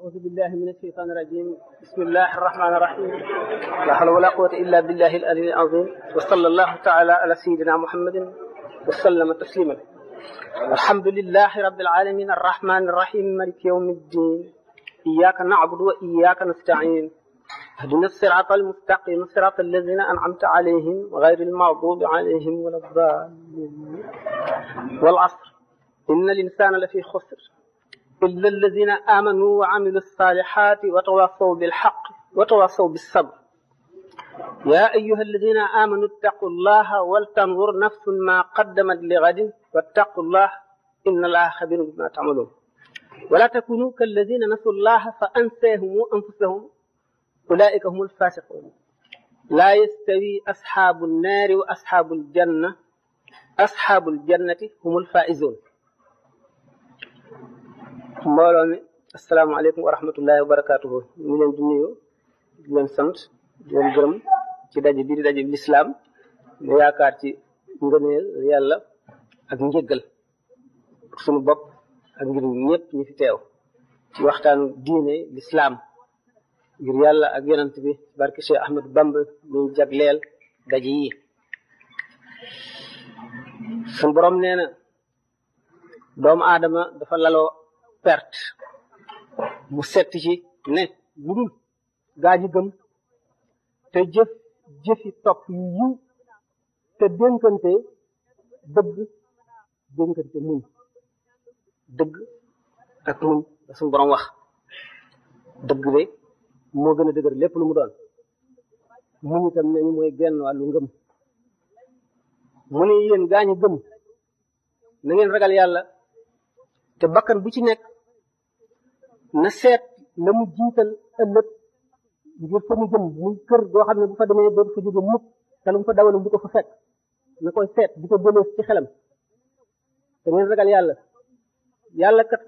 أعوذ بالله من الشيطان الرجيم بسم الله الرحمن الرحيم لا حول ولا قوة إلا بالله العلي العظيم وصلى الله تعالى على سيدنا محمد وسلم تسليما الحمد لله رب العالمين الرحمن الرحيم مالك يوم الدين إياك نعبد وإياك نستعين اهدنا الصراط المستقيم صراط الذين أنعمت عليهم غير المغضوب عليهم ولا الضالين والعصر إن الإنسان لفي خسر illa alladina amanu wa amilu salihati wa tawasaw bilxaq wa tawasaw bisabr يا أيها الذين آمنوا اتقوا الله ولتنظر نفس ما قدمت لغد واتقوا الله إن الله خبير بما تعملون ولا تكونوا كالذين نسوا الله فأنساهم أنفسهم أولئك هم الفاسقون لا يستوي أصحاب النار وأصحاب الجنة أصحاب الجنة هم الفائزون mbooloo mi asalaamaaleykum wa rahmatullahi wa barakaatuhu ñu leen di leen sant leen gërëm ci daje bii di daje bi lislaam ñu yaakaar ci ngëneel yàlla ak njëggal suñu bopp ak ngir ñëpp ñu fi teew ci waxtaanu diine lislaam ngir yàlla ak yonent bi barke Cheikh Ahmed Bamb ñu jagleel daje yi suñu borom nee doomu aadama dafa laloo perte mu set ci ne lu dul gëm te jëf jëfi topp yu yiw te dénkante dëgg dénkante muñ dëgg ak muñ da suñu borom dëgg de moo gën a dëgër lépp lu mu doon muñ itam ne ñu mooy genn wàllu ngëm mu ne yéen gaa gëm na ngeen ragal yàlla te bakkan bu ci na seet la mu jiital ëllëg ngir fa mu jëm muy kër goo xam ne bu fa demee dootu fa jóge mukk te lu mu fa dawalam bu ko fa fekk na koy seet di ko gënees ci xelam te ngeen ragal yàlla yàlla kat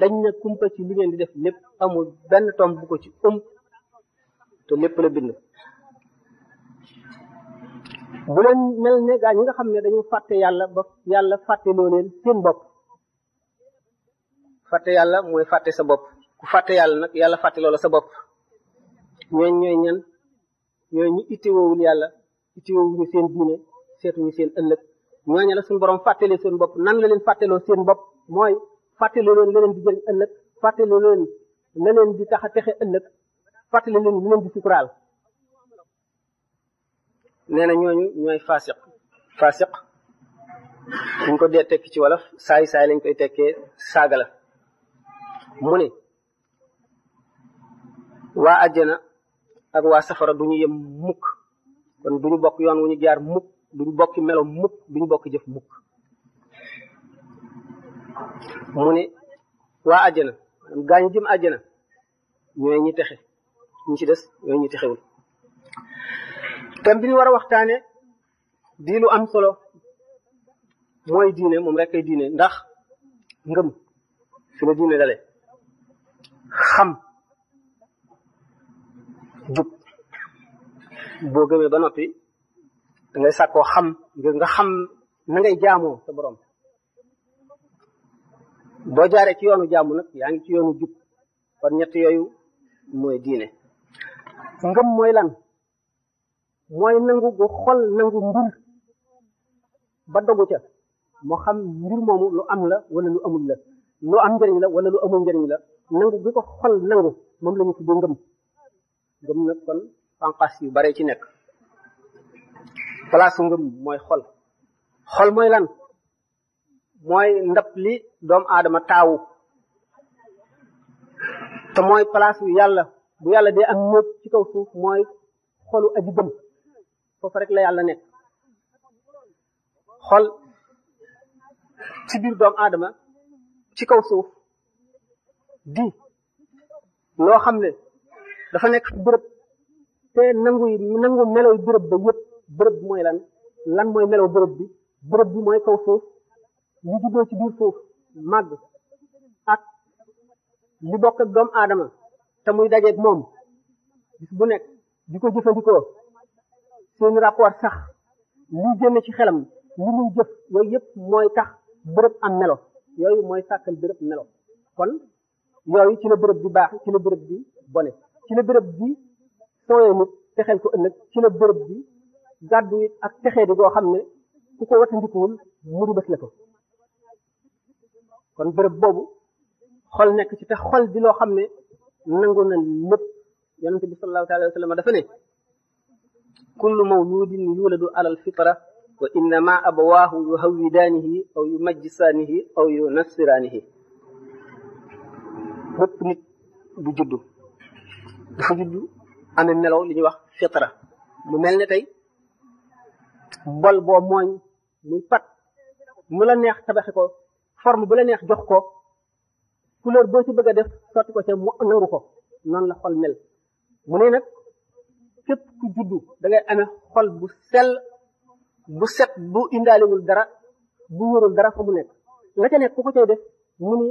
dañ na kumpa ci li ngeen di def lépp amul benn tomb bu ko ci um te lépp la bind bu leen mel ne gaa ñi nga xam ne dañu fàtte yàlla ba yàlla fàtte loo seen bopp fàtte yàlla mooy fàtte sa bopp ku fàtte yàlla nag yàlla fàtte loola sa bopp ñooñ ñooy ñan ñooy ñu ittewoowul yàlla ittewoowuñu seen diine seetuñu seen ëllëg ñooña la suñ borom fàttali seen bopp nan la leen fàttaloo seen bopp mooy fàttali leen la leen di jëriñ ëllëg fàttali leen la leen di tax a texe ëllëg fàttali leen la leen na ñooñu ñooy fasiq fasiq suñ ko dee tekki ci wolof saay saay lañ koy tekkee saaga la mu ne waa àjjana ak waa safara du ñu yem mukk kon du ñu bokk yoon wu ñu jaar mukk du ñu bokki melo mukk du ñu bokki jëf mukk mu ne waa àjjana gaañu jëm àjjana ñooy ñi texe ñu ci des ñooy ñi texewul thème bi ñu war a waxtaane di lu am solo mooy diine moom rek ay diine ndax ngëm fi la diine dale xam jub boo gëmee ba noppi ngay sàkkoo xam nga xam na ngay jaamoo sa boroom boo jaaree ci yoonu jaamu nag yaa ngi ci yoonu jub kon ñett yooyu mooy diine ngëm mooy lan mooy nangu gu xol nangu mbir ba dogu ca moo xam mbir moomu lu am la wala lu amul la lu am njëriñ la wala lu amul njariñ la nangu bi ko xol nangu moom la ñu tuddee ngëm ngëm nag kon panqas yu bare ci nekk place ngëm mooy xol xool mooy lan mooy ndab li doomu aadama taawu te mooy place yu yàlla bu yàlla dee ak ñëpp ci kaw suuf mooy xolu aji foofu rek la yàlla nekk xol ci biir doomu aadama ci kaw suuf di loo xam ne dafa nekk fi bërëb te nangu nangu melow bërëb ba yëpp bërëb bi mooy lan lan mooy melow bërëb bi bërëb bi mooy kaw suuf li juddoo ci biir suuf màgg ak li bokk ak doomu te muy dajeeg moom bis bu nekk di ko jëfandikoo seen rapport sax li jëme ci xelam li muy jëf yooyu yëpp mooy tax bërëb am melo yooyu mooy sàkkal bërëb melo kon yooyu ci la bërëb bi baax ci la bërëb bi bone ci la béréb bi sooyee nit texeel ko ëllëg ci la béréb bi gàddu it ak texee di goo xam ne ku ko watandikuwul mu bés la ko kon béréb boobu xol nekk ci te xol di loo xam ne nangu na lépp yonent bi sallallahu alayhi wa sallam dafa ne kullu mawludin yuladu alal fitra wa innama abawaahu aw yumajjisaanihi aw yunassiraanihi bépp nit bu juddu dafa juddu amee melaw li ñuy wax fitra mu mel ne tey bol boo mooñ mu pat mu la neex tabaxi ko forme bu la neex jox ko couleur boo ci bëgg a def sotti ko ca mu nangu ko noonu la xol mel mu ne nag képp ku juddu da amee xol bu bu set bu indaalewul dara bu wóorul dara fa mu nekk nga ca nekk ku ko cay def mu ni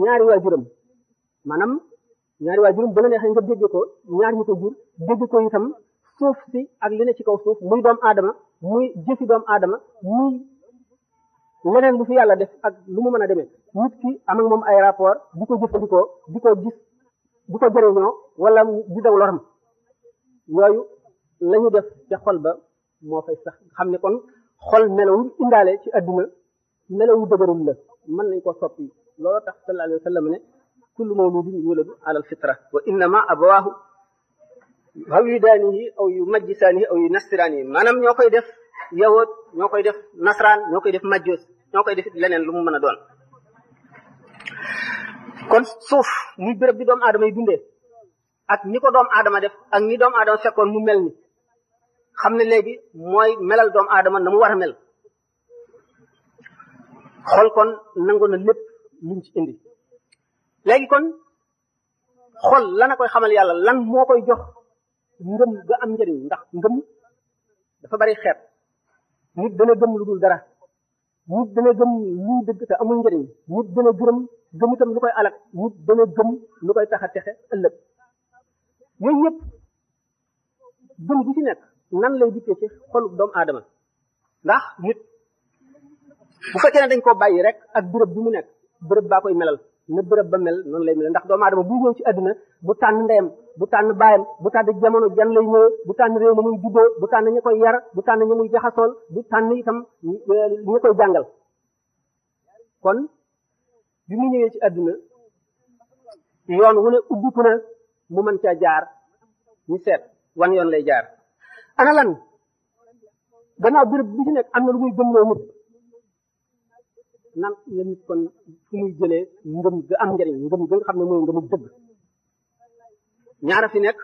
ñaari waajuram maanaam ñaari waay juróom ba la neexee nga dégg ko ñaar ñi ko jur dégg ko itam suuf si ak li ne ci kaw suuf muy doom aadama muy jëfi doom aadama muy leneen lu fi yàlla def ak lu mu mën a demee nit ki am moom ay rapport di ko jëfandikoo di ko gis di ko jëriñoo wala di daw loram waayu la ñu def ca xol ba moo fay sax xam ne kon xol melawu indaale ci adduna melawu dëgërum la mën nañ ko soppi looloo tax sallallahu alayhi ne kullu mawludin yuladu ala alfitra wa innama abawaahu aw yudaanihi aw yu majjisaanihi aw yu nasiraanihi maanaam ñoo koy def yawoot ñoo koy def nasraan ñoo koy def majjoos ñoo koy def leneen lu mu mën a doon kon suuf mu béréb bi doomu aadama yi dundee ak ñi ko doomu aadama def ak ñi doomu aadama fekkoon mu mel ni xam ne léegi mooy melal doomu aadama na mu war mel xol kon nangu na lépp ci indi léegi kon xol lana koy xamal yàlla lan moo koy jox ngëm ga am njëriñ ndax ngëm dafa bari xeet nit dana gëm lu dul dara nit dana gëm luy dëgg te amul njëriñ nit lu koy alak nit dana gëm tax a texe ëllëg yooyu yëpp gëm gi ci nekk nan lay dikkee ci xolub doomu aadama ndax nit bu fekkee ne dañ koo bàyyi rek ak bërëb bi mu nekk bërëb baa koy melal na bërëb ba mel noonu lay mel ndax doomu aadama bu ñëw ci àdduna bu tànn ndeyam bu tànn baayam bu tànn jamono jan lay ñëwee bu tànn réew ma muy juddoo bu tànn ñu koy yar bu tànn ña muy jaxasool bu tànn itam ña koy jàngal kon bi mu ñëwee ci àdduna yoon wu ne ubbiku mu mën caa jaar ñu seet wan yoon lay jaar ana lan bërëb bi ci nekk am na lu muy gëmloo nit nan la nit kon fu muy jëlee ngëm ga am njëriñ ngëm ga nga xam ne mooy ngëmu dëgg ñaara fi nekk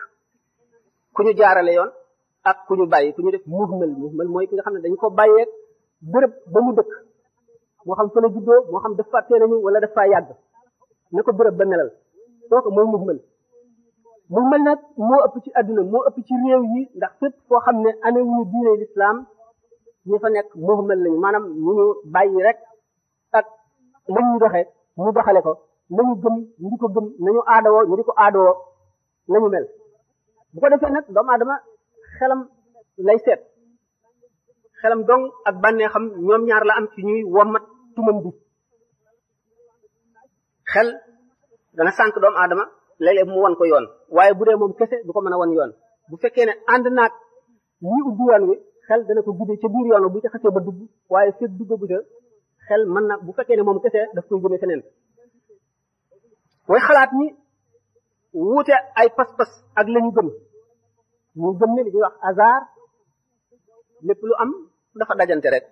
ku ñu jaarale yoon ak ku ñu bàyyi ku ñu def muhmal muhmal mooy ki nga xam ne dañ ko bàyyeeg bërëb ba mu dëkk moo xam fa la juddoo moo xam dafa teel a ñëw wala dafa yàgg ko bërëb ba melal kooku mooy ëpp ci àdduna moo ëpp ci réew yi ndax fépp foo xam ne amewuñu diine lislaam ñu fa nekk muhmal lañu maanaam ñu ñu bàyyi rek ak nañuy doxee mu doxale ko nañu gëm ñu di ko gëm nañu aadawoo ñu di ko aadawoo nañu mel bu ko defee nag doomu aadama xelam lay ak bànnee xam ñoom ñaar la am ci ñuy womat tumam bi xel dana sànq doomu aadama léeg-léeg mu wan ko yoon waaye bu dee moom kese du ko mën a wan yoon bu fekkee ne ànd naag ñi ubbi yoon wi xel dana ko guddee ci biir yoon bu ca ba dugg waaye fekk duggagu ca xel man na bu fekkee ne moom kese daf koy jëme feneen mooy xalaat ni wuute ay pas-pas ak la ñu gëm ñu gëm ne li wax hasard lépp lu am dafa dajante rek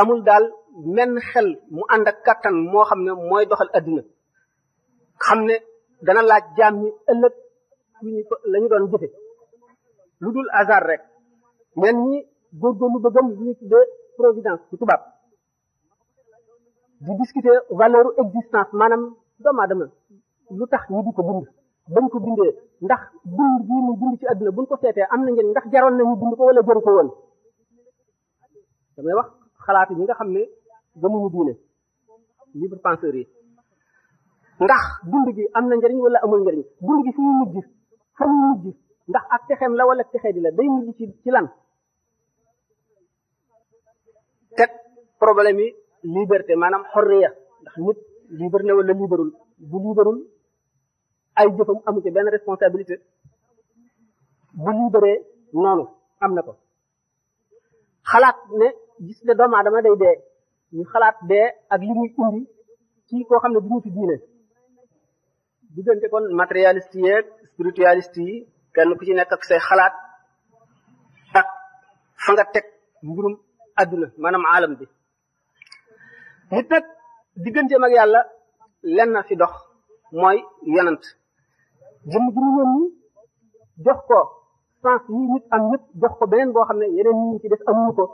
amul daal menn xel mu ànd ak kàttan moo xam ne mooy doxal adduna xam ne dana laaj jaam ñi ëllëg ñu la doon jëfe lu dul hasard rek ñen ñi góorgóorlu ba gëm lu ñu tuddee providence ci tubaab di discuter valeur existence maanaam doomu aadama lu tax ñu di ko bind bañ ko bindee ndax dund gii mu dund ci àdduna buñ ko seetee am na njëriñ ndax jaroon na mu bind ko wala jaru ko woon damay wax xalaatu ñi nga xam ne gëmuñu diine libre penseur yi ndax dund gi am na njëriñ wala amul njëriñ dund gi fu ñu mujj fa ñu mujj ndax ak texeem la wala texee di la day mujj ci ci lan teg problème yi liberté maanaam xorriya ndax nit libre na wala liberul bu liberul ay jëfam amu ci benn responsabilité bu libéré noonu am na ko xalaat ne gis ne doomu aadama day dee ñu xalaat dee ak li muy indi ci koo xam ne du ñu fi diine diggante kon matérialiste yeeg spiritualiste yi kenn ku ci nekk ak say xalaat ak fa nga teg mbirum àdduna maanaam aalam bi nit nag digganteem ak yàlla lenn fi dox mooy yonant jëmm ji mu yónni jox ko sens yi nit am ñëpp jox ko beneen boo xam ne yeneen ñi ci des amuñu ko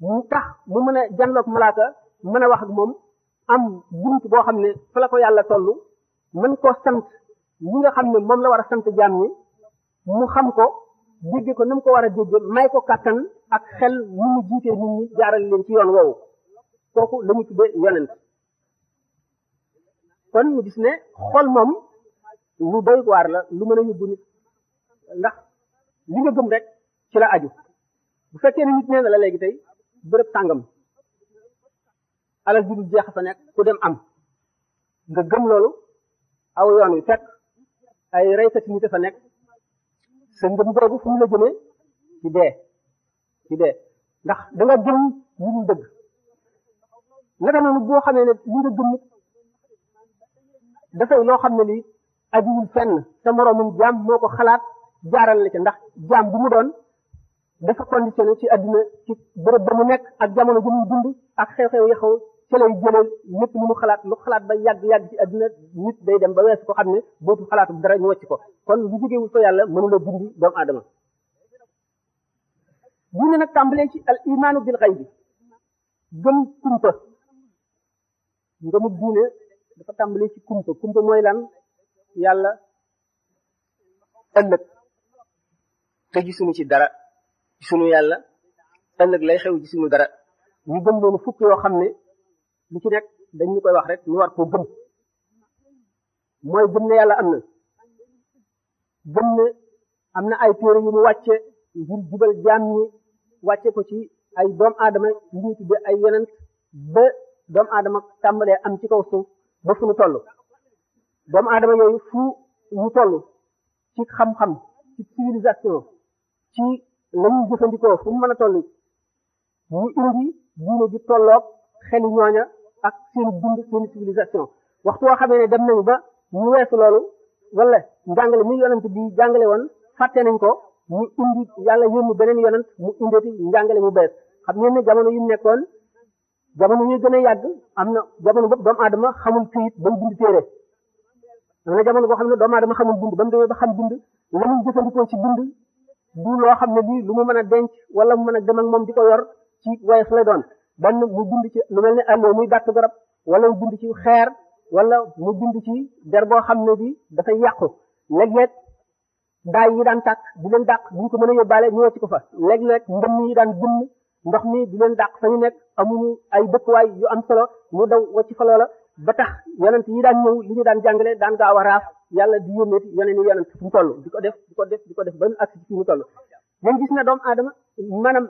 mu tax mu mën a jànloog malaaka mën a wax ak moom am bunt boo xam ne fa la ko yàlla toll mën ko sant li nga xam ne moom la war a sant jaam ñi mu xam ko dégge ko ni ko war a dégge may ko kàttan ak xel mu mu jiitee nit ñi jaaral leen ci yoon woowu kooku la ñu tuddee yonent kon ñu gis ne xol moom lu doy waar la lu mën a yóbbu nit ndax li nga gëm rek ci la aju bu fekkee ne nit nee na la léegi tey bërëb tàngam alal ji du jeex fa nekk ku dem am nga gëm loolu aw yoon wi fekk ay reykat nit fa nekk sa ngëm boobu fu mu la jëmee ci dee ci dee ndax da nga gëm lu dëgg naka noonu boo xam ne li nga gëm dafay loo xam ne ni ajiwul fenn sa moroomum jaam moo ko xalaat jaaral la ca ndax jaam bu mu doon dafa conditionné ci adduna ci bërëb ba mu nekk ak jamono ji muy dund ak xew-xew ya xaw lay jëlee lépp lu xalaat lu xalaat ba yàgg-yàgg ci adduna nit day dem ba weesu ko xam ne bootu xalaatu dara ñu wàcc ko kon lu jógewul fa yàlla mënula dindi doomu aadama bu ne nag tàmbalee ci al imaanu bil xaybi gëm kumpa ngëmub diine dafa tàmbali ci kumpa kumpa mooy lan yàlla ëllëg te gisuñu ci dara gisuñu yàlla ëllëg lay xew gisuñu dara ñu gëm leen fukk yoo xam ne lu ci nekk dañ ñu koy wax rek ñu war koo gëm mooy gëm ne yàlla am na gëm ne am na ay téere yu mu wàcce ngir jaam ñi wàcce ko ci ay doom aadama yu ñu tudde ay yonent ba doomu aadama tàmbalee am ci kaw suuf ba fu ñu toll doomu aadama yooyu fu ñu toll ci xam-xam ci civilisation ci la jëfandikoo fu mu a toll ñu indi diine ji tolloog xeli ñooña ak seen dund seen civilisation waxtu woo xamee ne dem nañu ba ñu weesu loolu wala njàngale mi yonent bi jàngale woon fàtte nañ ko mu indi yàlla yónni beneen yonent mu indeeti njàngale mu bees xam ngeen ne jamono yu nekkoon jamono ñuy gën a yàgg am na jamono boobu doomu aadama xamul këyit ba mu bind téere am na xam ne doomu aadama xamul bind ba mu demee xam bind la mu jëfandikoo ci bind du loo xam ne lii lu mu mën a denc wala mu mën a dem moom di ko yor ci woyof la doon benn mu bind ci lu mel ne allo muy gàtt garab wala mu ci xeer wala mu bind ci der xam ne bi dafay yàqu léeg-léeg daay yi daan tàkk di leen dàq bu ñu ko mën a yóbbaale ñëwati ko fa léeg-léeg ndëmm yi daan gën ndox mi di leen dàq fa ñu nekk amuñu ay dëkkuwaay yu am solo mu daw wacc fa loola ba tax yonent yi daan ñëw li ñu daan jàngale daan gaaw a raaf yàlla di yónneeti yoneen yi yonent fu mu toll di ko def di ko def di ko def ba mu agsi fi mu toll moom gis na doomu aadama maanaam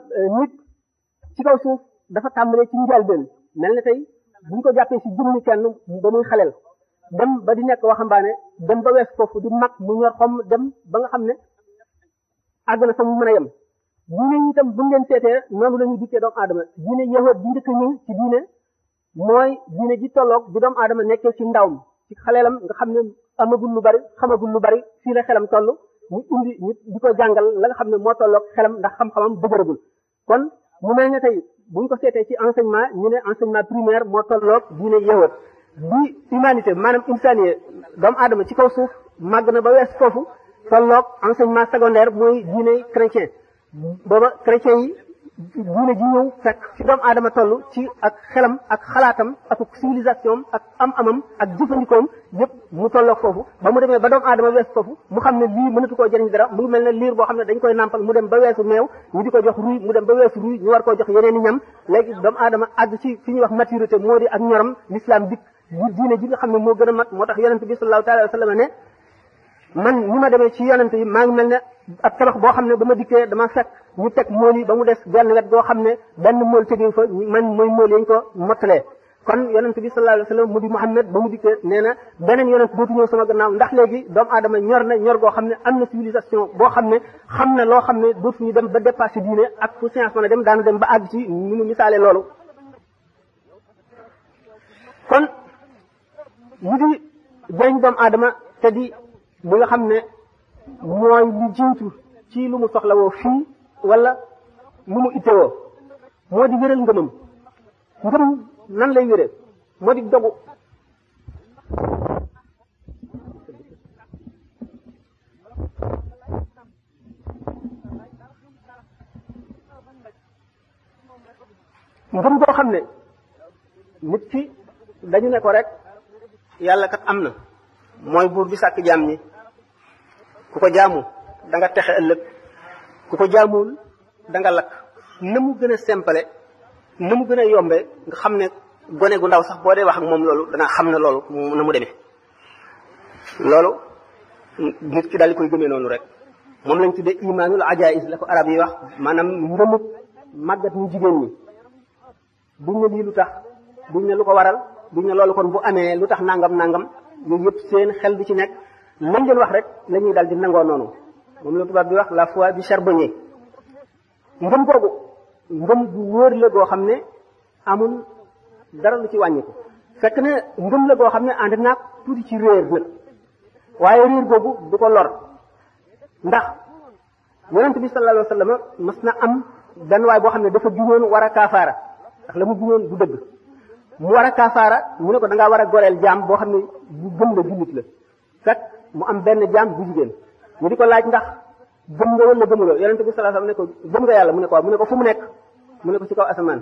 euh, dafa tàmbalee ci njëlbéen mel na tey bu ñu ko jàppee si jumni kenn ba muy xaleel dem ba di nekk waxambaane dem ba wees foofu di mag mu ñor xom dem ba nga xam ne àgg na fa mu a yem diine itam buñ leen seetee noonu la ñuy dikkee doomu aadama diine yahood di njëkk ñëw ci diine mooy diine ji tolloog bi doomu aadama nekkee ci ndaw mi ci xaleelam nga xam ne amagul lu bari xamagul lu bari fii la xelam toll ñu indi ñu di ko jàngal la nga xam ne moo tolloog xelam ndax xam-xamam dëgëragul kon mu mel ne tey buñ ko seetee ci enseignement ñu ne enseignement primaire moo tolloog diine yahood bi humanité maanaam insanie doomu aadama ci kaw suuf màgg na ba wees foofu tolloog enseignement secondaire mooy diine booba chrétien yi diine ji ñëw fekk ci doomu aadama toll ci ak xelam ak xalaatam ak civilisation ak am-amam ak jëfandikoom yëpp mu tolloog foofu ba mu demee ba doomu aadama weesu foofu mu xam ne lii mënatu koo jëriñ dara mu mel ne liir boo xam ne dañ koy nàmpal mu dem ba weesu meew ñu di ko jox ruy mu dem ba weesu ruy ñu war koo jox yeneen i ñam léegi doomu aadama àgg ci fi ñuy wax maturité moo di ak ñoram l'islam dikk diine ji nga xam ne moo gën a mat moo tax yonente bi sallallahu taala wa man mu ma demee ci yonente yi maa ngi mel ne ab tabax boo xam ne ba ma dikkee dama fekk ñu teg mool yi ba mu des benn wet boo xam ne benn mool tegu fa man mooy mool yañ ko mottalee kon yonente bi sallallahu alayhi wasallam mu di Muhammad ba mu dikkee nee na beneen yonente dootu ñëw sama gannaaw ndax léegi doomu aadama ñor na ñor goo xam ne am na civilisation boo xam ne xam na loo xam ne dootu ñu dem ba dépassé diine ak fu science mën dem daana dem ba àgg ci ñu mu misaale loolu kon mu di jëriñ doomu aadama te di bi nga xam ne mooy li jiitu ci lu mu soxlawoo fii wala lu mu ittewoo moo di wéral ngëmam ngëm nan lay wéree moo di dogu ngëm koo xam ne nit ki dañu ne ko rek yàlla kat am na mooy buur bi sàkk jaam ñi ku ko jaamu danga nga texe ëllëg ku ko jaamuwul danga nga lakk na mu gën a sempale na mu gën a yombe nga xam ne gone gu ndaw sax boo dee wax ak moom loolu dana xam ne loolu na mu deme loolu nit ki daal di koy gëmee noonu rek moom lañ tuddee imaanul ajaïs la ko arab yi wax maanaam ngëmuk màggat ñu jigéen ñi duñ ne lii lu tax bu ne lu ko waral bu ne loolu kon bu amee lu tax nangam nangam yooyu yëpp seen xel du ci nekk lañ leen wax rek daal di nangoo noonu moom la tubaab bi wax la foi du charbonnier ngëm googu ngëm bu wóor la goo xam ne amul dara lu ci wàññiku fekk ne ngëm la goo xam ne ànd naag tuuti ci réer nag waaye réer googu du ko lor ndax yonent bi sallallahu alayhi mas na am benn waay boo xam ne dafa jugoon war a kaafaara ndax la mu jugoon du dëgg mu war a kaafaara mu ne ko da ngaa war a goreel jaam boo xam ne bu gëm la jullit la fekk mu am benn jaam bu jigéen ñu di ko laaj ndax gëm nga wala gëmuloo yonente bi sallallahu alayhi ne ko gëm nga yàlla mu ne ko mu ne ko fu mu nekk mu ne ko ci kaw asamaan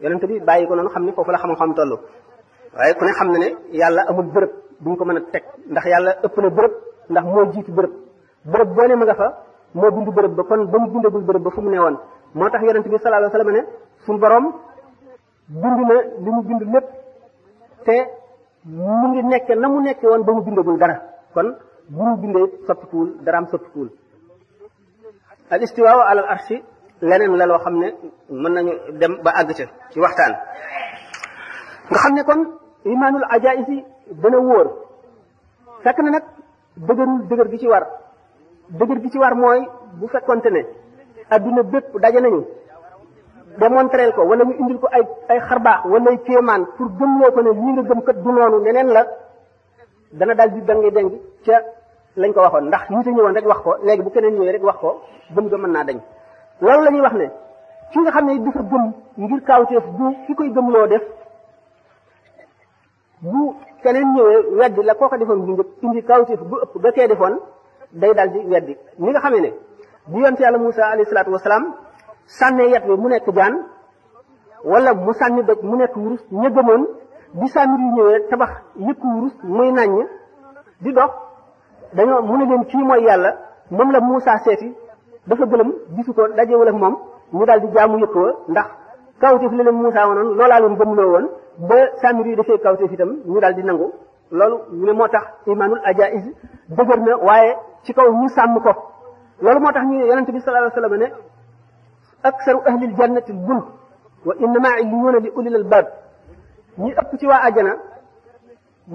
yonente bi bàyyi ko noonu xam ne foofu la xam-xam toll waaye ku ne xam na ne yàlla amul bërëb bu ñu ko mën a teg ndax yàlla ëpp na bërëb ndax moo jiitu bërëb bërëb boo ne ma nga fa moo bindu bërëb ba kon ba mu bindagul bërëb ba fu mu ne woon moo tax yonente bi salaala alayhi wasallam ne suñu borom bind na mu bind lépp te mu na mu nekk woon ba mu bindagul dara kon bu mu bindee soppikuwul daraam soppikuwul al istiwaaw alal arsi leneen la loo xam ne mën nañu dem ba àgg ca ci waxtaan nga xam ne kon imaanul ajaayisi dana wóor fekk na nag dëgërul dëgër gi ci war dëgër gi ci war mooy bu fekkonte ne adduna bépp daje nañu démontreel ko wala ñu indil ko ay ay xarbaax wala ay kéemaan pour gëmloo ko ne lii nga gëm kat du noonu neneen la dana daal di dang deng ca lañ ko waxoon ndax ñi ta ñëwoon rek wax ko léegi bu keneen ñëwee rek wax ko gëm ga man naa dañ loolu la ñuy wax ne ki nga xam ne dafa gëm ngir kaawteef bu koy gëm def bu keneen ñëwee weddi la koo ko defoon bu njëkk indi kaawteef bu ëpp ba kee defoon day daal di weddi ni nga xamee ne bu yonte yàlla Moussa alayhi salaatu wasalaam sànnee yet bi mu nekk jaan wala mu sànni doj mu nekk wurus ña gëmoon bi saamir yu ñëwee tabax yëpp wurus muy naññ di dox dañoo mu ne leen kii mooy yàlla moom la Moussa seeti dafa gëlëm gisu ko dajewul ak moom ñu daal di jaamu yëpp wa ndax kawteef la leen Moussa wanoon loolaa leen gëmloo woon ba saamir yu dafee kawteef itam ñu daal di nangu loolu ñu ne moo tax imanul ajaiz dëgër na waaye ci kaw ñu sàmm ko loolu moo tax ñu ne yonente bi sallallahu alayhi wa sallam aksaru ahlil jannati bun wa innama illiyuuna li ulil albab ñi ëpp ci waa àjjana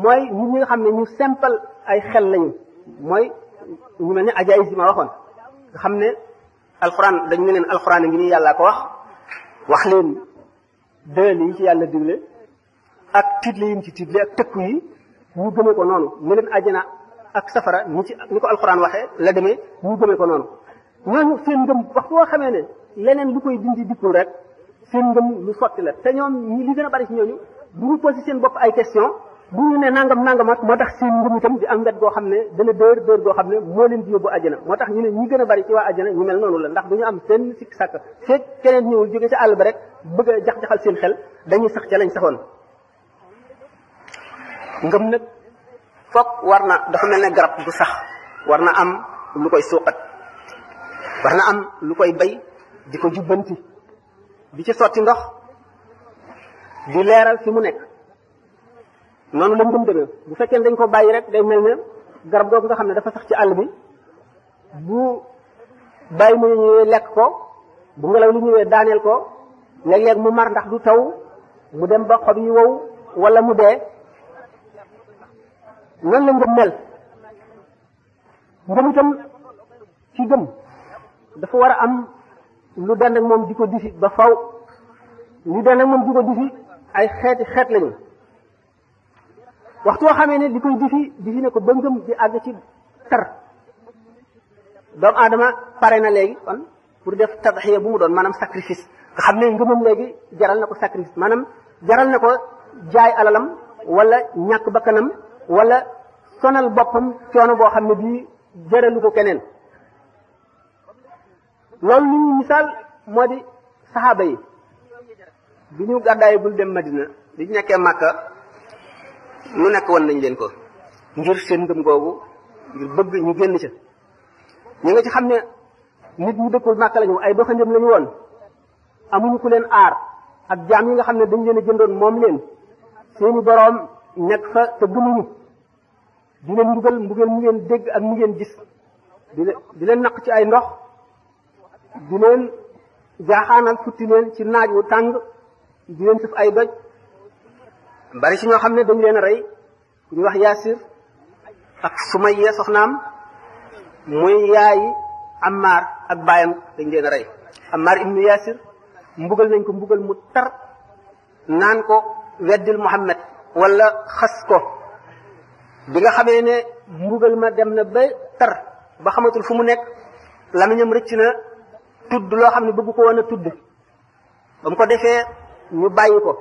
mooy nit nga xam ne ñu simple ay xel lañu mooy ñu mel ne ajaayis ma waxoon xam ne alxuraan dañ ne leen alxuraan ngi nii yàllaa ko wax wax leen dëleel yi ci yàlla digle ak tiitle yi ci tiitle ak tëkku yi ñu gëmee ko noonu ne leen àjjana ak safara ñu ci ni ko alxuraan ñu ko noonu ñooñu seen ngëm wax boo xamee ne leneen lu koy dindi dikkul rek seen ngëm lu sotti la te ñoom ñi li bari ci ñooñu bu ñu posé bopp ay question bu ñu ne nangam nangamat moo tax seen ngëm itam di am wet goo xam ne dana dër dër goo xam ne moo leen di yóbbu àjjana moo tax ñu ne ñi gën a bari ci waa àjjana ñu mel noonu la ndax du ñu am seen sikk sàkk feeg keneen ñëwul jóge ca àll ba rek bëgg a jax-jaxal seen xel dañuy sax ca lañ saxoon ngëm nag fokk war na dafa mel ne garab bu sax war na am lu koy suuqat war na am lu koy bay di ko jubbanti di ci sotti ndox di leeral fi mu nekk noonu la mu demee bu fekkee dañ ko bàyyi rek day mel ne garab googu nga xam ne dafa sax ci àll bi bu bàyyi mu ñëwee lekk ko bu ngelaw li ñëwee daaneel ko léeg-léeg mu mar ndax du taw mu dem ba xob yi wow wala mu dee nan la ngëm mel ngëm ci gëm dafa war a am lu dend ak moom di ko disi ba faw lu dend ak moom di ko disi ay xeeti xeet lañu waxtu woo xamee ne li koy difi difi ne ko ba ngëm di àgg ci tar doomu aadama pare na léegi kon pour def tadxiya bu mu doon maanaam sacrifice nga xam ne ngëmam léegi jaral na ko sacrifice maanaam jaral na ko jaay alalam walla ñàkk bakkanam wala sonal boppam coono boo xam ne bii jëralu ko keneen loolu li misaal moo di saxaaba yi bi ñu gàddaay bul dem Madina bi ñu nekkee Màkka lu nekk wan nañ leen ko ngir seen ngëm googu ngir bëgg ñu génn ca ñu nga ci xam ne nit ñu dëkkul Màkka lañu ay doxandem lañu woon amuñu ko leen aar ak jaam yi nga xam ne dañ leen a jëndoon moom leen seeni boroom nekk fa te gëmuñu di leen mbugal mbugal mu ngeen dégg ak mu ngeen gis di leen di naq ci ay ndox di leen jaaxaanal futti leen ci naaj wu tàng di leen ay doj bari si ñoo xam ne dañ leen rey ku ñu wax yaasir ak sumayya soxnaam muy yaayi Ammar ak baayam dañ leen rey Ammar ibnu yaasir mbugal nañ ko mbugal mu tar naan ko weddil Muhammad wala xas ko bi nga xamee ne mbugal ma dem na ba tar ba xamatul fu mu nekk lamiñam rëcc na tudd loo xam ne bëgg ko woon a tudd ba ko defee ñu bàyyi ko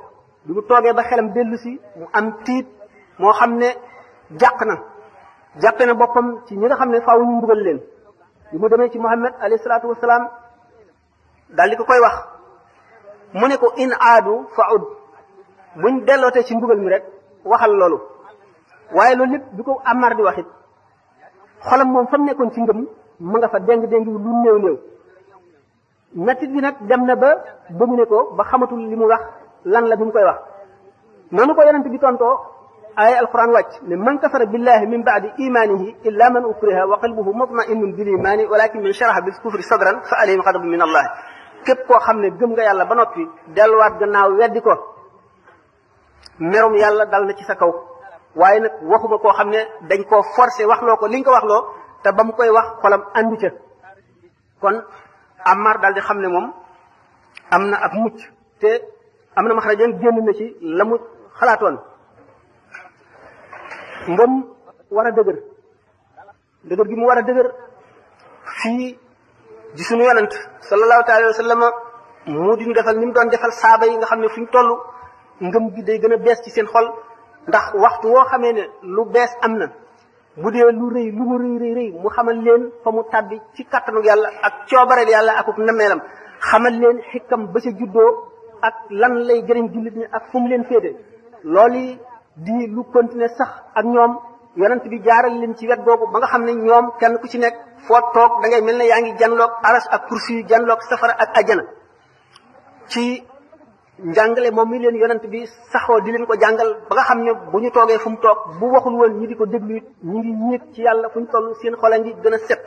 bi mu toogee ba xelam dellu si mu am tiit moo xam ne jàq na jàppe ne boppam ci ñi nga xam ne faaw ñu mbugal leen bi mu demee ci Muhammad alayhi salaatu wasalaam daal di ko koy wax mu ne ko in aadu fa bu ñu dellootee ci mbugal mi rek waxal loolu waaye loolu lépp bi ko Amar di wax it moom fa mu nekkoon ci ngëm mu nga fa déng déng lu néew néew mettit bi nag dem na ba domine ko ba xamatul li mu wax lan la bi mu koy wax noonu ko yonent bi tontoo aaya alquran wàcc ne man kafara billahi min baadi imanihi illa man ukriha wa qalbuhu mutma'innun bil imani walakin man sharaha bil kufri sadran fa alayhim ghadabun min allah képp koo xam ne gëm nga yàlla ba noppi delluwaat gannaaw weddi ko merum yàlla dal na ci sa kaw waaye nag waxuma koo xam ne dañ koo forcé waxloo ko li nga ko waxloo te ba mu koy wax xolam andu ca kon Ammar daal di xam ne moom am na ak mucc te am na maxrajan génn na ci la mu xalaatoon ngëm war a dëgër dëgër gi mu war a dëgër fii ji suñu yonent sallallahu taala wa sallam mu di ñu defal ni mu doon defal saaba yi nga xam ne fu ñu toll ngëm gi day gën a bees ci seen xol ndax waxtu woo xamee ne lu bees am na bu dee lu rëy lu mu rëy rëy mu xamal leen fa mu tàbbi ci kattanu yàlla ak coobareel yàlla akub nameelam xamal leen xikkam ba ca juddoo ak lan lay jëriñ jullit ñi ak fu mu leen féete loolu di lu continuer sax ak ñoom yonent bi jaaral leen ci wet googu ba nga xam ne ñoom kenn ku ci nekk foo toog da ngay mel ne yaa ngi janlook aras ak kursi janlook safara ak ajjana ci njàngale moom mi leen yonent bi saxoo di leen ko jàngal ba nga xam ne bu ñu toogee fu toog bu waxul woon ñi di ko déglu it ñi ngi ñéeg ci yàlla fu ñu toll seen xole ngi gën a set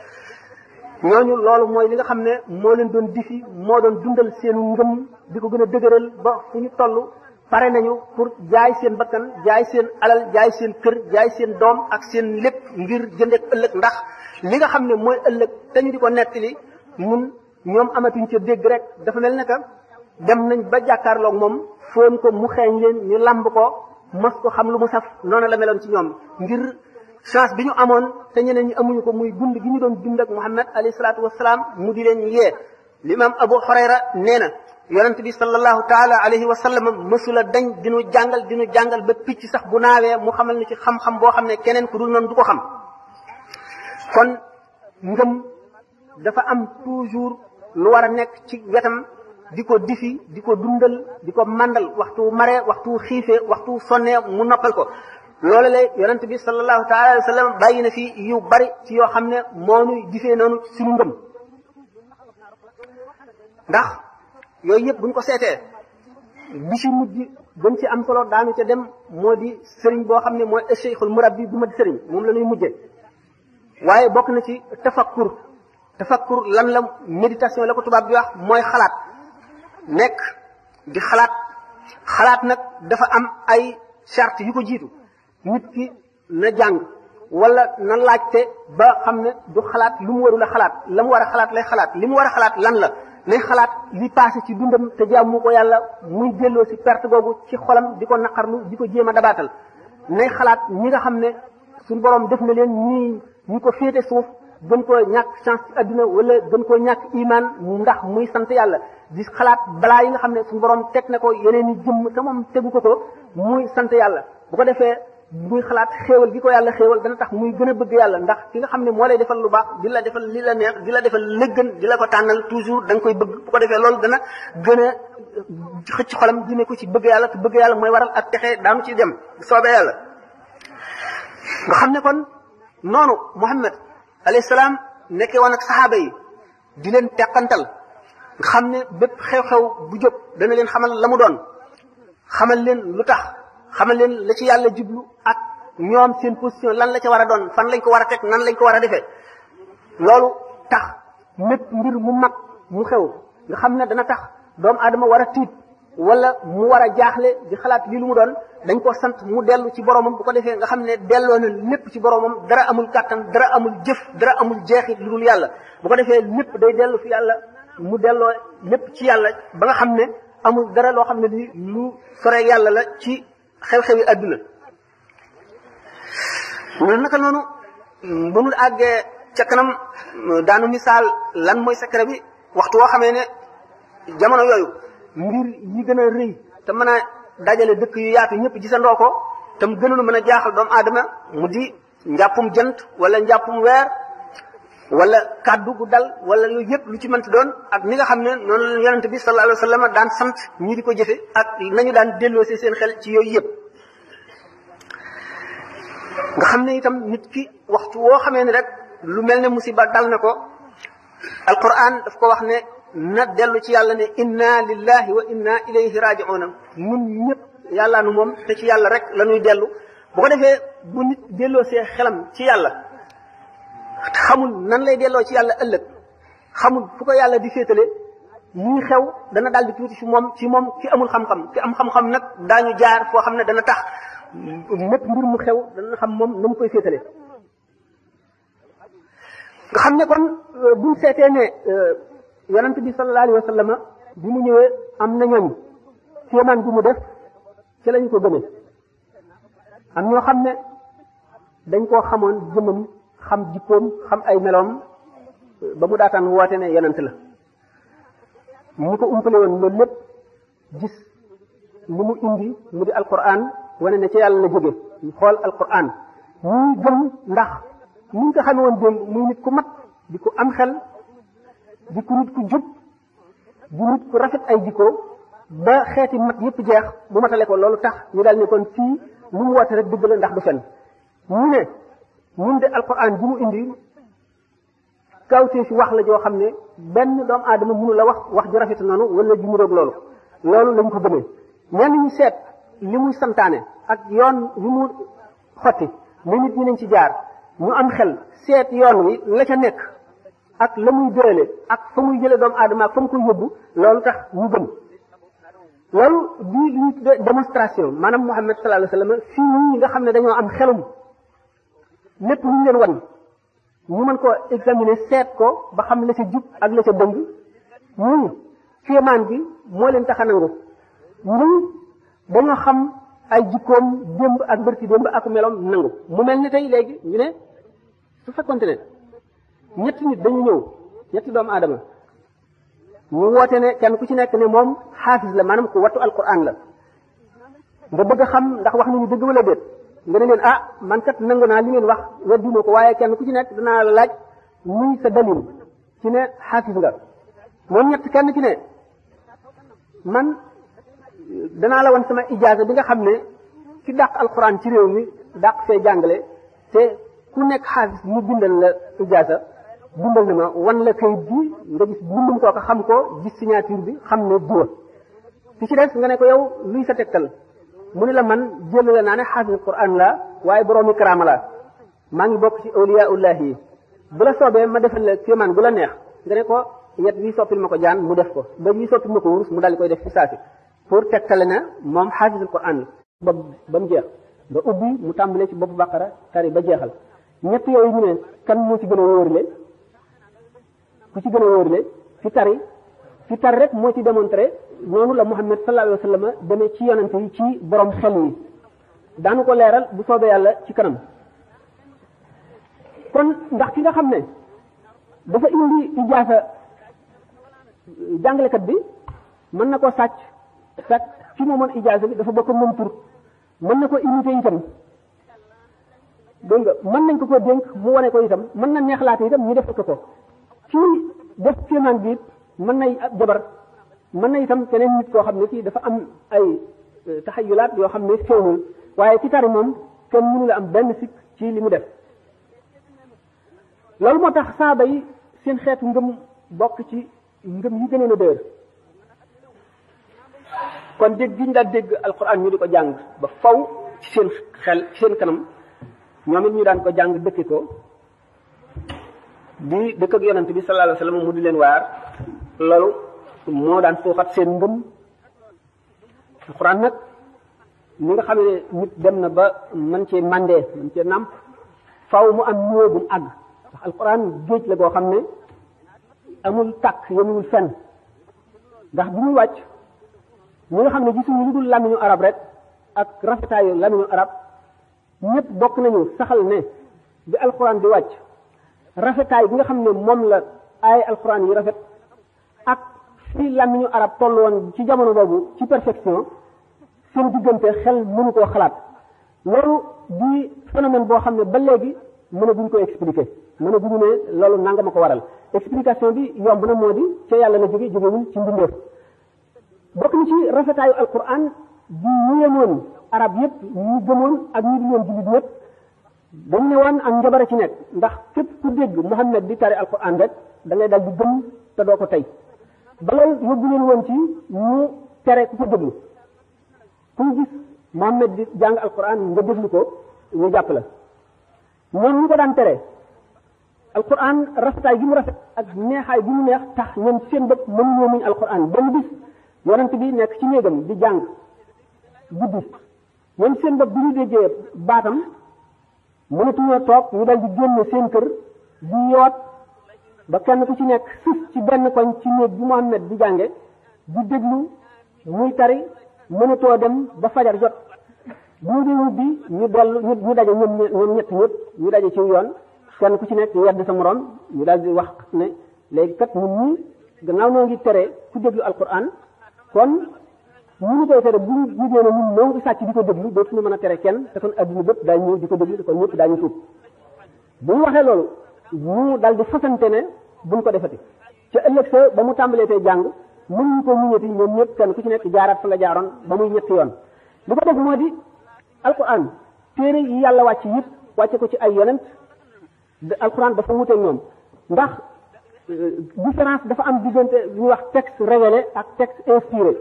ñooñu loolu mooy li nga xam ne moo leen doon difi moo doon dundal seenu ngëm di ko gën a dëgëral ba fu ñu toll pare nañu pour jaay seen bakkan jaay seen alal jaay seen kër jaay seen doom ak seen lépp ngir jëndeek ëllëg ndax li nga xam ne mooy ëllëg te ñu di ko nettali ñun ñoom amatuñ ca dégg rek dafa mel ne dem nañ ba jàkkaarloog moom foon ko mu xeeñ leen ñu làmb ko mos ko xam lu mu saf noonu la meloon ci ñoom ngir chance bi ñu amoon te ñeneen ñi amuñu ko muy dund gi ñu doon dund ak Muhammad alayhi salaatu wasalaam mu di leen yee limaam Abu Hurayra nee na yonent bi sallallahu taala alayhi wa sallam mësula dañ dinu jàngal dinu jàngal ba picc sax bu naawee mu xamal na ci xam-xam boo xam ne keneen ku dul noonu du ko xam kon ngëm dafa am toujours lu war a nekk ci wetam di ko difi di ko dundal di ko mandal waxtu mare waxtu xiife waxtu sonne mu noppal ko loolu la yonent bi sallallahu taala alayhi wa sallam na fi yu bari ci yoo xam ne moonuy difee noonu suñu ngëm ndax yooyu yëpp buñ ko seetee bi ci mujj gën ci am solo daanu ca dem moo di sëriñ boo xam ne mooy cheikhul murabbi bu mat sëriñ moom la ñuy mujjee waaye bokk na ci tafakkur tafakkur lan la méditation la ko tubaab bi mooy xalaat nekk di xalaat xalaat nag dafa am ay charte yu ko jiitu nit ki na jàng wala na laajte ba xam ne du xalaat lu mu warul a xalaat la mu war a xalaat lay xalaat li mu war a xalaat lan la nay xalaat li passé ci dundam te jaamu ko yàlla muy delloo si perte googu ci xolam di ko naqarlu di ko jéem a dabaatal nay xalaat ñi nga xam ne suñu borom def na leen ñii ñu ko féete suuf gën koo ñàkk chance ci àdduna wala gën koo ñàkk iman ndax muy sant yàlla di xalaat balaa yi nga xam ne suñu borom teg na ko yeneen i jëmm te moom tegu ko ko muy sant yàlla bu ko defee muy xalaat xéewal gi ko yàlla xéewal dana tax muy gën bëgg yàlla ndax ki nga xam ne moo lay defal lu baax di la defal li la neex di la defal lëggën di la ko tànnal toujours da koy bëgg bu ko defee loolu dana gën xëcc xolam jëmee ko ci bëgg yàlla te bëgg yàlla mooy waral ak texe daanu ci dem soobee yàlla nga xam ne kon noonu Muhammad alayhi salaam nekkee woon ak yi di leen teqantal nga xam ne bépp xew-xew bu jóg dana leen xamal la mu doon xamal leen lu tax xamal leen la ci yàlla jublu ak ñoom seen position lan la ci war a doon fan lañ ko war a teg nan lañ ko war a defee loolu tax mépp mbir mu mag mu xew nga xam ne dana tax doomu aadama war a tiit wala mu war a jaaxle di xalaat lii lu mu doon dañ ko sant mu dellu ci boromam bu ko defee nga xam ne delloo na lépp ci boromam dara amul kàttan dara amul jëf dara amul jeexit lu dul yàlla bu ko defee lépp day dellu fi yàlla mu delloo lépp ci yàlla ba nga xam ne amul dara loo xam ne di lu sore yàlla la ci xew-xewi àdduna ñu naka noonu ba nu àggee ca kanam daanu misaal lan mooy secret bi waxtu woo xamee ne jamono yooyu mbir yi gën a rëy te mën a dajale dëkk yu yaatu ñëpp gisandoo ko te mu gënoon mën a jaaxal doomu aadama mu di njàppum jant walla njàppum weer wala kàddu gu dal wala lu yëpp lu ci mënti doon ak ni nga xam ne noonu la yonente bi sallallahu alayhi wa sallam daan sant ñi di ko jëfe ak nañu daan delloosee seen xel ci yooy yëpp nga xam ne itam nit ki waxtu woo xamee ni rek lu mel ne musiba dal na ko alquran daf ko wax ne na dellu ci yàlla ne inna lillahi wa inna ilayhi raji'una mun ñëpp yàlla nu moom te ci yàlla rek la ñuy dellu bu ko defee bu nit delloosee xelam ci yàlla xamul nan lay delloo ci yàlla ëllëg xamul fu ko yàlla di féetale muy xew dana daal di tuuti ci moom ci moom ki amul xam-xam ki am xam-xam nag daañu jaar foo xam ne dana tax mépp mbir mu xew dana xam moom na mu koy féetale nga xam ne kon euh, buñ seetee ne euh, yonent bi sallallahu alayhi wa mu ñëwee am na ñooñu kéemaan bi mu def ci lañ ko gëmee am ñoo xam ne dañ koo xamoon jëmam xam jikkoom xam ay meloom ba mu daataan woote ne yonent la mu ko umpale woon loolu lépp gis li mu indi mu di alquran wane ne ci yàlla la jóge ñu xool alquran ñuy gëm ndax ni ñu ko xamee woon démb muy nit ku mat di ko am xel di ku nit ku jub di nit ku rafet ay jikko ba xeeti mat yëpp jeex bu matale ko loolu tax ñu daal ne kon fii lu mu woote rek dëgg la ndax du fen ñu ne mun de alquran ji mu indi kawtee fi wax la joo xam ne benn doomu aadama mënu la wax wax ju rafet noonu wala ju mu roog loolu loolu lañ ko gëmee ñenn ñu seet li muy santaane ak yoon yu mu xotti li nit ñi nañ ci jaar ñu am xel seet yoon wi la ca nekk ak la muy dërale ak fa muy jële doomu aadama ak fa mu koy yóbbu loolu tax ñu gëm loolu di li ñu tuddee démonstration maanaam Muhammad sallallahu alayhi wa fii nii nga xam ne dañoo am xelum lépp lu ñu leen wan ñu mën ko examiner seet ko ba xam la ca jub ak la ca mu ñii kéemaan bi moo leen tax a nangu ñii dañoo xam ay jikkoom démb ak bërki démb ak meloom nangu mu mel ni tey léegi ñu ne su fekkonte ne ñetti nit dañu ñëw ñetti doomu aadama ñu woote ne kenn ku ci nekk ne moom xaafis la maanaam ko wattu alquran la nga bëgg a xam ndax wax nañu dëgg wala déet nga ne leen ah man kat nangu naa li ngeen wax ko waaye kenn ku ci nekk danaa la laaj muy sa dalil ci ne xaafis nga moom ñett kenn ci ne man danaa la wan sama ijaasa bi nga xam ne ki dàq alxuraan ci réew mi dàq fee jàngale te ku nekk xaafis mu bindal la ijaasa bindal na ma wan la kayit bi nga gis bindum kooka xam ko gis signature bi xam ne duwa ki ci des nga ne ko yow luy sa tegtal mu ni la man jëlale naa ne xaafisu quran la waaye boroomi karaama la maa ngi bokk ci awliyaullahi yi bu la soobee ma defal la kéemaan bu la neex nga ne ko yet wi soppil ma ko jaan mu def ko ba wi soppil ma ko wurus mu daal di koy def si saasi pour tegtale na moom xaafisul quran ba ba mu jeex ba ubbi mu tàmbalee ci boppu bàqara tari ba jeexal ñett yooyu ñu ne kan moo ci gën a wóorile ku ci gën a wóorile fi tari fi tar rek moo ci démontré noonu la Muhammad sallallahu alayhi wa sallam demee ci yonante yi ci borom xel yi daanu ko leeral bu soobee yàlla ci kanam kon ndax ki nga xam ne dafa indi ijaasa jàngalekat bi mën na ko sàcc sàcc ci moomoon ijaasa bi dafa bokk moom tur mën na ko imité itam dégg nga mën nañ ko ko dénk mu wane ko itam mën na neexlaate itam ñu def ko ko def kéemaan bi mën nay jabar mën na itam keneen nit koo xam ne kii dafa am ay euh, taxayulaat yoo xam ne féewul waaye ci tar moom kenn mënu la am benn sikk ci li mu def loolu moo tax saaba yi seen xeetu ngëm bokk ci ngëm yi gënoon a dëër kon dégg gi ñu daan dégg alquran ñu di ko jàng ba faw ci seen xel ci seen kanam ñoom it ñu daan ko jàng dëkki ko di dëkk ak yonent bi sallallahu alayhi mu di leen waar loolu moo daan foofaat seen ngëm alxuraan nag ni nga xam ne nit dem na ba mën cee mandee mën cee nàmp faw mu am niveau bu mu àgg ndax alxuraan géej la goo xam ne amul tàkk yemuwul fenn ndax bu ñu wàcc ñi nga xam ne gisuñu lu dul làmmiñu arab rek ak rafetaayu làmmiñu arab ñëpp bokk nañu saxal ne bi alxuraan bi wàcc rafetaay bi nga xam ne moom la ay alxuraan yi rafet fi làmmiñu arab toll woon ci jamono boobu ci perfection seen diggante xel mënu koo xalaat loolu di phénomène boo xam ne ba léegi mën a guñ ko expliquer mën a guñu ne loolu nanga ma ko waral explication bi yomb na moo di ca yàlla la jóge jógewul ci mbindeef bokk ci rafetaayu alquran di yéemoon arab yëpp ñu gëmoon ak ñu di woon jullit yëpp dañ ne woon ak njabara ci nekk ndax képp ku dégg Muhammad di tari alquran rek da ngay dal di gëm ko tey ba ngay yóbbu leen woon ci mu tere ku ko déglu kuy gis Muhammad di jàng alquran nga déglu ko ñu jàpp la ñoom ñu ko daan tere alquran rafetaay gi mu rafet ak neexaay gi mu neex tax ñoom seen bopp mënuñoo muñ alquran benn bis yonent bi nekk ci néegam di jàng guddi ñoom seen bopp bu ñu déggee baatam mënatuñoo toog ñu dal di génne seen kër di yoot ba kenn ku ci nekk sus ci benn koñ ci néeg bi Muhammad di jànge di déglu muy tari mënatoo dem ba fajar jot bu ñu dee bi ñu dellu ñu daje ñoom ñoom ñett ñëpp ñu yoon kenn ku nekk yedd sa ñu daal di wax ne léegi kat ñun ñii gannaaw noo ngi tere ku déglu alquran kon ñu ngi koy bu ñu jigéen a ñun ko déglu dootuñu mën a tere kenn te kon bépp daañu ñëw di ko déglu te kon ñëpp daañu tuub ne buñ ko defati ca ëllëg sa ba mu tàmbalee tey jàng mënuñ ko muñati ñoom ñëpp kenn ki ci nekk jaaraat fa nga jaaroon ba muy ñetti yoon li ko def moo di alquran téere yi yàlla wàcc yëpp wàcce ko ci ay yonent alquran dafa wuteeg ñoom ndax euh, différence dafa am diggante lu ñuy wax texte révélé ak texte inspiré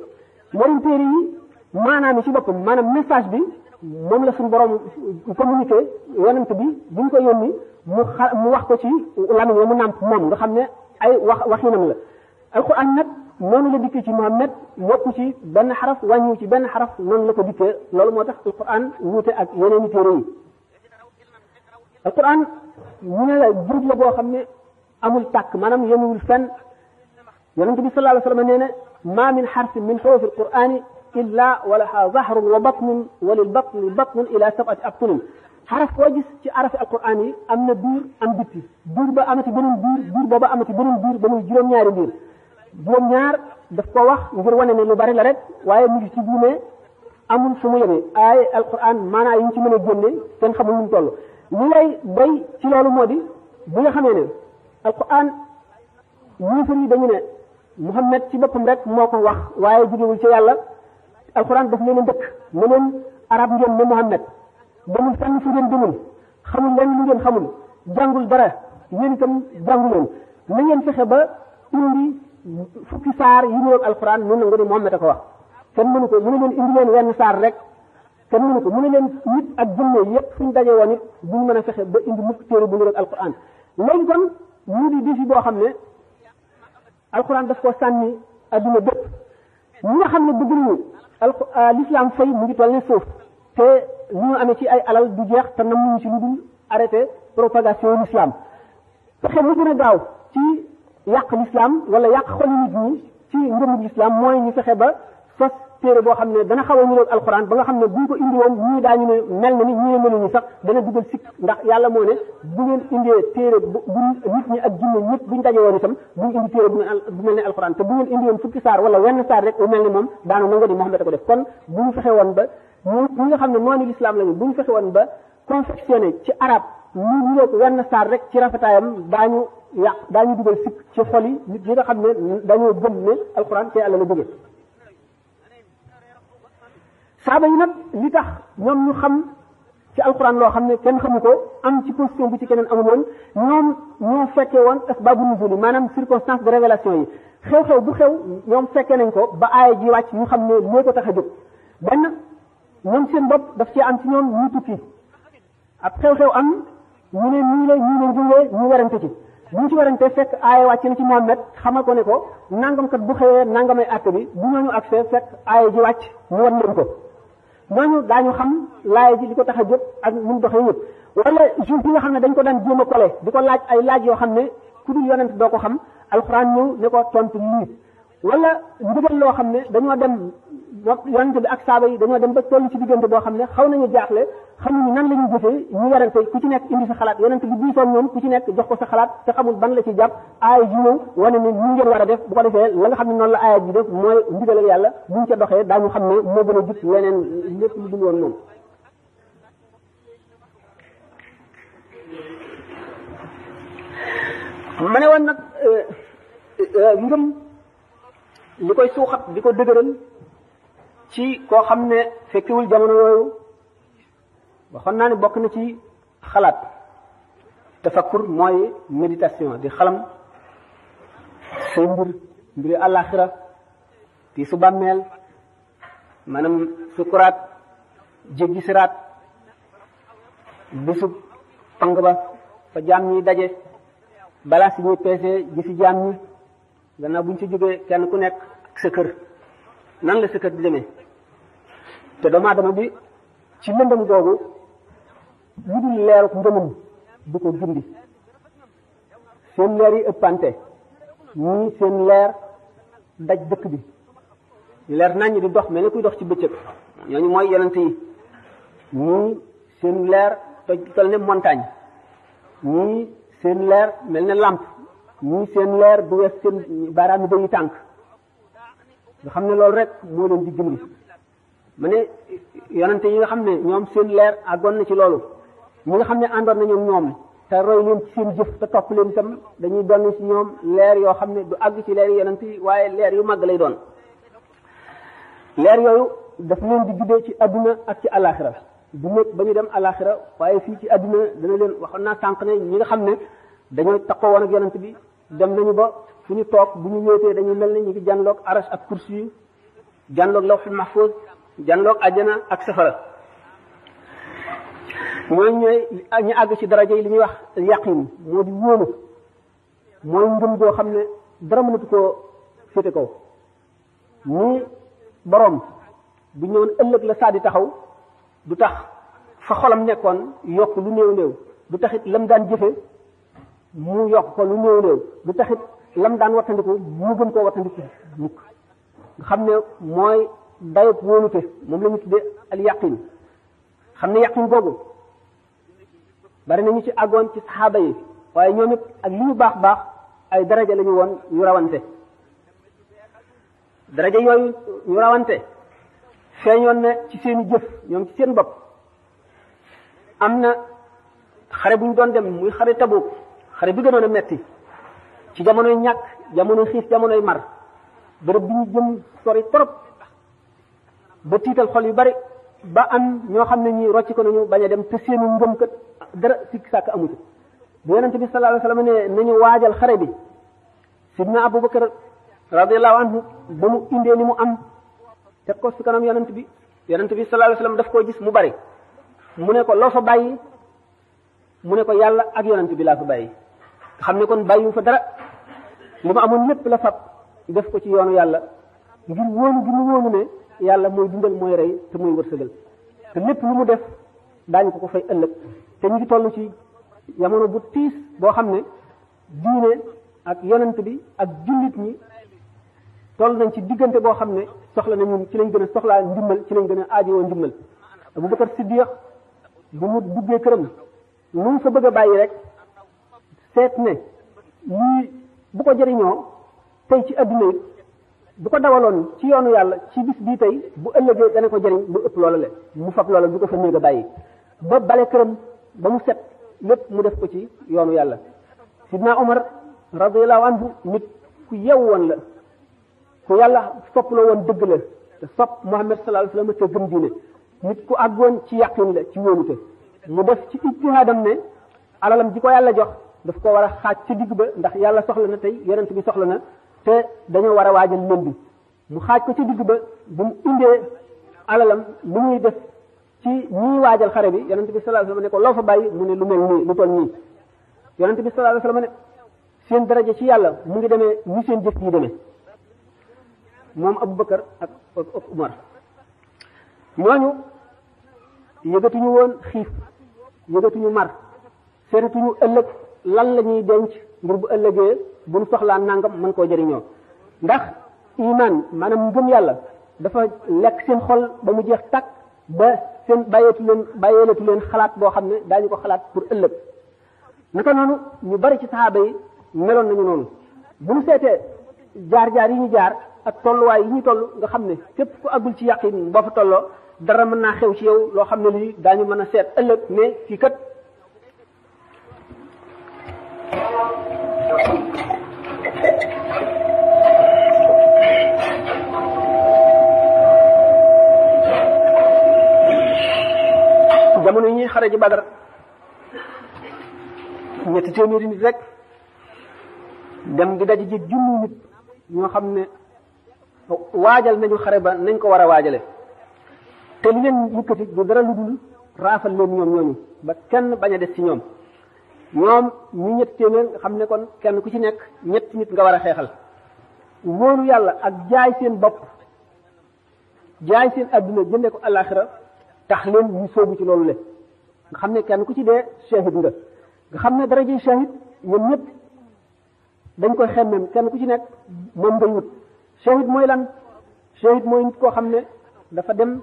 moom téere yi maanaam yi ci boppam maanaam message bi moom la suñu borom communiqué yonent bi bi ñu ko yónni mu xa wax ko ci lamiñ wa mu nàmp moom nga xam ne ay wax waxinam la alquran nag noonu la dikkee ci Muhammad yokku ci benn xaraf wàññiwu ci benn xaraf noonu la ko dikkee loolu moo tax alquran wuute ak yeneeni téere yi alquran ñu ne la juut la boo xam ne amul tàkk maanaam yemuwul fenn yonent bi sallallahu alayhi wa sallam nee na ma min xarfin min xurufi alqurani illa walaha zahrun wa batnun wa lil batni batnun ila sabati abtunin xaraf koo gis ci arafi alquran am na biir am bitti biir ba amati beneen biir biir booba amati beneen biir ba muy juróom-ñaari biir juróom-ñaar daf ko wax ngir wane ne lu bari la rek waaye mu ngi ci diine amul fu mu yemee ay alquran maanaa yi ci mën a génne kenn xamul nu mu toll li lay bay ci loolu moo di bu nga xamee ne alquran yéefar yi dañu ne Muhammad ci boppam rek moo ko wax waaye jógewul ci alxuraan daf leen a ndëkk ne leen arab ngeen ne Muhammad demul fenn fu ngeen demul xamul lenn lu ngeen xamul jàngul dara yéen itam jàngu leen ngeen fexe ba indi fukki saar yi ñëw alxuraan noonu la nga ne Muhammad a ko wax kenn mënu ko mu ne leen indi leen wenn saar rek kenn mënu ko mu ne leen nit ak jënne yépp suñ daje woon it duñ mën a fexe ba indi mukk téere bu ñu ak alxuraan léegi kon ñu di défi boo xam ne alxuraan daf ko sànni adduna bépp ñi nga xam alquraan l'islam fay mu ngi toll ni suuf te li ñu amee ci ay alal du jeex te namuñu ci lu dul arrêté propagation l'islam pexe mu gën a gaaw ci yàq l'islam wala yàq xolu nit ñi ci ngëmu l'islam mooy ñu fexe ba sos téere boo xam ne dana xaw a ñu loog alxuraan ba nga xam ne buñ ko indi woon ñii daañu ne mel na ni ñii ne mënuñu sax dana dugal yàlla moo ne bu ngeen indee téere bu nit ñi ak jinne ñëpp buñ woon itam buñ indi téere bu mel ne bu ngeen indi woon fukki saar wala wenn saar rek bu mel ne moom daanu nango ni ko def kon bu ñu fexe woon ba ñu ñi nga xam ne noonu na lañu bu ñu fexe woon ba confectionné ci arab ñu ñuroog wenn saar rek ci rafetaayam daañu yàq daañu dugal sikk ci xol yi nit yi nga xam ne dañoo gëm ne alxuraan te yàlla la jóge saaba yi nag li tax ñoom ñu xam ci alquran loo xam ne kenn xamu ko am ci position bu ci keneen amul woon ñoom ñoo fekkee woon asbaabu nuzul maanaam circonstance de révélation yi xew-xew bu xew ñoom fekkee nañ ko ba aaya ji wàcc ñu xam moo ko tax a jóg benn ñoom daf cee am ci ñoom ñu tukki am ñu ne nii la ñu ne jógee ñu werante ci fekk aaya wàcc ci Muhammad xamal ko ne ko nangamkat bu xewee nangamay àtte bi bu ñooñu accès fekk aaya ji wàcc ñu war leen ko ñooñu daañu xam laay ji li ko tax a jóg ak mun doxee yëpp wala juif bi nga xam ne dañ ko daan jéem a kole di ko laaj ay laaj yoo xam ne ku dul yonent doo ko xam alxuraan ñëw ne ko tontu lii wala ndigal loo xam ne dañoo dem yonente bi ak saaba yi dañoo dem ba toll ci diggante boo xam ne xaw nañu jaaxle xamuñu nan la ñu jëfee ñu werante ku ci nekk indi sa xalaat yonente bi diisoon ñoom ku ci nekk jox ko sa xalaat te xamul ban la ci jàpp aaya ji ñëw wane ne ñu ngeen war a def bu ko defee la nga xam ne noonu la aaya ji def mooy ndigalal yàlla buñ ca doxee daañu xam ne moo gën a jub leneen lépp lu dul woon noonu ma euh, euh, li koy suuxat di ko dëgëral ci koo xam ne fekkewul jamono yooyu waxoon naa bokk na ci xalaat tafakkur mooy méditation di xalam say mbir mbiri àllaaxira ti su bàmmeel maanaam sukuraat jéggi siraat bisu pang ba fa jaam ñi daje balaa si ñuy peese gisi jaam ñi gannaaw bu ñu ci jógee kenn ku nekk sa kër nan la sa di demee te doomu aadama bi ci lëndëm googu lu dul leeruk ngëmam du ko gindi seen leer yi ëppante ñii seen leer daj dëkk bi leer nañ di dox mel ni kuy dox ci bëccëg ñooñu mooy yonent yi ñii seen leer toj tol ne montagne ñii seen leer mel ne làmp ñii seen leer bu wees seen baaraam yi tànk nga xam ne loolu rek moo leen di gindi mu ne yonente yi nga xam ne ñoom seen leer àggoon na ci loolu ñi nga xam ne àndoon nañu ñoom te roy leen ci seen jëf te topp leen itam dañuy doon ci ñoom leer yoo xam ne du àgg ci leer yi yi waaye leer màgg lay doon leer yooyu daf leen di guddee ci adduna ak ci alaxira du nekk ba ñu dem alaxira waaye fii ci adduna dana leen wax naa sànq ne ñi nga xam ne dañoo takkoo woon ak yonent bi dem nañu ba fu ñu toog bu ñu wéetee dañuy mel ne ñu ngi jànloog aras ak kursi yi jànloog janloog àjjana ak safara mooy ñooy ñu àgg ci daraja yi li ñuy wax yaqin moo di wóolu mooy ngëm goo xam ne dara mënatu koo féete kaw ni boroom bu ñëwoon ëllëg la saadi taxaw du tax fa xolam nekkoon yokk lu néew néew du taxit lam daan jëfe mu yokk ko lu néew néew du taxit lam daan wattandiku mu gën koo wattandiku mukk nga xam ne mooy dayoo wóolute moom la ñu tuddee al yaqin xam ne yaqin googu bari na ñu ci àggoon ci saxaaba yi waaye ñoom it ak li ñu baax baax ay daraja la ñu woon ñu rawante daraja yooyu ñu rawante feeñoon ne ci seeni jëf ñoom ci seen bopp am na xare bu ñu doon dem muy xare Tabuk xare bi gënoon a metti ci jamonoy ñàkk jamonoy xiif jamonoy mar bërëb bi ñu jëm sori trop ba tiital xol yu bari ba am ñoo xam ne ñi rocc ko nañu bañ a dem te seenu ngëm kat dara sikk sàkk amu ci bu yonente bi sallallahu alayhi wasallam ne nañu waajal xare bi sidna abubakar radiallahu anhu ba mu indee ni mu am te ko su kanam yonent bi yonent bi sallallahu alayhi wasallam daf koo gis mu bari mu ne ko loo fa bàyyi mu ne ko yàlla ak yonent bi laa fa bàyyi xam ne kon bàyyiwu fa dara li mu amoon lépp la fab def ko ci yoonu yàlla ngir wóonu gi mu ne yàlla mooy dundal mooy rey te mooy wërsëgal te lépp lu mu def daañu ko ko fay ëllëg te ñu ngi toll ci jamono bu tiis boo xam ne diine ak yonent bi ak jullit ñi toll nañ ci diggante boo xam ne soxla nañu ci lañ gën a soxlaa ndimbal ci lañ gën a aajowoo ndimbal Abubakar Siddiq bu mu duggee këram lu mu fa bëgg a bàyyi rek seet ne lii bu ko jëriñoo tey ci adduna yi bu ko dawaloon ci yoonu yàlla ci bis bii tey bu ëllëgee dana ko jëriñ lu ëpp loola le mu fab loola bu ko fa néeg a bàyyi ba bale këram ba mu set lépp mu def ko ci yoonu yàlla sidna Umar radiyallahu anhu nit ku yew woon la ku yàlla sopp la woon dëgg la te sopp Muhammad sallallahu la wasallam te gëm diine nit ku àggoon ci yàqin la ci wóolute mu def ci ijtihaadam ne alalam ji ko yàlla jox daf ko war a xaaj ci digg ba ndax yàlla soxla na tey yonent bi soxla na te dañoo war a waajal lëm bi mu xaaj ko ci digg ba bu mu indee alalam lu muy def ci ñii waajal xare bi yonent bi sallallahu alayhi wasallam la ko loo fa bàyyi mu ne lu mel nii lu toll nii seen daraja ci yàlla mu ngi demee ni seen jëf yi demee moom Abu ak ak Umar ñooñu yëgatuñu woon xiif yëgatuñu mar seetatuñu ëllëg lan la ñuy denc ngir bu ëllëgee bu nu soxlaa nangam mën koo jariñoo ndax iman maanaam ngëm yàlla dafa lekk seen xol ba mu jeex takk ba seen bàyyeetu leen bàyyeelatu leen xalaat boo xam ne daañu ko xalaat pour ëllëg naka noonu ñu bari ci saxaaba yi meloon nañu noonu bu ñu seetee jaar-jaar yi ñu jaar ak tolluwaay yi ñu toll nga xam ne képp ku agul ci yàqin boo fa tolloo dara mën naa xew ci yow loo xam ne lii daañu mën a seet ëllëg mais fii kat jamono yi ñuy xare ji Badar ñetti téeméeri nit rek dem di daje ji junni nit ñoo xam ne waajal nañu xare ba nañ ko war a waajale te li leen yëkkati du dara lu dul raafal leen ñoom ñooñu ba kenn bañ a def ci ñoom ñoom ñu ñett téeméer nga xam ne kon kenn ku ci nekk ñetti nit nga war a xeexal wóolu yàlla ak jaay seen bopp jaay seen adduna jënde ko alaxira tax leen ñu sóobu ci loolu le nga xam ne kenn ku ci dee shahid nga nga xam ne daraje shahid ñoom ñëpp dañ koy xemmem kenn ku ci nekk moom ngay wut shahid mooy lan shahid mooy nit koo xam ne dafa dem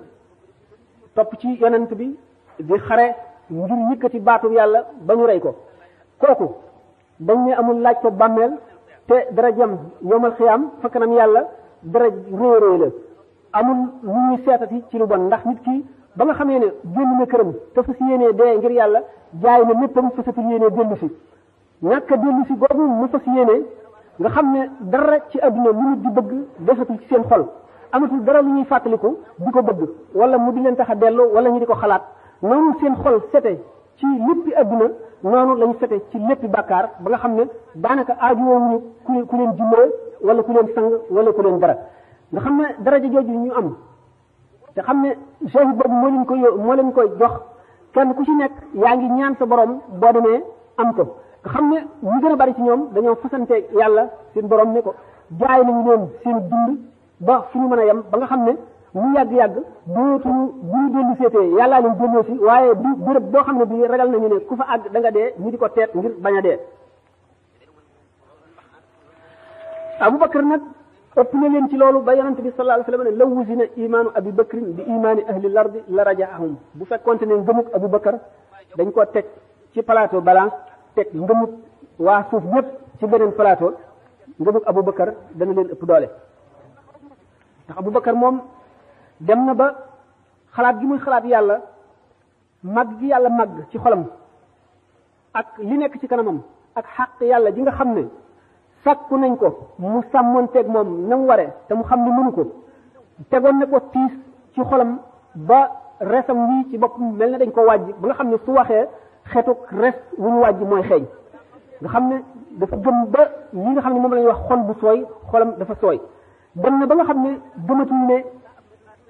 topp ci yonent bi di xare ngir yëkkati baatu yàlla ba ñu rey ko kooku dañ ne amul laaj ko bàmmeel te dara jëm yomal xiyaam fa kanam yàlla dara réeréer la amul lu ñuy seetati ci lu bon ndax nit ki ba nga xamee ne génn na këram te fas yéenee dee ngir yàlla jaay na léppam fasatul yéenee dellu si ñàkk a dellu si googu mu fas yéenee nga xam ne dara ci adduna lu nit di bëgg desatul ci seen xol amatul dara lu ñuy fàttaliku di ko bëgg wala mu di leen tax a dellu wala ñu di ko xalaat noonu seen xol sete ci léppi adduna noonu lañ sete ci léppi bàkkaar ba nga xam ne daanaka aajuwoowuñu ku ku leen jumboo wala ku leen sang wala ku leen dara nga xam ne daraja jooju ñu am te xam ne cheikh boobu moo leen ko moo leen ko jox kenn ku ci nekk yaa ngi ñaan sa borom boo demee am ko nga xam ne ñu gën a bari ci ñoom dañoo fasante yàlla seen borom ne ko jaay nañu leen seen dund ba fu ñu mën a yem ba nga xam ne ñu yàgg-yàgg dootuñu bu ñu dellu seetee yàllaa leen delloo si waaye bi béréb boo xam ne bii ragal nañu ne ku fa àgg danga dee ñu di ko teet ngir bañ a dee Abu Bakar nag ëpp na leen ci loolu ba yonente bi sallallahu alayhi wa sallam ne law wuzina imaanu abi bakrin bi imaani ahli lardi la rajaahum bu fekkonte ne ngëmuk Abu Bakar dañ ko teg ci palaato balaa teg ngëmuk waa suuf ñëpp ci beneen plateau ngëmuk Abu Bakar dana leen ëpp doole ndax Abu Bakar moom dem na ba xalaat gi muy xalaat yàlla mag gi yàlla màgg ci xolam ak li nekk ci kanamam ak xàq yàlla ji nga xam ne sàkku nañ ko mu sàmmoonteeg moom na mu waree te mu xam ne mënu ko tegoon na ko tiis xolam ba resam wii ci bopp mel na dañ ko wàjj ba nga xam ne su waxee xeetu res wu ñu wàjj mooy xeeñ nga xam ne dafa gëm ba li nga xam ne moom lañuy ñuy wax xol bu sooy xolam dafa sooy dem na ba nga xam ne gëmatuñ ne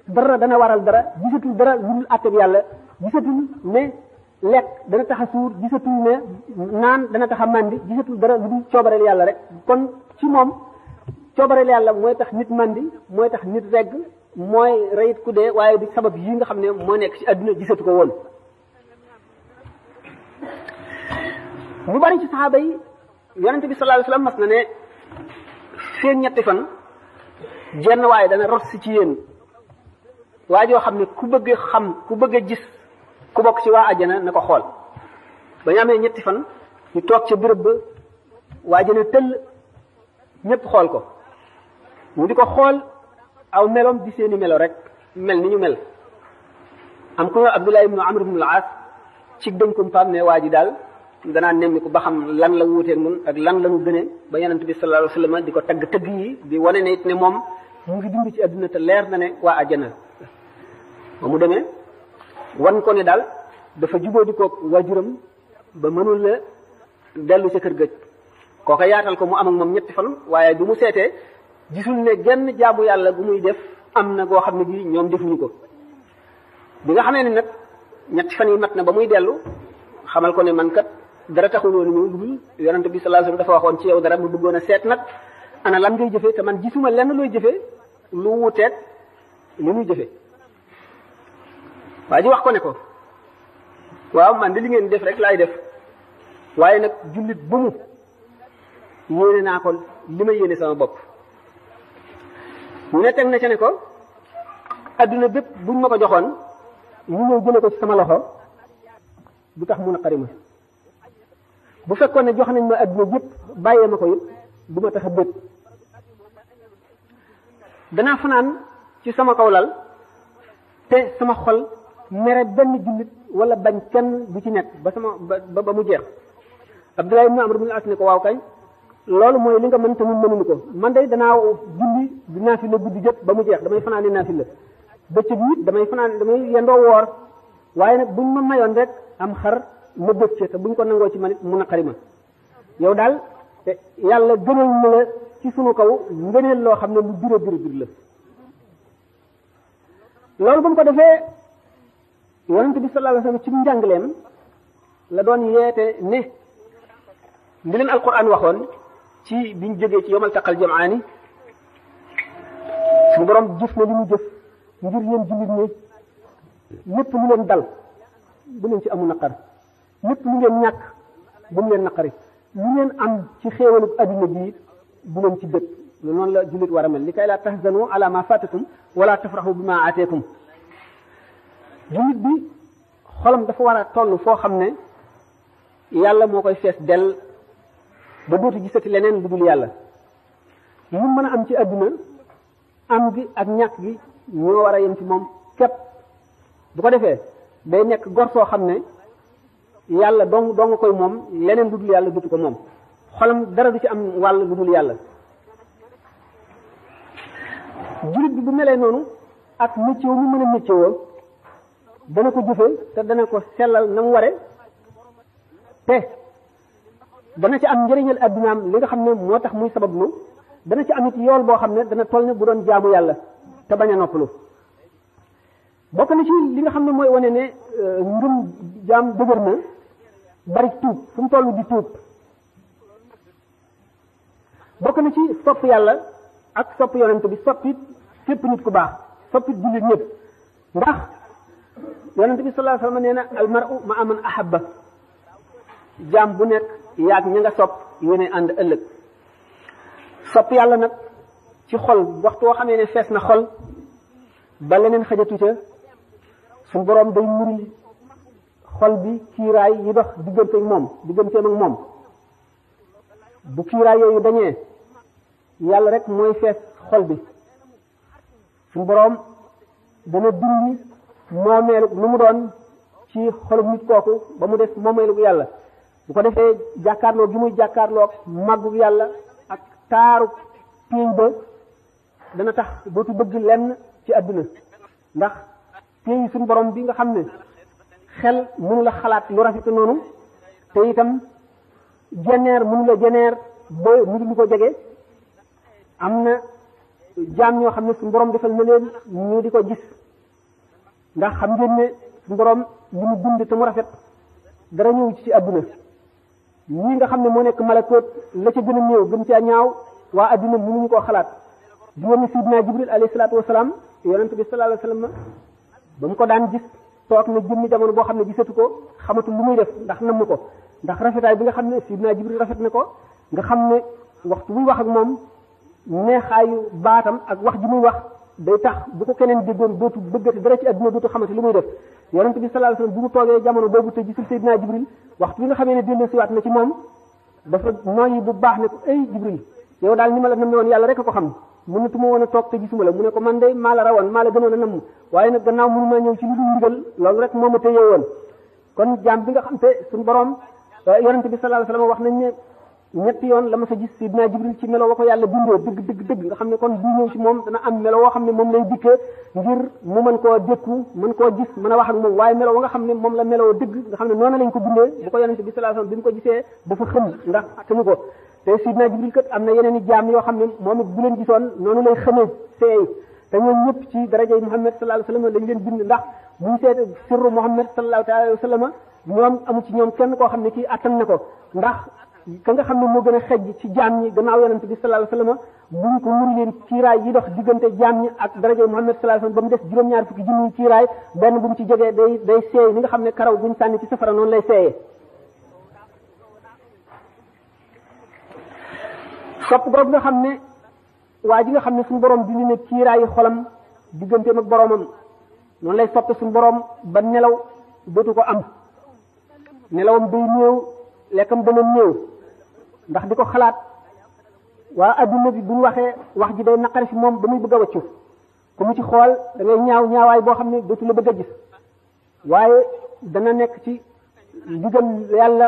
dara dana waral dara gisatul dara lu dul àtte yàlla gisatul ne lekk dana tax a suur gisatul ne naan dana tax a màndi gisatul dara lu dul coobareel yàlla rek kon ci moom coobareel yàlla mooy tax nit màndi mooy tax nit regg mooy reyit ku dee waaye du sabab yi nga xam ne moo nekk ci àdduna gisatu ko woon lu bari ci saxaaba yi bi sallallahu alayhi wasallam mas na ne seen ñetti fan jenn waaye dana ros si ci yéen waa joo xam ne ku bëgg xam ku bëgg a gis ku bokk ci waa ajana na ko xool ba ñu ñetti fan ñu toog ca bërëb ba waa ajana tëll ñépp xool ko mu di ko xool aw meloom di seeni melo rek mel ni ñu mel am ku ñëw Abdullah ibnu Amr ibnu al-As ci dañ ko faam ne waa ji daal danaa nemmi ko ba xam lan la wuuteeg mun ak lan la ñu gënee ba yeneen bi sallallahu alayhi wa sallam di ko tagg tëgg yi di wane ne it ne moom mu ngi dund ci àdduna te leer na ne waa ajana ba mu demee wan ko ne daal dafa jubóo di ko waajuram ba mënul dellu ca kër gëj kooka yaatal ko mu am moom ñetti fan waaye bi mu seetee gisul ne genn jaabu yàlla gu muy def am na goo xam ne bii ñoom defuñu ko bi nga xamee ne nag ñetti fan yi mat na ba muy dellu xamal ko ne man kat dara taxul woon ñëw bi sallallahu alayhi wasallam dafa waxoon ci yow dara mu bëggoon a seet nag ana lan ngay jëfee te man gisuma lenn looy jëfee lu wuteet li muy jëfee waa ji wax ko ne ko waaw man de li ngeen def rek laay def waaye nag jullit bu mu yéene naa ko li ma yéene sama bopp ne teg na ca ne ko adduna bépp buñ ma ko joxoon ñu ñëw jële ko ci sama loxo du tax mun a xarima bu fekkoon ne jox nañ ma adduna yëpp bàyyee ma ko yëpp du ma tax bët danaa fanaan ci sama kaw lal te sama xol mere benn jullit wala bañ kenn bu ci nekk ba sama ba ba mu jeex Abdullah ibn Amr ibn al-As ne ko waaw kay loolu mooy li nga mën te mu mënuñu ko man day danaa julli di naafila guddi jëpp ba mu jeex damay fanaane naafila bëccëg it damay fanaan damay yendoo woor waaye nag buñ ma mayoon rek am xar ma bëcc te buñ ko nangoo ci man it mu naqari ma yow daal te yàlla gënal na la ci sunu kaw ngëneel loo xam ne lu dure dure dure la loolu bu mu ko defee yonent bi sallallahu alayhi wasallam ci njàngaleem la doon yeete ne li leen alquran waxoon ci biñ jógee ci yomal taqal jamaani suñu borom jëf na li mu jëf ngir yéen jullit ne lépp mu leen dal bu leen ci amul naqar lépp lu ngeen ñàkk bu mu leen naqari lu ngeen am ci xéewalu adduna bi bu leen ci dëkk noonu la jullit war mel li kay laa tahzanu ala ma fatakum wala tafrahu bima ateekum jullit bi xolam dafa war a toll foo xam ne yàlla moo koy fees dell ba dootu gisati leneen lu dul yàlla lu mën a am ci àdduna am gi ak ñàkk gi ñoo war a yem ci moom képp bu ko defee day nekk gor foo xam ne yàlla dong dong koy moom leneen lu dul yàlla dutu ko moom xolam dara du ci am wàll lu dul yàlla jullit bi bu melee noonu ak métier mu mën a métier woo dana ko jëfee te dana ko sellal na mu ware te dana ci am njëriñal addunaam li nga xam ne moo tax muy sabab lu dana ci amit yool boo xam ne dana toll ne bu doon jaamu yàlla te bañ a noppalu bokk li nga xam ne mooy wane ne euh, ngëm jaam dëgër na bari tuub bokk na ci sopp yàlla ak sopp yonent bi soppit képp nit ku baax soppit jullit ñëpp ndax yonent sa sallallahu alayhi wasallam nee na al mar'u ma'a man ahabba jaam bu nekk yaag ña nga sopp yéene ànd ëllëg sopp yàlla nag ci xol waxtu woo xamee ne fees na xol ba leneen xajatu ca suñu boroom day muri xol bi kiiraay yi dox diggante moom digganteem ak moom bu kiiraay yooyu dañee yàlla rek mooy fees xol bi suñu boroom dana dindi moomeelu lu mu doon ci xolub nit kooku ba mu def moomeelu yàlla bu ko defee jàkkaarloo gi muy jàkkaarloo màggu yàlla ak taaru piiñ ba dana tax dootu bëgg lenn ci àdduna ndax piiñ suñu borom bi nga xam ne xel mënu la xalaat lu rafet noonu te itam jeneer mënu la jeneer ba nit lu ko jege am na jaam ñoo xam ne suñu borom defal na leen ñu di ko gis ndax xam ngeen ne su borom li mu bind te mu rafet dara ñëw ci ci adduna ñii nga xam ne moo nekk malakoot la ca gën a néew gën a ñaaw waa adduna mënuñu ko xalaat di woon sidina jibril alayhi salaatu wasalaam yonent bi sallallahu alayhi wasallam ba mu ko daan gis toog na jëmmi jamono boo xam ne gisatu ko xamatul lu muy def ndax namm ko ndax rafetaay bi nga xam ne sidina jibril rafet na ko nga xam ne waxtu buy wax ak moom neexaayu baatam ak wax ji muy wax day tax bu ko keneen déggoon dootu bëggati dara ci àdduna dootu xamante li muy def yonent bi sallallahu alayhi wasallam ci moom dafa nooñi bu baax ne ko ay Jibril yow daal la a ko xam mënatuma woon a toog te gisuma la mu ne ko man de maa la rawoon maa la gënoon a bi nga xam te suñu borom yonent bi sallallahu alayhi wasallam wax nañ ne ñetti yoon la ma sa gis Sidna Jibril ci melo wa ko yàlla bindee dëgg dëgg dëgg nga xam ne kon du ñëw ci moom dana am melo woo xam ne moom lay dikkee ngir mu mën koo dékku mën koo gis man a wax ak moom waaye melo wa nga xam ne moom la meloo dëgg nga xam ne noonu lañ ko bindee bu ko yonente bi sallallahu alayhi wasallam bi mu ko gisee dafa xëm ndax attanu ko te Sidna Jibril kat am na yeneen i jaam yoo xam ne moom it bu leen gisoon noonu lay xëmee seey te ñoom ñëpp ci darajay Muhammad sallallahu alayhi wasallam lañ leen bind ndax buñ seet sirru Muhammad sallallahu alayhi wasallam ñoom ñoom kenn koo xam ne kii attan na ka nga xam ne moo gën a xejj ci jaam ñi gannaaw yonent bi sallallahu alayhi wasallam buñ ko muri leen kiiraay yi dox diggante jaam ñi ak daraja Muhammad sallallahu alayhi wasallam ba mu des juróom-ñaar fukki junniy kiiraay benn bu mu ci jógee day day seey ni nga xam ne karaw buñ sànni ci safara noonu lay seeyee sopp boobu nga xam ne waa ji nga xam ne suñu borom dindi ne kiiraayi xolam digganteem ak boromam noonu lay soppe suñu borom ba nelaw bëtu ko am nelawam day néew lekkam dana néew ndax di ko xalaat waa adduna bi bu ñu waxee wax ji day naqari si moom ba muy bëgg a wàccu ku mu ci xool da ñaaw ñaawaay boo xam ne dootu la bëgg a gis waaye dana nekk ci digal yàlla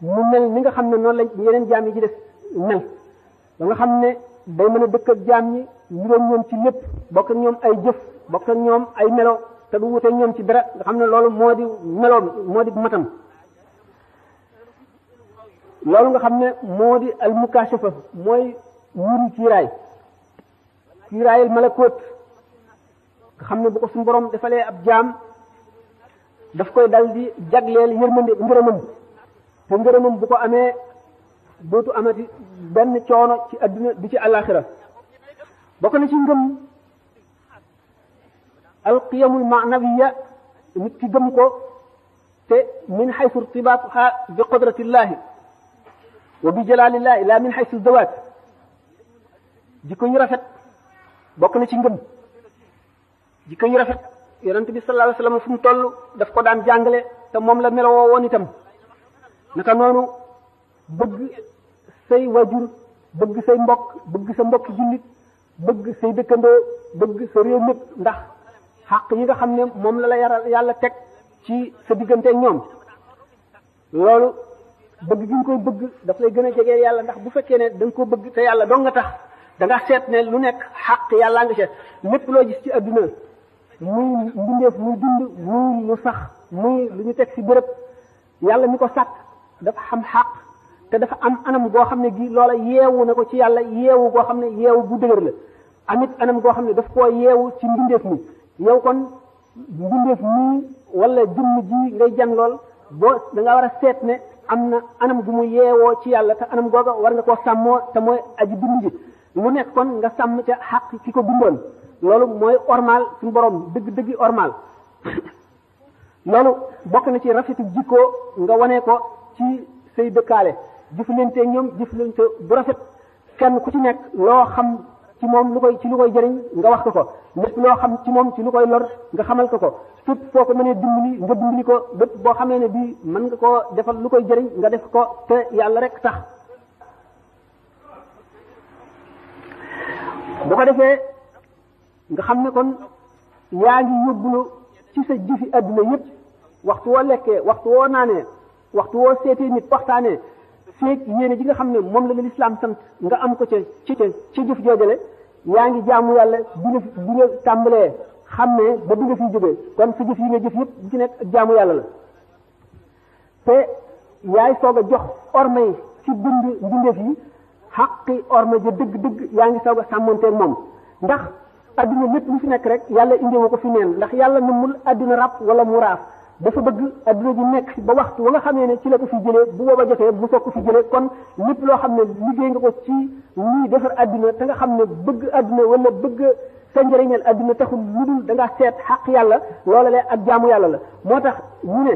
mu mel ni nga xam ne noonu la yeneen jaam yi ci def mel ba nga xam ne day mën a dëkk ak jaam ñi ñoom ci lépp bokk ak ñoom ay jëf bokk ak ñoom ay melo te du wute ñoom ci dara nga xam ne loolu moo di meloom moo di matam loolu nga xam ne moo di al mukashafa mooy wuri kiiraay kiiraayal malakóot nga xam ne bu ko suñu borom defalee ab jaam daf koy dal di jagleel yërmande ngërëmam te ngërëmam bu ko amee dootu amati benn coono ci adduna bi ci àllaaxira bokk na ci ngëm alqiyamul maanawiya nit ki gëm ko te min xaysu irtibaatuha bi qudratillahi wa bi jalaalillah ila min haythu zawaat jikko yu rafet bokk na ci ngëm jikko yu rafet yonent bi sallallahu alayhi wasallam fu mu toll daf ko daan jàngale te moom la melowoo woon itam naka noonu bëgg say wajur bëgg say mbokk bëgg sa mbokk jullit bëgg say dëkkandoo bëgg sa réew mépp ndax xàq yi nga xam ne moom la la yàlla teg ci sa diggante ñoom loolu bëgg gi nga koy bëgg daf lay gën a jege yàlla ndax bu fekkee ne da nga ko bëgg te yàlla dong nga tax da seet ne lu nekk xàq yàllaa nga seet lépp loo gis ci adduna muy mbindeef muy dund muy lu sax muy lu ñu teg si bërëb yàlla mi ko sàkk dafa xam xàq te dafa am anam goo xam ne gi loola yeewu ne ko ci yàlla yeewu goo xam ne yeewu bu dëgër la amit anam goo xam ne daf koo yeewu ci mbindeef mi yow kon mbindeef mi wala jëmm ji ngay jan lool boo da war a seet ne am na anam gu mu yeewoo ci yàlla te anam googa war nga koo sàmmoo te mooy aji bind ji lu nekk kon nga sàmm ca xàq ki ko bindoon loolu mooy ormal suñu borom dëgg dëggi ormal loolu bokk na ci rafetu jikkoo nga wane ko ci say dëkkaale jëflante ñoom jëflante bu rafet kenn ku ci nekk loo xam ci moom lu koy ci lu koy jëriñ nga wax ko ko lépp loo xam ci moom ci lu koy lor nga xamal ko ko fépp foo ko mënee dimbali nga dimbali ko bépp boo xamee ne bii mën nga koo defal lu koy jëriñ nga def ko te yàlla rek tax bu ko defee nga xam ne kon yaa ngi yóbbulu ci sa jëfi adduna yëpp waxtu woo lekkee waxtu woo naanee waxtu woo seetee nit waxtaanee feeg yéene ji nga xam ne moom la la lislaam sant nga am ko ca ci ca ca jëf joojale yaa ngi jaamu yàlla bi nga bi nga tàmbalee xam ne ba bi nga fiy jógee kon sa jëf yi nga jëf yëpp di ci nekk ak jaamu yàlla la te yaay soog a jox orma yi ci bi mbindeef yi xaqi orma ja dëgg-dëgg yaa ngi soog a sàmmonteeg moom ndax adduna lépp lu fi nekk rek yàlla indiwu ko fi neen ndax yàlla namul addina rab wala mu raaf dafa bëgg adduna ji nekk fi ba waxtu wa nga xamee ne ci la ko fi jëlee bu booba jotee bu soog ko fi jëlee kon lépp loo xam ne liggéey nga ko ci ñuy defar àdduna te nga xam ne bëgg adduna wala bëgg sa njëriñal adduna taxul lu dul da ngaa seet xaq yàlla loola lee ak jaamu yàlla la moo tax ñu ne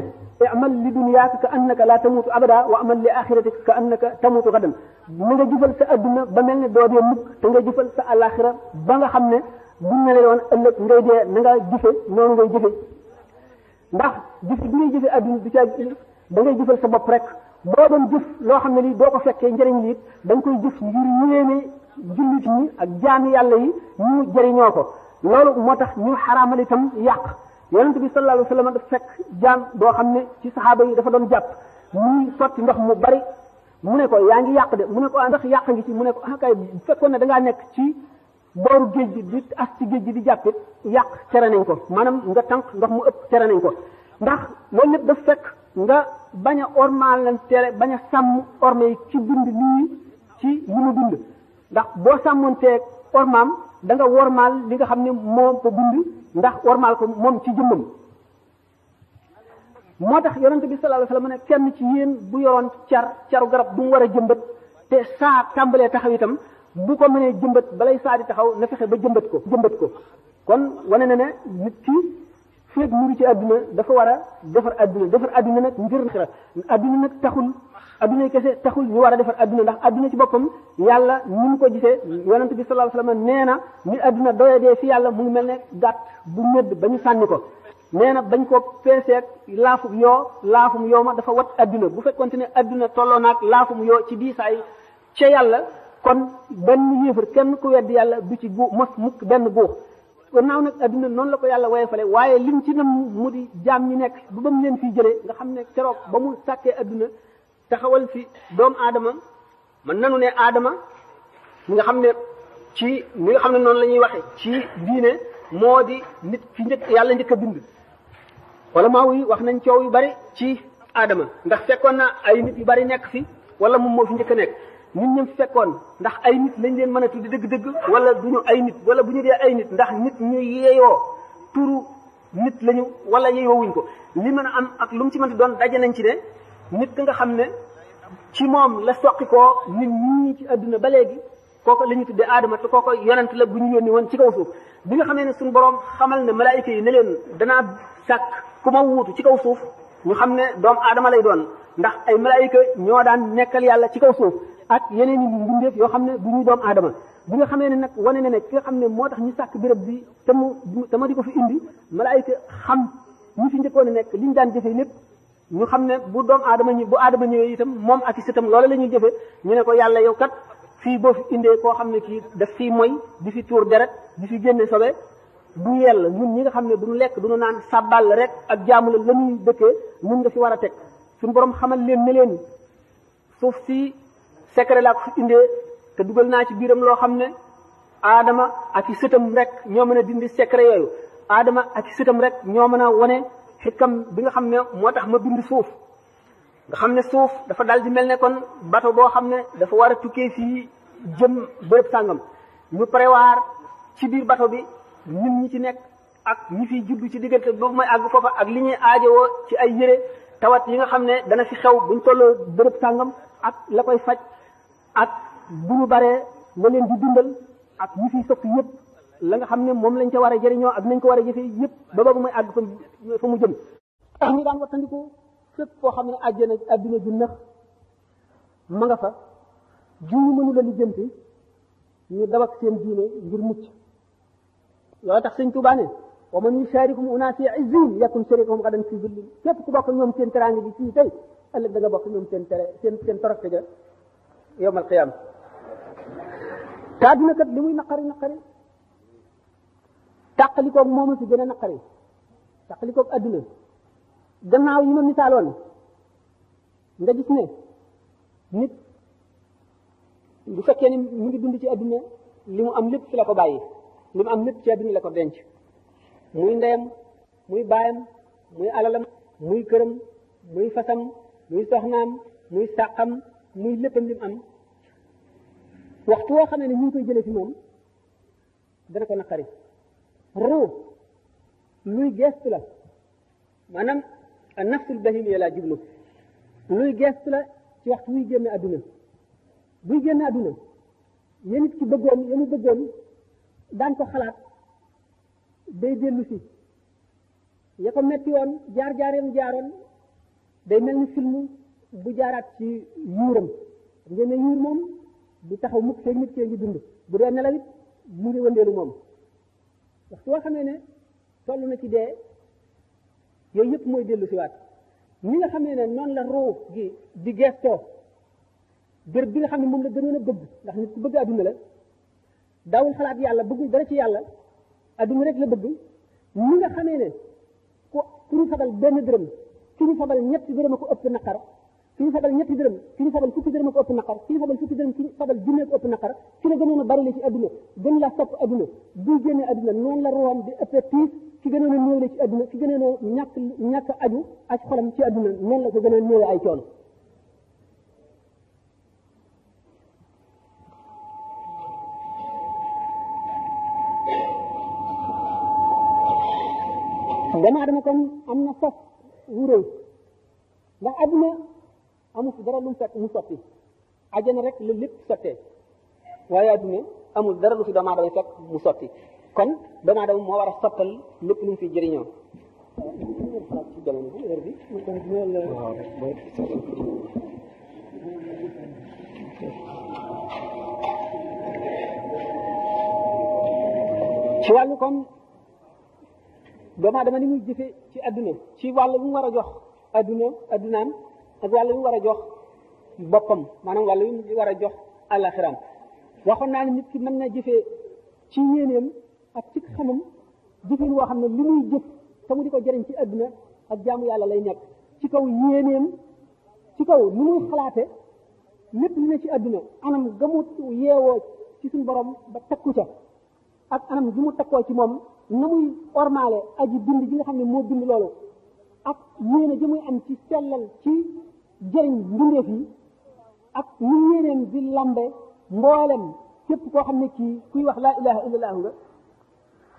amal li dunyaaka ka annaka laa tamutu abada wa amal li axiratika ka annaka tamutu gadan na nga jëfal sa adduna ba mel ne doo dee mukk te nga jëfal sa alaxira ba xam ne buñ ne la woon ëllëg ngay na nga jëfe noonu ngay jëfe ndax jëf bi ngay jëfee adduna du caa da ngay jëfal sa bopp rek boo doon jëf loo xam ne lii doo ko fekkee njëriñ li it koy nga koy jëf ngir yéene jullit ñi ak jaami yàlla yi ñu jëriñoo ko loolu moo tax ñu xaraamal itam yàq yonente bi sa alayhi wa sallam dafa fekk jaam boo xam ne ci saxaaba yi dafa doon jàpp muy sotti ndox mu bari mu ne ko yaa ngi yàq de mu ne ko ah ndax yàq ngi ci mu ne ko ah kay fekkoon ne dangaa nekk ci booru géej gi di as géej gi di jàppit yàq tere nañ ko maanaam nga tànk ndox mu ëpp tere nañ ko ndax loolu lépp daf fekk nga bañ a ormaal lan tere bañ a sàmm orme ci gund nii ci li mu bind ndax boo sàmmoonteeg ormaam danga nga wormaal li nga xam ne moom ko gund ndax wormaal ko moom ci jëmmam moo tax yonente bi sallallahu alayhi wasallam ne kenn ci yéen bu yoroon car caru garab bu war jëmbat te saa tàmbalee taxaw itam bu ko mënee jëmbat balay saa di taxaw na fexe ba jëmbat ko jëmbat ko kon wane na ne nit ki feeg mu ngi ci àdduna dafa war a defar àdduna defar àdduna nag ngir xira àdduna nag taxul àdduna kese taxul ñu war a defar àdduna ndax àdduna ci boppam yàlla ni mu ko gisee yonent bi sallallahu alayhi wasallam nee na ni àdduna doyadee fi yàlla mu mel ne gàtt bu medd ba ñu sànni ko nee na bañ ko peeseeg laafum yoo laafum yoo ma dafa wat àdduna bu fekkonte ne àdduna tolloo naag laafum yoo ci diisaay ca yàlla kon benn yéefar kenn ku wedd yàlla du ci góo mos mukk benn góox gannaaw nag adduna noonu la ko yàlla woyofale waaye lim ci nam mu di jaam ñi nekk bu ba mu fiy jëlee nga xam ne keroog ba mu sàkkee adduna taxawal fi doomu aadama man nanu ne aadama mi nga xam ne ci mi nga xam ne noonu la ñuy waxe ci diine moo di nit fi njëkk yàlla njëkk a bind wala maaw yi wax nañ coow yu bari ci aadama ndax fekkoon na ay nit yu bari nekk fi wala moom moo fi njëkk a nekk ñun ñëpp fekkoon ndax ay nit lañ leen mën a tuddi dëgg-dëgg wala du ñu ay nit wala bu ñu dee ay nit ndax nit ñu yeeyoo turu nit lañu wala yeeyoowuñ ko li mën a am ak lu mu ci mënti doon daje nañ ci ne nit ki nga xam ne ci moom la soqi koo nit ñii ci àdduna ba léegi kooko la ñu tuddee aadama te kooko yonent la bu ñu yónni woon ci kaw suuf bi nga xamee ne suñu borom xamal ne malaayika yi ne leen danaa sàkk ku ma wuutu ci kaw suuf ñu xam ne doomu aadama lay doon ndax ay malaayika ñoo daan nekkal yàlla ci kaw suuf ak yeneen i mbindeef yoo xam ne du ñuy doom aadama bi nga xamee ne nag wane na ne ki nga xam ne moo tax ñu sàkk béréb bi te mu te ma di ko fi indi malaayika xam ñu fi njëkkoon nekk li ñu daan jëfee lépp ñu xam ne bu doom aadama ñi bu aadama ñëwee itam moom ak i sëtam loola la ñuy jëfee ñu ne ko yàlla yow kat fii boo fi indee koo xam ne kii daf fii moy di fi tuur deret di fi génne sobe du yell ñun ñi nga xam ne duñu lekk duñu naan sàbbal rek ak jaamu la la ñuy dëkkee ñun nga fi war a teg suñu borom xamal leen ne leen suuf si secret laa ko fi indee te dugal naa ci biiram loo xam ne aadama ak i sëtam rek ñoo mën a dindi secret aadama ak i rek ñoo mën a wane xikam bi nga xam ne moo tax ma bind suuf nga xam ne suuf dafa dal di mel ne kon bato boo xam ne dafa war a tukkee fii jëm bërëb sàngam ñu prévoir ci biir bato bi nit ñi ci nekk ak ñi fiy juddu ci diggante boobu may ko foofa ak li ñuy aajowoo ci ay yére tawat yi nga xam ne dana fi xew buñ tolloo bërëb sàngam ak la koy faj ak bu ñu baree la leen di dundal ak yi fiy sokk yëpp la nga xam ne moom lañ ca war a jëriñoo ak nañ ko war a jëfee yëpp ba boobu mooy àgg fa mu jëm tax ñu daan wattandiku koo xam ne àjjana àddina ju neex ma nga fa ju ñu mënu la lijjanti ñu dabak seen diine ngir mucc loolu tax sëñ Tuubaa ne wa man yusharikum unaasi izzin yakun sharikuhum gadan fi zillin képp ku bokk ñoom seen teraanga gi fii tey ëllëg da nga bokk ñoom seen tere seen seen toroxte ga yowm alqiyaama te adduna kat li muy naqari naqari tàqalikoog moomu si gën a naqari tàqalikoog adduna gannaaw yi ma misaaloon nga gis ne nit bu fekkee ni mu dund ci adduna li mu am lépp fi la ko bàyyi li am lépp ci adduna la ko denc muy ndeyam muy baayam muy alalam muy këram muy fasam muy soxnaam muy sàqam muy léppam lim am waxtu woo xamee ne ñu ngi koy jëlee ci moom dana ko naqari ruux luy gestu la maanaam nafsul bahimiya laa jublu luy gestu la ci waxtu wuy génn àdduna buy génn àdduna ya ki bëggoon ya mu bëggoon daan ko xalaat day dellu si ya ko metti woon jaar-jaareem jaaroon day mel ni film bu jaaraat ci yuuram ngeen yuur moom du taxaw mukk feeg nit kee ngi dund bu dee nelaw mu ngi wëndeelu moom waxtu woo xamee ne toll na ci dee yooyu yëpp mooy dellu si waat ñi nga xamee ne noonu la ruu gi di gestoo bër bi nga xam ne moom la gënoon a bëgg ndax nit ku bëgg adduna la daawul xalaat yàlla bëggul dara ci yàlla adduna rek la bëgg ñi nga xamee ne ku ñu fabal benn dërëm ku ñu fabal ñetti dërëm a ko ëpp naqar fi ñu sabal ñetti dërëm fi ñu sabal fukki dërëm ko ëpp naqar sabal fukki dërëm fi sabal junne ko ëpp naqar fi la gënoon a bari la gën la sop adduna bu génnee adduna noonu la room di ëppee tiis ki gënoon a la ci adduna ki gënoon a ñàkk ñàkk aju ak xolam gën a néew ay coono dama dama amul dara lu mu fekk mu sotti ajjana rek la lépp sottee waaye adduna amul dara lu fi doomu aadama fekk mu sotti kon doomu aadama moo war a sottal lépp lu mu fi jëriñoo ci wàllu kon doomu aadama ni muy jëfe ci adduna ci wàllu bu mu war jox adduna addunaam ak wàll wi war a jox boppam maanaam wàll wi war a jox àllaxiraam waxoon naa ne nit ki mën na jëfee ci yéeneem ak ci xamam jëfin woo xam ne li muy jëf te mu di ko jëriñ ci àdduna ak jaamu yàlla lay nekk ci kaw yéeneem kaw ni muy ci àdduna anam ga yeewoo ci suñ borom ba takku ca ak anam gi takkoo ci moom na muy ormaale aji bind gi nga xam ne moo bind loolu ak yéene ji muy am ci sellal ci jëriñ mbindeef yi ak ni yéenéem di lambe mboolem képp koo xam ne kii kuy wax laa ilaha illallah nga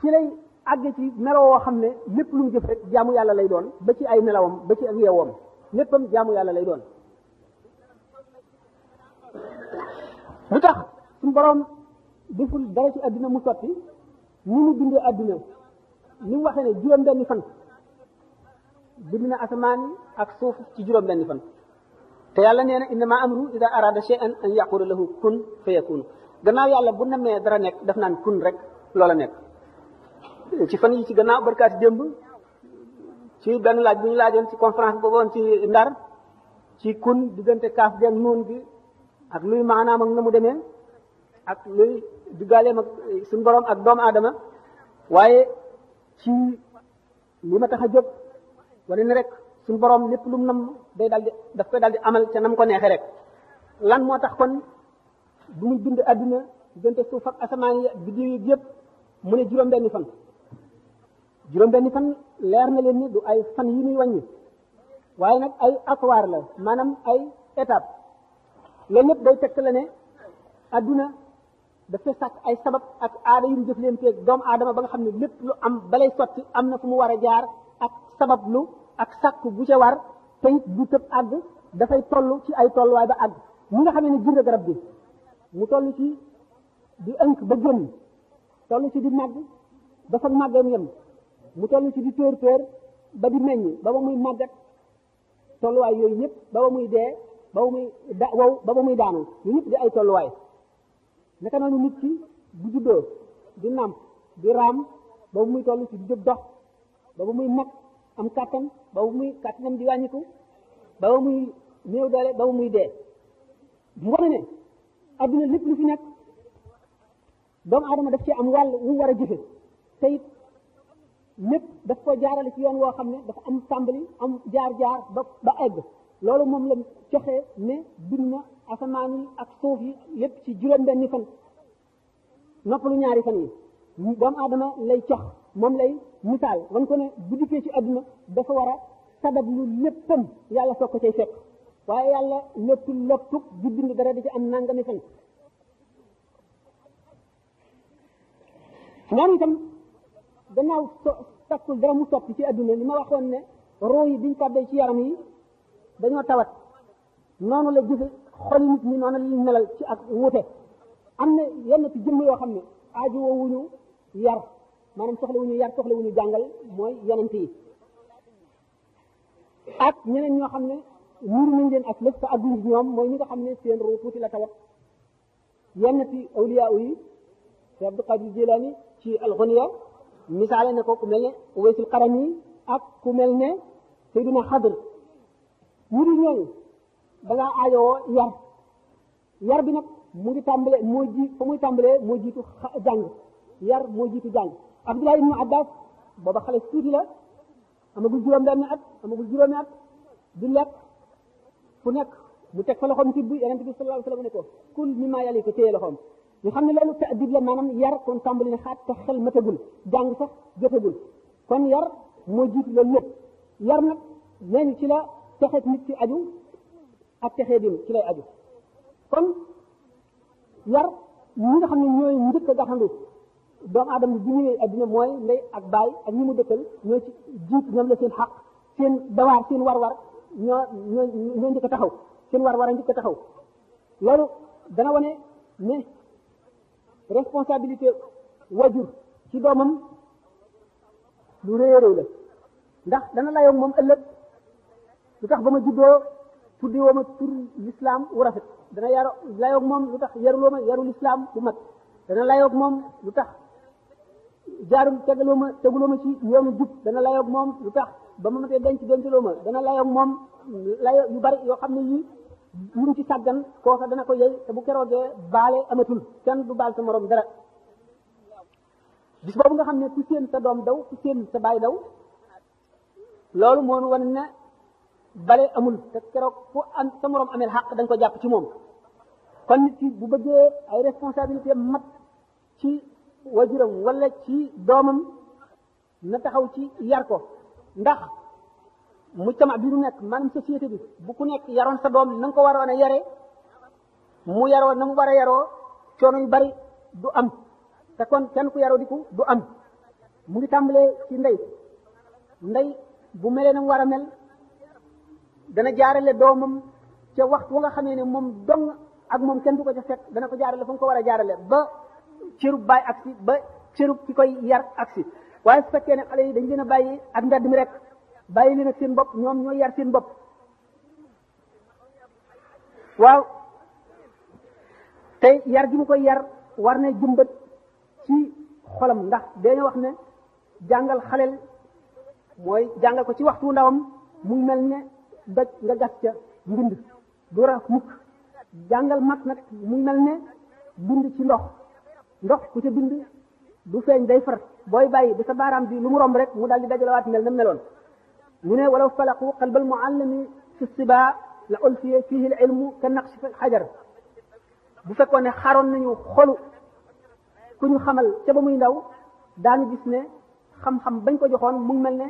ci lay àgg ci melaw woo xam ne lépp lum mu jëf rek jaamu yàlla lay doon ba ci ay melawam ba ci ak yeewoom léppam jaamu yàlla lay doon lu tax suñu boroom deful dara ci àdduna mu sotti ni mu bindee àdduna ni mu waxee ne juróom benni fan na asamaan yi ak suuf ci juróom benni fan te yàlla nee na innama amruhu ida arada shay'an an la lahu kun fayakun gannaaw yàlla bu namee dara nekk daf naan kun rek loola nekk ci fan yi ci gannaaw barkaati démb ci benn laaj bu ñu laajoon ci conférence boobu woon ci ndar ci kun diggante kaaf gen nuun bi ak luy maanaam ak na mu demee ak luy diggaaleem ak borom ak doomu aadama waaye ci li ma tax wane ne rek suñ borom lépp lu mu nam day daal di daf koy daal di amal ca nam ko neexe rek lan moo tax kon bu mu bind adduna diggante suuf ak asamaan yi biddiw yi yëpp mu ne juróom-benni fan fan leer na leen ni du ay fan yi muy wàññi waaye nag ay aswaar la maanaam ay étape loolu lépp day tegtal ne adduna dafa sàkk ay sabab ak aada yu mu jëf leen teeg doomu aadama ba nga xam ne lépp lu am balay sotti am na fu mu war a jaar ak sabab lu ak sàkk bu ca war te tëb àgg dafay toll ci ay tolluwaay ba àgg ñi nga xamee ne gir garab bi mu toll ci di ënk ba génn toll ci di màgg ba fag màggeem yem mu toll ci di tóor tóor ba di meññ ba ba muy màggat tolluwaay yooyu yëpp ba ba muy dee ba ba muy da muy daanu yu ñëpp di ay tolluwaay naka noonu nit ki bu juddoo di nàmp di raam ba ba muy toll ci di jóg dox ba ba muy mag am kàttan ba bu muy kàttanam di wàññiku ba ba muy néew doole ba ba muy dee mu wane ne adduna lépp lu fi nekk doomu aadama daf ci am wàll wu war a jëfe te it daf ko jaarale ci yoon woo xam ne dafa am tàmbali am jaar-jaar ba ba egg loolu moom la joxe ne bind na asamaan ak suuf yi lépp ci juróom-benni fan noppalu ñaari fan yi doomu aadama lay cox moom lay misaal wan ko ne bu dikkee ci àdduna dafa war a sabab lu léppam yàlla soog ko cay fekk waaye yàlla lottu lottu di bind dara di ci am nangami fan noonu itam gannaaw so takkul mu soppi ci àdduna li ma waxoon ne roo yi biñ tàbbee ci yaram yi dañoo tawat noonu la jëfe xol nit ñi noonu lañ melal ci ak wute am na yenn ci jëmm yoo xam ne aaju woowuñu yar maanaam soxlawuñu yar soxlawuñu jàngal mooy yonent yi ak ñeneen ñoo xam ne wuur nañ leen ak lépp fa ñu ñoom mooy ñi nga xam ne seen ruu tuuti la tawat yenn ci awliya yi Cheikh Abdou Qadir Jilani ci alxunya misaale na ko ku mel ne Uwaysul Qarani ak ku mel ne Seydina Xadr ñu di ñooñu da yar yar bi nag mu ngi tàmbale moo muy tàmbalee moo jiitu jàng yar moo jiitu jàng Abdullah ibnu Abbas booba xale tuuti la amagul juróom benn at amagul juróomi at di lekk fu nekk mu teg fa loxoom tibb yonent bi sallallahu alayhi wa ne ko kul mimma yali ko téye loxoom ñu xam ne loolu ta'dib la maanaam yar kon tàmbali na xaat te xel matagul jàng sax jotagul kon yar moo jiitu loolu lépp yar nag neeñu ci la texe nit ci aju ak texee dim ci lay aju kon yar ñi nga xam ne ñooy njëkk a gaxandu doomu aadama bi ñëwee adduna mooy ndey ak baay ak ñi mu dëkkal ñoo ci jiit ñoom la seen xaq seen dawaar seen war-war ñoo ñoo ñoo njëkk taxaw seen war-war a njëkk a taxaw loolu dana wane ne responsabilité wajur ci doomam lu rëy a ndax dana layoo moom ëllëg lu tax ba ma juddoo tuddi woo ma tur l'islam wu rafet dana yaro layoog moom lu tax yaruloo ma yaru l'islam bu mat dana layoog moom lu tax jaarum tegaloo ma tegaloo ma ci yoonu jub dana layoog moom lu tax ba ma matee denc denceloo ma dana layoog moom layo yu bari yoo xam ne yii lu mu ci sàggan kooka dana ko yey te bu keroogee baale amatul kenn bu baal sa morom dara bis boobu nga xam ne ku seen sa doom daw ku seen sa baay daw loolu moo nu ne bale amul te keroog fu sa morom ameel xàq da ko jàpp ci moom kon bu bëggee ay responsabilité mat ci wajuram wala ci doomam na taxaw ci yar ko ndax mujtama bi nu nekk maanaam société bi bu ku nekk yaroon sa doom na ko waroon a yare mu yaroo na mu war a yaroo coono yu bari du am te kon kenn ku yaroo di ko du am mu ngi tàmbalee ci ndey ndey bu melee na mu war mel dana jaarale doomam ca waxtu wa nga xamee ne moom dong ak moom kenn du ko ca fekk dana ko jaarale fu mu ko war a jaarale ba cërub baay ak si ba cërub ki koy yar ak si waaye su fekkee ne xale yi dañ leen a bàyyi ak mbedd mi rek bàyyi leen ak seen bopp ñoom ñooy yar seen bopp waaw tey yar gi mu koy yar war na jëmbat ci xolam ndax dañu wax ne jàngal xaleel mooy jàngal ko ci waxtu ndawam mu mel ne doj nga gas ca mbind du raf mukk jàngal mag nag mu mel ne bind ci ndox ndox ku ca bind du feeñ day far booy bàyyi bu sa baaraam bi lu mu romb rek mu daal di dajalawaat mel na meloon mu ne walaw falaqu qalbal muallimi fi sibaa la ulfiya fihi al ilmu ka naqshi si xajar bu fekkoon ne xaroon nañu xolu ku ñu xamal ca ba muy ndaw daanu gis ne xam-xam bañ ko joxoon mu mel ne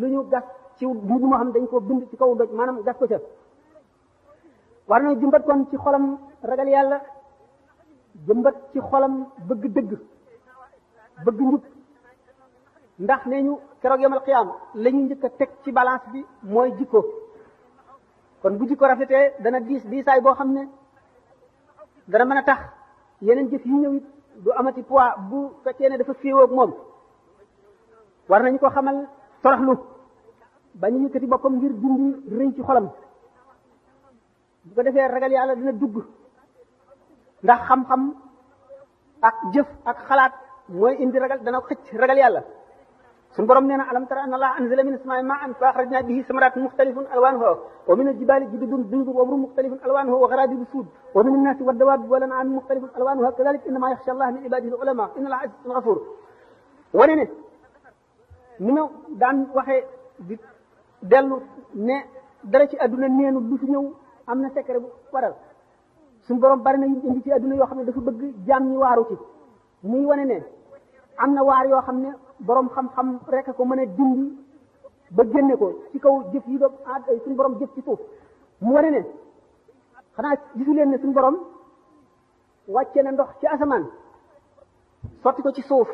lu ñu gas ci mbubb duma xam dañ koo bind ci kaw doj maanaam gas ko ca war na jumbat kon ci xolam ragal yàlla jëmbat ci xolam bëgg dëgg bëgg njub ndax nee ñu keroog yomal xiyaama la njëkk a teg ci balance bi mooy jikko kon bu jikko rafetee dana diis diisaay boo xam ne dana mën a tax yeneen jëf yi ñëw it du amati poids bu fekkee ne dafa féewoo ak moom war nañu ko xamal toroxlu bañu yëkkati boppam ngir dindi rëy ci xolam bu ko defee ragal yàlla dina dugg ndax xam-xam ak jëf ak xalaat mooy indi ragal dana xëcc ragal yàlla suñu borom nee na alam tara anna allaha anzala min as-samaa'i maa'an fa akhrajna bihi samaratin mukhtalifun alwanuha wa min al-jibali jududun biyudun wa humrun mukhtalifun alwanuha wa gharabibu suud wa min an-nasi wad-dawabi wal an'ami mukhtalifun alwanuha kadhalika innama yakhsha allaha min ibadihi al-ulama inna allaha azizun ghafur wane ne ni ma daan waxee di dellu ne dara ci àdduna neenu lu fi ñëw am na secret bu waral suñu borom bari na ñu indi ci adduna yoo xam ne dafa bëgg jaam ñi waaru ci muy wane ne am na waar yoo xam ne borom xam-xam rek ko mën a dindi ba génne ko ci kaw jëf yi doom suñu borom jëf ci suuf mu wane ne xanaa gisu leen ne suñu borom wàcce na ndox ci asamaan sotti ko ci suuf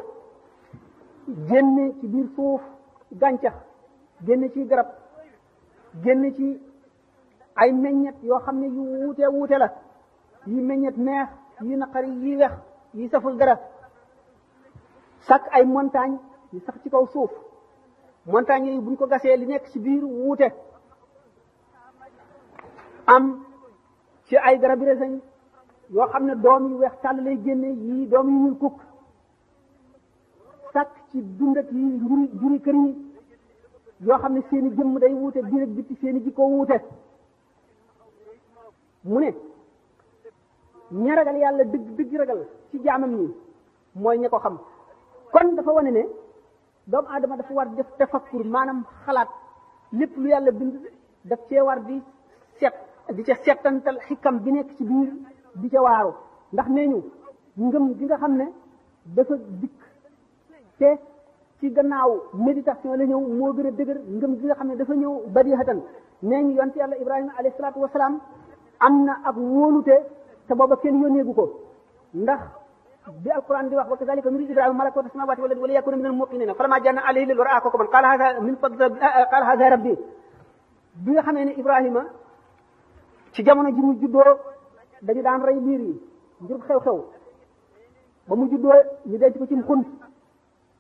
génne ci biir suuf gàncax génn ci garab génn ci ay meññet yoo xam ne yu wuute wuute la yi meññet neex yi naqari yi wex yi saful dara sàkk ay montagne yi sax ci kaw suuf montagne yi buñ ko gasee li nekk ci biir wuute am ci ay garabi reseñ yoo xam ne doom yu weex tàll lay génne yii doom yu ñuul kukk sàkk ci dund ak yi juri juri yi yoo xam ne seeni jëmm day wuute biir ak bitti seeni jikko wuute mu ne ña ragal yàlla dëgg dëgg ragal ci jaamam ñi mooy ña ko xam kon dafa wane ne doomu aadama dafa war def tafakkur maanaam xalaat lépp lu yàlla bind def cee war di set di ca seetantal xikam bi nekk ci biir di ca waaru ndax nee ñu ngëm gi nga xam ne dafa dikk te ci gannaaw méditation la ñëw moo gër a dëgër ngëm gi nga xam ne dafa ñëw bari hatan nee ñu yonte yàlla ibrahima alayhi salaatu wasalaam am na ak wóolute te booba kenn yónneegu ko ndax bi alquran di wax wa kazalika nuri ibrahima malakuta samawati wal ardi wa liyakuna minal muqinin falamma janna alayhi lil wara ko ko man qala hadha min fadl qala hadha rabbi bi nga xamee ne ibrahima ci jamono ji mu juddoo dañu daan rey liir yi ngir xew-xew ba mu juddoo ñu denc ko ci xun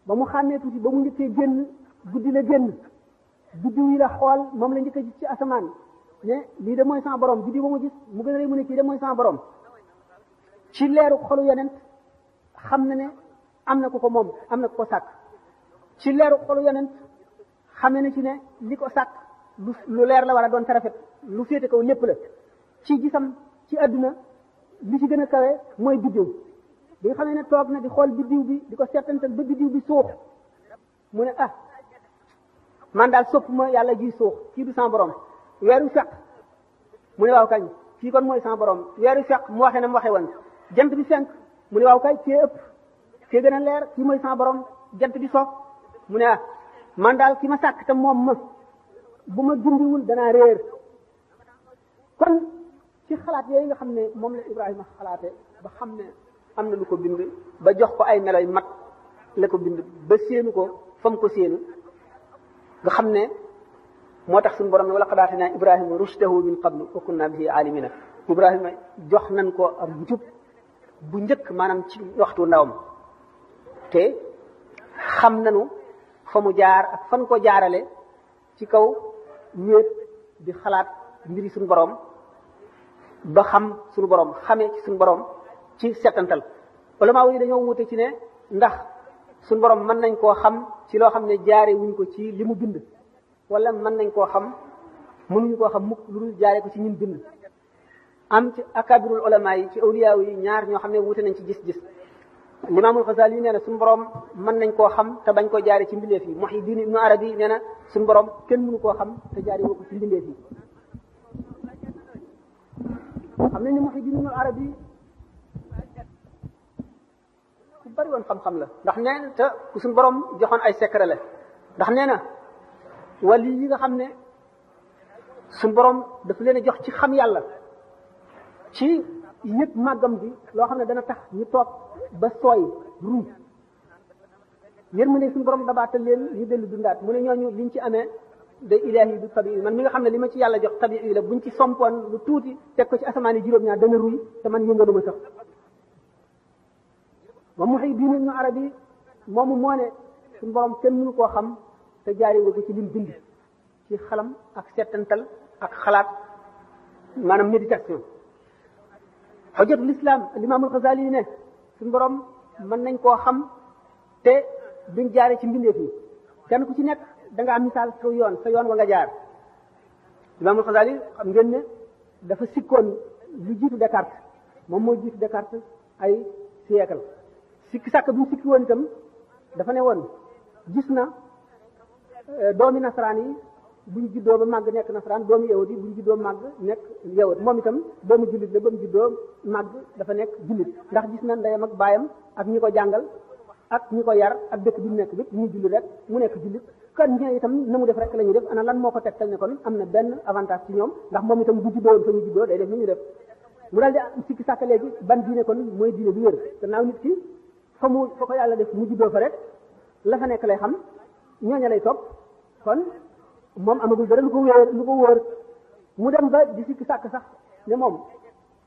ba mu xàmmee tuuti ba mu njëkkee génn guddi la génn guddi wi la xool moom la njëkk ji ci asamaan ne lii de mooy sans borom guddi ba mu gis mu gën a mu ne kii de mooy sans borom ci leeru xolu yonent xam na ne am na ko ko moom am na ku ko sàkk ci leeru xolu yonent xam na ne ci ne li ko sàkk lu leer la war a doon te rafet lu féete kaw lépp la ci gisam ci àdduna li ci gën a kawe mooy biddiw bi nga xam ne toog na di xool biddiw bi di ko seetantal ba biddiw bi suux mu ne ah man daal sopp ma yàlla ji suux kii du sans borom weeru feq mu ne waaw kañ kii kon mooy sans borom weeru feq mu waxee na mu waxee woon jant bi fenk mu ne waaw kay cee ëpp cee gën a leer kii mooy sama borom jant bi so mu ne ah man daal ki ma sàkk te moom ma bu ma jumbiwul danaa réer kon ci xalaat yooyu nga xam ne moom la Ibrahima xalaate ba xam ne am na lu ko bind ba jox ko ay meloy mat la ko bind ba séenu ko fam ko séenu nga xam ne moo tax suñu borom ne wala xadaate naa Ibrahima rushdahu min qablu wa kunna bihi alimina Ibrahima jox nan ko am jub bu njëkk maanaam ci waxtu ndawam te xam nanu fa mu jaar fan ko jaarale ci kaw ñéet di xalaat mbiri suñu borom ba xam suñu borom xamee ci suñu borom ci setantal ulama yi dañoo wute ci ne ndax suñu borom mën nañ koo xam ci loo xam ne jaare wuñ ko ci li mu bind wala mën nañ koo xam mënuñu koo xam mukk lu dul jaare ko ci ñun bind am ci akabirul ulama ci awliya yi ñaar ñoo xam ne wute nañ ci gis-gis limaamul xasaali yi nee na suñu borom mën nañ koo xam te bañ koo jaare ci mbindeef yi muhiddin ibnu arabi yi nee na suñu borom kenn mënu koo xam te jaare woo ko ci mbindeef yi xam nañ ne muhiddin ibnu arabi ku bari xam-xam la ndax nee na te ku suñu borom joxoon ay secret la ndax nee na wali yi nga xam ne suñu borom daf leen jox ci xam yàlla ci yëg màggam bi loo xam ne dana tax ñu toog ba sooy mu ne suñu borom dabaatal leen ñu dellu dundaat mu ne ñooñu liñ ci amee de ilaahi du tabii man mi nga xam ne li ma ci yàlla jox tabii la bu ci sompoon lu tuuti teg ko ci asamaan yi juróom-ñaar dana ruy te man yëngaluma sax wa Muhyiddin Ibn Arabi moomu moo ne suñu borom kenn mënu koo xam te jaari nga ko ci lim bind ci xalam ak settantal ak xalaat maanaam méditation xojab lislaam limaamul Xasaali yi ne suñu borom mën nañ koo xam te duñ jaare ci mbindeef yi kenn ku ci nekk da am misaal sa yoon sa yoon wa nga jaar limaamul Xasaali xam ngeen dafa sikkoon lu jiitu Descartes moom mooy jiitu Descartes ay siècle sikki sàkk bi mu sikki woon itam dafa ne woon gis na euh, doomi nasaraan yi buñ juddoo ba màgg nekk nasaraan doomu yawut yi buñ juddoo màgg nekk yawut moom itam doomu jullit la ba mu juddoo màgg dafa nekk jullit ndax gis na ndeyam ak baayam ak ñi ko jàngal ak ñi ko yar ak dëkk bi mu nekk bi ñu julli rek mu nekk jullit kon ñee itam na mu def rek la ñuy def ana lan moo ko teg tegtal ne kon am na benn avantage ci ñoom ndax moom itam bu juddoo woon fa ñu juddoo day def ni ñu def mu daal di sikki sàkk léegi ban diine kon mooy diine bi wér gannaaw nit ki fa mu ko yàlla def mu juddoo fa rek la fa nekk lay xam ñooña lay topp kon moom amagul dara lu ko wóor lu ko wóor mu dem ba di sikki sàkk sax ne moom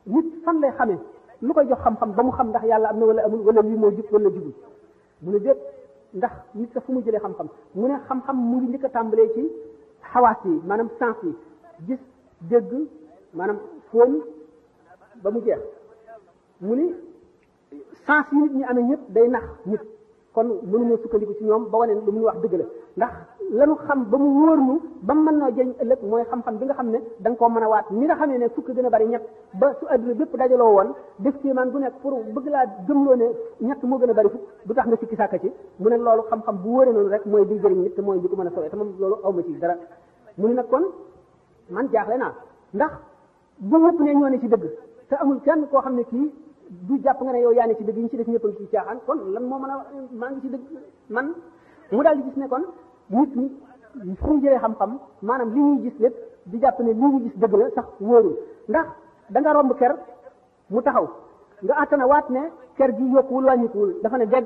nit fan lay xamee lu koy jox xam-xam ba mu xam ndax yàlla am na wala amul wala lii moo jub wala jubul mu ne déet ndax nit ka fu mu jëlee xam-xam mu ne xam-xam mu ngi tàmbalee ci xawaat yi maanaam sens yi gis dégg maanaam fóon ba mu jeex mu ni sens yi nit ñi amee ñëpp day nax nit kon mënuñoo sukkandiku ci ñoom ba wane lu muy wax dëgg la ndax lanu xam ba mu wóor ñu ba mën noo jëriñ ëllëg mooy xam-xam bi nga xam ne da koo mën a waat ni nga xamee ne fukk gën a bari ñett ba su adduna bépp dajaloo woon def kéemaan bu nekk pour bëgg laa gëmloo ne ñett moo gën a bari fukk du tax nga sikki ne loolu xam-xam bu wóoree noonu rek mooy bi jëriñ nit te mooy ko mën a sowee te moom loolu awma ci nag kon man jaaxle naa ndax bu ñëpp ne ñoo ne ci dëgg te amul kenn koo xam ne kii du jàpp nga ne yow yaa ne ci dëgg ñu ci def ñëpp ci caaxaan kon lan moo mën a maa ngi ci dëgg man mu daal di gis ne kon nit ñi fu mu jëlee xam-xam maanaam li ñuy gis lépp di jàpp ne li ñuy gis dëgg la sax wóorul ndax danga nga romb ker mu taxaw nga àttana waat ne ker gi yokkuwul wàññikuwul dafa ne dégg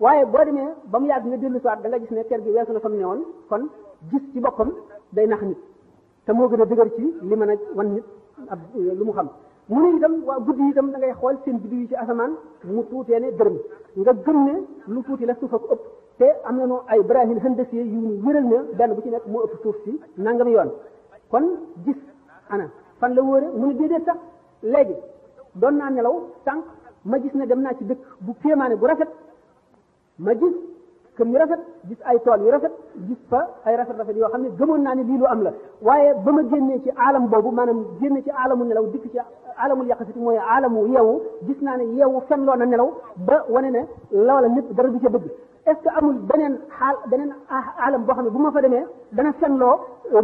waaye boo demee ba mu yàgg nga dellu siwaat da nga gis ne ker gi weesu na fa mu woon kon gis ci boppam day nax nit te moo gën a dëgër ci li mën a wan nit ab eh, lu mu xam mu ne itam waa guddi itam da ngay xool seen guddi yi ci asamaan mu tuutee ne dërëm nga gëm ne lu tuuti la suuf ëpp te am na noo ay Ibrahim Handasi yu ñu wéral na benn bu ci nekk moo ëpp suuf si nangami yoon kon gis ana fan la wóore mu ne déedéet sax léegi doon naa nelaw sànq ma gis ne dem naa ci dëkk bu kéemaane bu rafet ma gis këm yu rafet gis ay tool yu rafet gis fa ay rafet rafet yoo xam ne gëmoon naa ne lii am la waaye ba ma génnee ci aalam boobu maanaam génne ci aalamu nelaw dikk ci aalamul yaqasati mooy aalamu yeewu gis naa ne yeewu fen loo na nelaw ba wane ne loola nit dara du est-ce que amul beneen ah, alam boo xam ne bu ma fa demee dana setloo euh,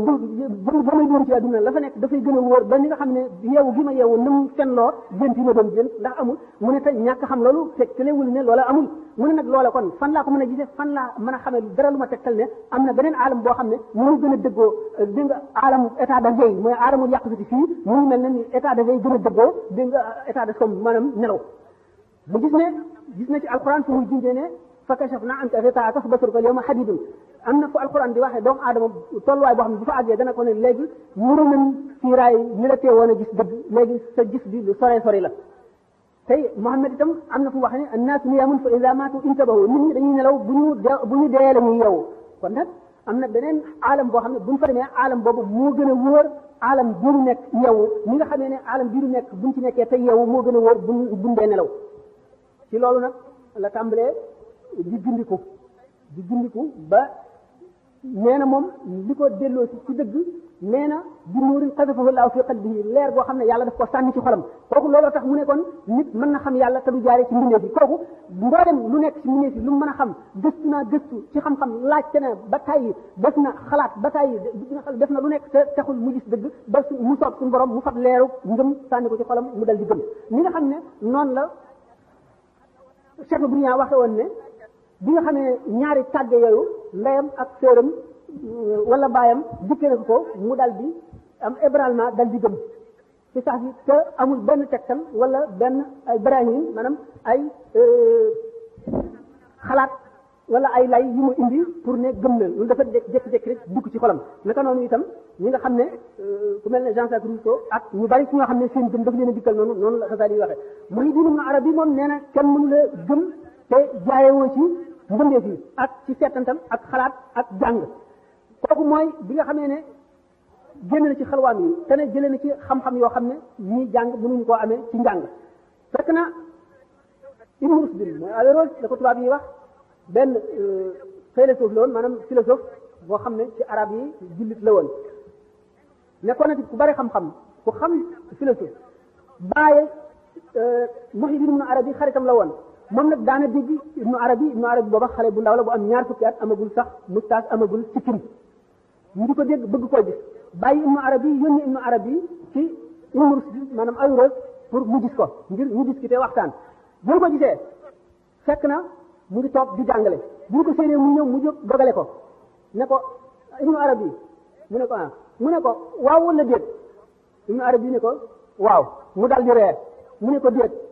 bu ba may dóor ci àdduna la fa nekk dafay gën a woor ba ni nga xam ne yeewu gi ma yeewu ni mu setloo gént yi ma doon gént ndax amul mu ne te ñàkk xam loolu tegtalewul ne loola amul mu ne nag loola kon fan laa ko mën a gisee fan laa mën a xamee dara lu ma tegtal ne am boo xam ne moo gën a dëggoo euh, dégg nga alam état de veille mooy alamul yàq si fii mu mel ne ni état de veille gën a dëggoo dégg nga état de somme maanaam nelaw mu gis ne gis na ci alxuraan fu muy junjee ne fa kashafna anka ghita'aka fa absaraka al-yawma hadidun am na fu alquran di waxee doomu aadama tolluwaay boo xam ne bu fa àggee dana ko ne léegi muru nañ siiraay li la teewoon a gis dëgg léegi sa gis bi lu sore sore la tey Muhammad itam am na fu wax ne annaas niyaamun fa idaa maatu intabahu nit ñi dañuy nelaw bu ñu bu ñu dee la ñuy yeewu kon nag am na beneen aalam boo xam ne bu ñu fa demee aalam boobu moo gën a wóor aalam bii du nekk yeewu ñi nga xamee ne aalam bii du nekk buñ ci nekkee te yeewu moo gën a wóor buñ buñ dee nelaw ci loolu nag la tàmbalee di gindiku di gindiku ba nee na moom li ko delloo ci ci dëgg nee na bi nuurin xasafahu laahu fi qalbihi leer goo xam ne yàlla daf ko sànni ci xolam kooku looloo tax mu nekkoon nit mën na xam yàlla te du jaaree ci mbindeef yi kooku mboolem lu nekk ci mbindeef yi lu mën a xam gëstu naa gëstu ci xam-xam laajte na ba tàyyi def na xalaat ba tàyyi def na lu nekk te taxul mu gis dëgg ba mu soob suñu borom mu fab leeru ngëm sànni ko ci xolam mu dal di gëm ni nga xam ne noonu la bu Ibrahima waxe woon ne bi nga xamee ñaari tàgge yooyu ndeyam ak sëram euh, wala baayam dikkee na ko mu dal di am ébranlement dal di gëm ci sax bi te amul wala benn ay brahim maanaam ay euh, xalaat wala ay lay yu mu indi pour ne gëm na loolu dafa jékki-jékki rek dugg ci xolam naka noonu itam ñu nga xam ne euh, ku mel ne Jean-Jacques Rousseau ak ñu bari ci nga xam ne seen gëm daf leen a dikkal noonu noonu la xasaar yi waxee mooy diinu arabi moom nee kenn mënu gëm te jaayewoo ci mbindeef yi ak ci seetantal ak xalaat ak jàng kooku mooy bi nga xamee ne génn na ci xelwaan yi te ne jëlee na ci xam-xam yoo xam ne ñuy jàng mënuñu koo amee ci njàng fekk na ibnu rusdin mooy averroos da benn euh, philosophe la woon maanaam philosophe boo xam ne ci arab yi jullit la woon nekkoon na ku bari xam-xam ku xam philosophe bàyyi euh, Muhyiddin ibnu Arabi xaritam la woon moom nag daana dégg ibnu arabi ibnu arabi booba xale bu ndaw la bu am ñaar fukki at amagul sax moustache amagul sikkim mu di ko dégg bëgg koo gis bàyyi ibnu arabi yónni ibnu arabi ci ilmu rusdi maanaam ayros pour mu gis ko ngir ki discuter waxtaan bu ñu ko gisee fekk na mu ngi toog di jàngale bu ñu ko séenee mu ñëw mu jóg dogale ko ne ko ibnu arabi mu ne ko ah mu ne ko waaw wala déet ibnu arabi ne ko waaw mu dal di reer ko déet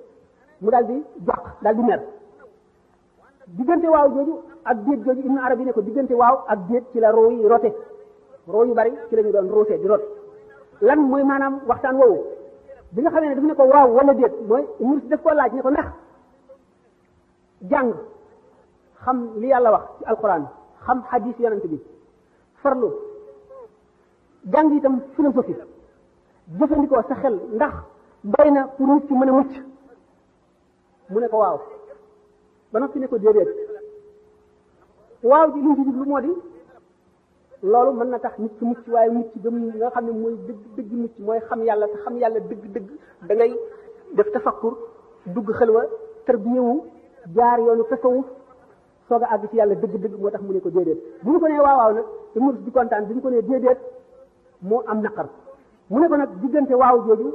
mu daal di jox daal di mer diggante waaw jooju ak déet jooju ibnu arabi ne ko diggante waaw ak déet ci la roo yi rote roo yu bari ci lañuy ñu doon rootee di rot lan mooy maanaam waxtaan woowu bi nga xamee ne daf ne ko waaw wala déet mooy mur si daf koo laaj ne ko ndax jàng xam li yàlla wax ci alquran xam xadis yonent bi farlu jàng itam philosophie jëfandikoo sa xel ndax doy na pour nit ci mën mucc mu ne ko waaw ba noppi ne ko déedéet waaw ji liñ ci moo di loolu mën na tax nit ci mucc waaye mucc gëm nga xam ne mooy dëgg dëgg mucc mooy xam yàlla te xam yàlla dëgg dëgg da ngay def tafakkur dugg xelwa tarbiyewu jaar yoonu tasawuf soog a àgg ci yàlla dëgg dëgg moo tax mu ne ko déedéet bu mu ko nee waaw waaw nag te mu di kontaan bi mu ko ne déedéet moo am naqar mu ne ko nag diggante waaw jooju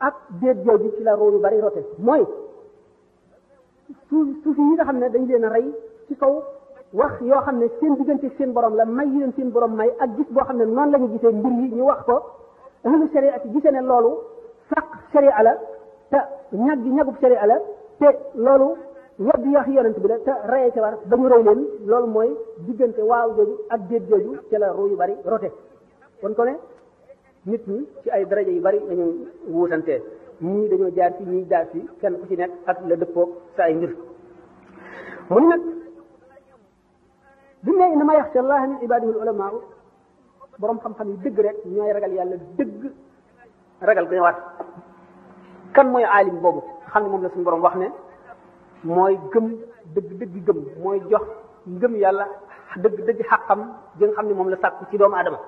ak déet jooju ci la roo yu bari rote mooy suuf suuf yi nga xam ne dañ leen a rey ci kaw wax yoo xam ne seen diggante seen borom la may yi leen seen borom may ak gis boo xam ne noonu la ñu gisee mbir yi ñu wax ko ahlu sharia ci gisee ne loolu faq sharia la te ñag gi ñagub sharia la te loolu woddi yax yonent bi la te reye ca war ba ñu rey leen loolu mooy diggante waaw jooju ak déet jooju ci la ruu yu bari rote kon ko ne nit ñi ci ay daraja yu bari dañuy wuutantee ñii dañoo jaar fi ñii jaar fi kenn ku ci nekk ak la dëppoog sa ay mbir mu ne nag bi mu ne innama yaxsha allaha min ibadihi ulama borom xam-xam yi dëgg rek ñooy ragal yàlla dëgg ragal gu ñëwaat kan mooy aalim boobu xam ne moom la suñu borom wax ne mooy gëm dëgg dëgg gëm mooy jox gëm yàlla dëgg dëgg xàqam jën xam ne moom la sàkku ci doomu aadama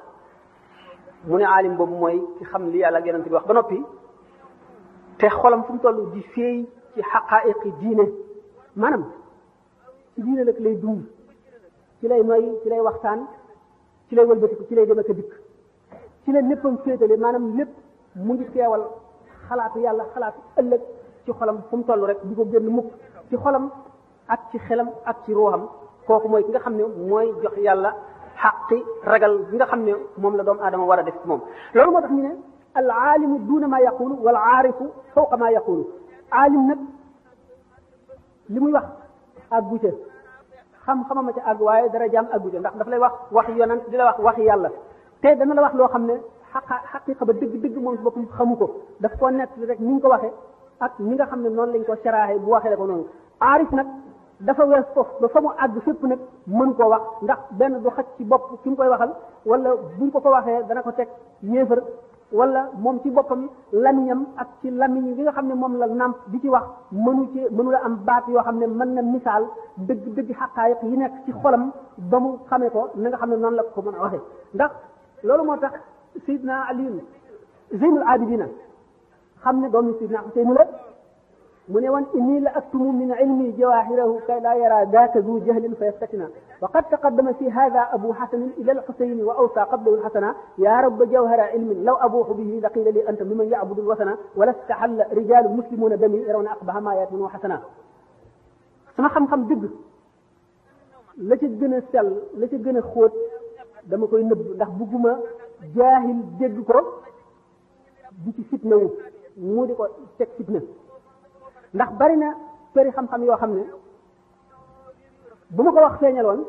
mu ne aalim boobu mooy ki xam li yàlla ak yonent bi wax ba noppi te xolam fu mu toll di feey ci xaqaayiqi diine maanaam ci diine nag lay dund ci lay noyyi ci lay waxtaan ci lay wëlbatiku ci lay dem dikk ci la léppam féetale maanaam lépp mu ngi teewal xalaatu yàlla xalaatu ëllëg ci xolam fu mu toll rek du ko génn mukk ci xolam ak ci xelam ak ci ruuxam kooku mooy ki nga xam ne mooy jox yàlla xaqi ragal nga xam ne moom la doomu aadama war a def moom loolu moo tax ñu ne al aalimu duuna ma yaqulu wal aarifu fawqa maa yaqulu aalim nag li muy wax àggu ca xam-xamama ca àgg waaye dara jaam àggu ca ndax daf lay wax wax yonent di la wax wax yàlla te dana la wax loo xam ne xaqa xaqiqa ba dëgg-dëgg moom si boppam xamu ko daf koo nekk rek ni nga ko waxee ak ni nga xam ne noonu lañ ko seraaxee bu waxee ko noonu aarif nag dafa wees foofu ba fa mu àgg fépp nag mën koo wax ndax benn du xaj ci bopp ki mu koy waxal wala buñ ko ko waxee dana ko teg yéefar wala moom ci boppam lamiñam ak ci lamiñ bi nga xam ne moom la nàmp di ci wax mënu ci mënu la am baat yoo xam ne mën na misaal dëgg dëgg xaqaayiq yi nekk ci xolam ba mu xamee ko na nga xam ne noonu la ko mën a waxee ndax loolu moo tax Seydina Aliyu Zeynul Abidina xam ne doomu Seydina Xuseynu la mu ne woon inni la aktumu min ilmi jawahirahu kay laa yara daaka zu jahlin fa yaftatina wa qad taqaddama fi hada abu xasanin ila alxusayni wa awsa qablahu alxasana ya rabba jawhara ilmin law abuuxu bihi la qiila li anta miman yabudu alwasana wala staxalla rijalu muslimuna dami yarawna aqbaha ma yatun wa xasana sama xam-xam dëgg la ca gën a sell la ca gën a xóot dama koy nëbb ndax bugguma jaahil dégg ko di ci fitna wu mu di ko teg fitna ndax bari na këri xam-xam yoo xam ne bu ma ko wax feeñaloon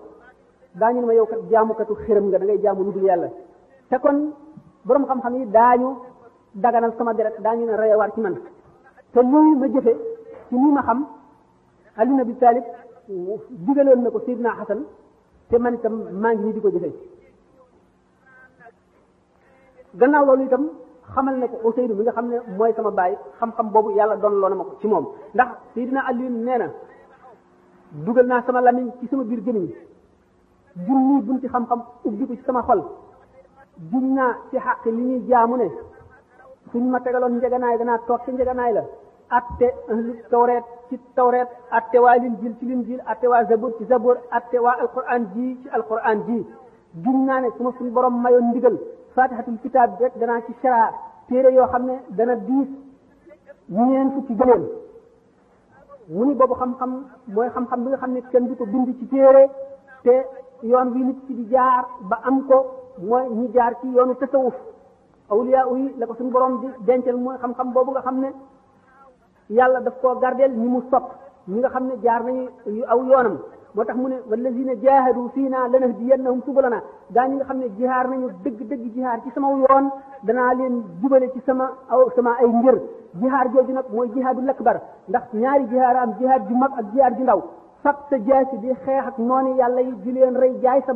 daañu ne ma yow kat jaamukatu xërëm nga dangay ngay jaamu lu dul yàlla te kon borom xam-xam yi daañu daganal sama deret daañu ne reyewaat ci man te lii ma jëfe ci nii ma xam Ali ibn Abi Talib na ko Seydina Xasan te man itam maa ngi nii di ko jëfe gannaaw loolu itam xamal ne ko Ousseynou mi nga xam ne mooy sama baay xam-xam boobu yàlla doon loona ma ko ci moom ndax Seydina Alioune nee na dugal naa sama lamiñ ci sama biir gémmiñ jur nii bunti xam-xam ubbi ko ci sama xol juñ naa ci xàq li ñuy jaamu ne suñ ma tegaloon njeganaay danaa toog ci njeganaay la atte tawreet ci tawret atte waa linjiil ci linjiil atte waa zabur ci zabur atte waa alquran ji ci alquran ji juñ naa ne su ma borom mayoon ndigal fatihatul kitaab rek danaa ci saraar téere yoo xam ne dana diis ñeent fukki gëléem mu ni boobu xam-xam mooy xam-xam xam ne kenn du ko bind ci téere te yoon wi nit jaar ba am ko mooy ñi jaar ci yoonu tasawuf awliya yi la ko suñu borom di mooy xam-xam boobu nga xam ne yàlla daf koo gardeel ñi mu sopp ñi nga xam ne jaar nañu aw yoonam moo tax mu ne wallazina jaahadu fiina lanahdiyannahum subulana gaa ñi nga xam ne jihaar nañu dëgg dëgg jihaar ci sama yoon danaa leen jubale ci sama aw sama ay mbir jihaar jooju nag mooy jihaadul akbar ndax ñaari jihaar am jihaar ju mag ak jihaar ju ndaw sa jaasi di xeex ak noonu yàlla yi di leen rey jaay sa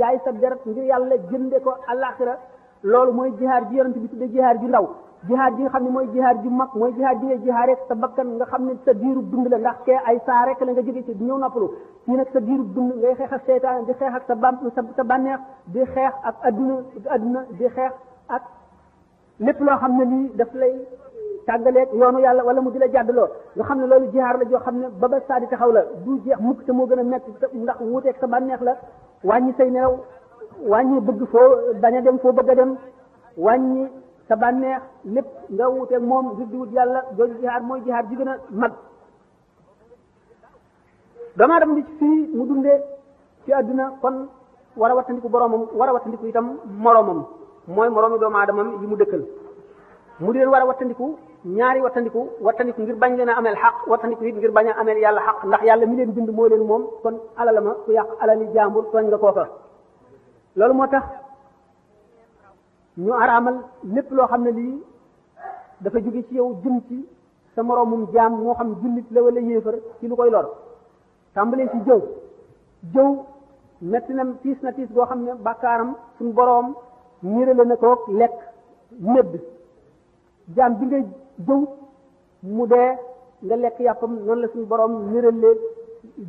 jaay sa deret ngir yàlla jënde ko àllaaxira loolu mooy jihaar ji yonent bi tudde jihaar ju ndaw jihaad ji nga xam ne mooy jihaad ju mag mooy jihaad ji ngay jihaad rek sa bakkan nga xam ne sa diirub dund la ndax kee ay saa rek la nga jóge ci ñëw noppalu fii nag sa diirub dund ngay xeex ak seytaane di xeex ak sa bam sa bànneex di xeex ak adduna adduna di xeex ak lépp loo xam ne lii daf lay tàggaleeg yoonu yàlla wala mu di la jàddaloo nga xam ne loolu jihaar la joo xam ne ba ba saa di taxaw la du jeex mukk te moo gën a metti ndax wuuteeg sa bànneex la wàññi say neew wàññi bëgg foo bañ a dem foo bëgg a dem sa bànneex lépp nga wuteeg moom ngir di wut yàlla jooju jihaad mooy jihaad ji gën a mag doomu aadama bi fi mu dundee ci àdduna kon war a wattandiku boromam war a wattandiku itam moromam mooy moroomi doomu aadamam yi mu dëkkal mu di war a wattandiku ñaari wattandiku wattandiku ngir bañ leen a ameel xaq wattandiku it ngir bañ a ameel yàlla xaq ndax yàlla mi leen bind moo leen moom kon alal ma ku yàq alali jàmbur tooñ nga kooka loolu moo tax ñu araamal lépp loo xam ne lii dafa jóge ci yow jëm ci sa moroomum jaam moo xam jullit la wala yéefar ci lu koy lor tàmbalee ci jëw jëw metti na tiis na tiis goo xam ne bàkkaaram suñ boroom niirale na koog lekk médd jaam bi nga jëw mu dee nga lekk yàppam noonu la suñu boroom niirale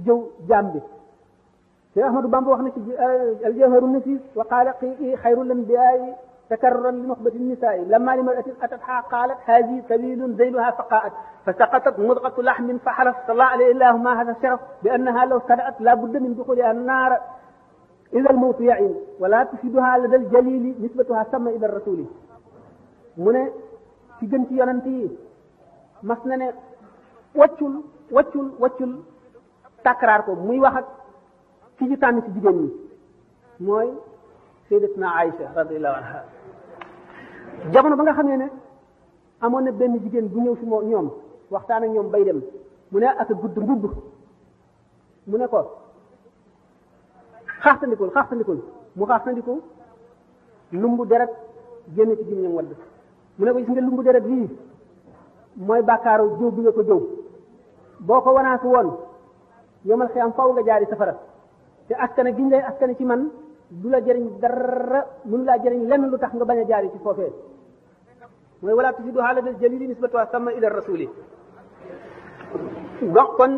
jëw jaam bi Cheikh Ahmadou Bamba wax na ci eh, aljawharu nafis wa qaala xi xayrul anbiyaa تكررا لنخبة النساء لما لمرأة أتتها قالت هذه سبيل ذيلها فقاءت فسقطت مضغة لحم فحلف صلى الله عليه اللهم هذا الشرف بأنها لو سرعت لا بد من دخولها النار إذا الموت يعين ولا تفيدها لدى الجليل نسبتها سمى إلى الرسول mu ne ci gën ci yonent yi mas na ne waccul waccul waccul takraar ko muy wax ak ci ñu tànn ci jigéen ñi mooy sayyidatuna Aïcha radiyallahu anha jamono ba nga xamee ne amoon na benn jigéen bu ñëw fi moo ñoom waxtaan ak ñoom bay dem mu ne ak gudd mbubb mu ne ko xaxtandikul xaxtandikul mu xaxtandiku lumbu deret génn ci gémmiñam wadd mu ne ko gis nga lumbu deret lii mooy bàkkaaru jëw bi nga ko jëw boo ko wanaasu woon yomal xiyam faw nga jaari safara te askane giñ lay askane ci man du la jëriñ dara mënu laa jëriñ lenn lu tax nga bañ a jaari ci foofee mooy wala tufidu xaaladal jalili nisbatu sama ila rasuli donc kon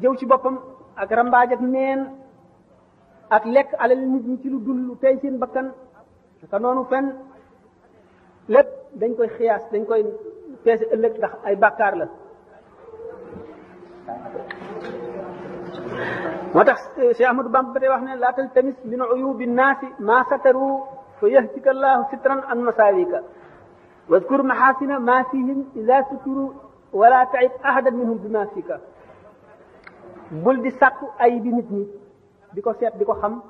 jëw ci boppam ak rambaaj ak neen ak lekk alal nit ñi ci lu dul lu tey seen bakkan naka noonu fenn lépp dañ koy xiyaas dañ koy peese ëllëg ndax ay bakkaar la moo tax eh, Cheikh Ahmadou Bamba ba tey wax ne laa taltamis min uyubi nnaasi maa sataru fa yahtika llahu sitran an masaawika wadkur maxaasina maa fihim ila suturu wala taib ahadan minhum bi maa fika bul di sàkku ay bi nit ñi di ko seet di ko xam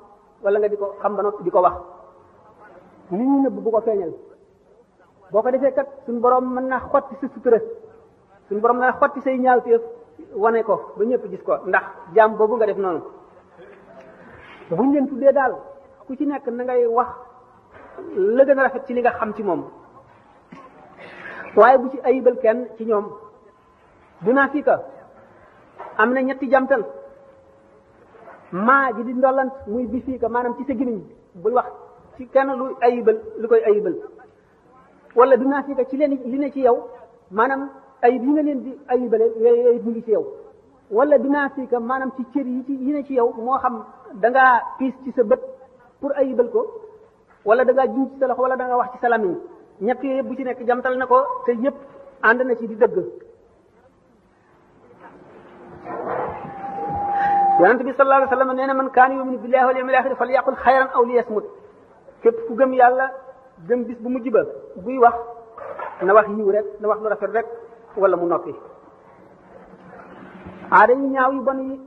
wala nga di ko xam ba noppi di ko wax nit ñi nëbb bu ko feeñal boo ko defee kat suñu borom mën naa xotti sa sutura suñu borom mën naa xotti say ñaawteef wane ko ba ñëpp gis ko ndax jaam boobu nga def noonu buñ leen tuddee daal ku ci nekk na wax la gën a rafet ci li nga xam ci moom waaye bu ci ayibal kenn ci ñoom du munaafika am na ñetti jamtal maa ji di ndollant muy bifiika maanaam ci sa gimiñ bul wax ci kenn lu ayibal lu koy ayibal wala munaafika ci leen li ne ci yow maanaam ayib yi nga leen di ayibale yooyu ayib mu ngi ci yow wala binaasika maanaam ci cër yi ci yi ne ci yow moo xam da ngaa piis ci sa bët pour ayibal ko wala da ngaa ci sa loxo wala da wax ci sa lamiñ ñett yooyu yëpp bu ci nekk jamtal na ko te yëpp ànd na ci di dëgg yonent bi sallallahu alayhi wa sallam nee na man kaana yuminu billahi wal yawmil axir falyaqul xayran aw liyasmut képp ku gëm yàlla gëm bis bu mujj ba buy wax na wax yiw rek na wax lu rafet rek wala mu noppi aada yu ñaaw yu bon yi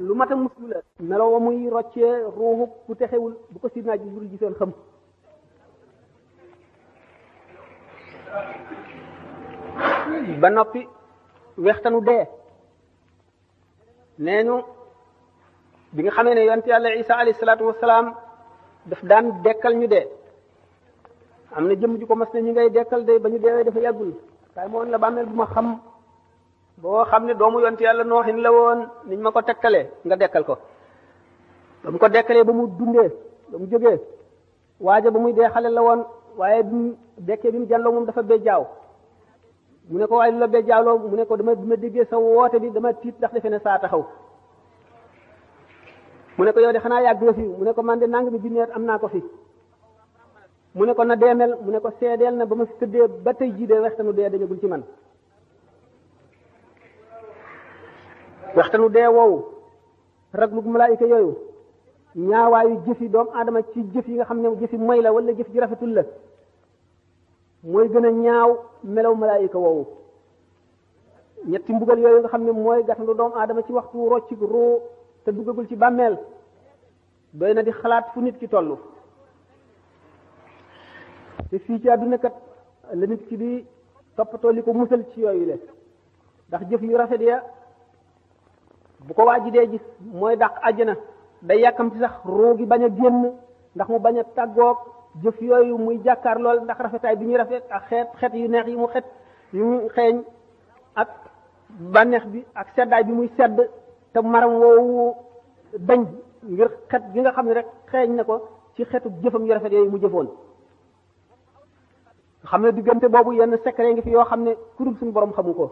lu mat a muslu la muy roccee ruuxu bu texewul bu ko sidnaa Jibril gisoon xam ba noppi wextanu dee neenu bi nga xamee ne yonent yàlla isa alayhi salaatu wasalaam daf daan dekkal ñu dee am na jëmm ju ko mas ne ñu ngay dekkal day ba ñu deewee dafa yàggul kaay moon la bàmmeel bu ma xam boo xam ne doomu yonte yàlla nooxin la woon niñ ma ko tekkalee nga dekkal ko ba mu ko dekkalee ba mu dundee ba mu jógee waaja ba muy dee xale la woon waaye bi mu dekkee bi mu jàlloo moom dafa bejjaaw mu ne ko waaye lu la mu ne dama bi déggee sa woote bi dama tiit ndax defe ne saa taxaw mu ne ko yow de xanaa yàgg nga fi mu ne ko man de nang bi junneet am naa ko fi mu ne ko na deemel mu ne ko seedeel na ba ma fi tëddee ba tey jii de waxtanu dee dañagul ci man waxtanu dee woowu raglug malaayika yooyu ñaawaayu jëfi doomu aadama ci jëf yi nga xam ne jëfi moy la wala jëf ji rafetul la mooy gën a ñaaw melow malaayika woowu ñetti mbugal yooyu nga xam ne mooy gàttandu doomu aadama ci waxtu rocc roo te duggagul ci bàmmeel doy na di xalaat fu nit ki toll te fii ci àdduna kat la nit ki di toppatoo li ko musal ci yooyu le ndax jëf yu rafet ya bu ko waa ji dee gis mooy dàq àjjana day yàkkamti sax ruu bañ a génn ndax mu bañ a tàggoog jëf yooyu muy jàkkaar lool ndax rafetaay bi ñuy rafet ak xeet xeet yu neex yi mu xet yu mu xeeñ ak bànneex bi ak seddaay bi muy sedd te maram woowu dañ ngir xet gi nga xam ne rek xeeñ na ko ci xetu jëfam yu rafet yooyu mu jëfoon xam ne diggante boobu yenn secret ngi fi yoo xam ne ku dul suñu borom xamu ko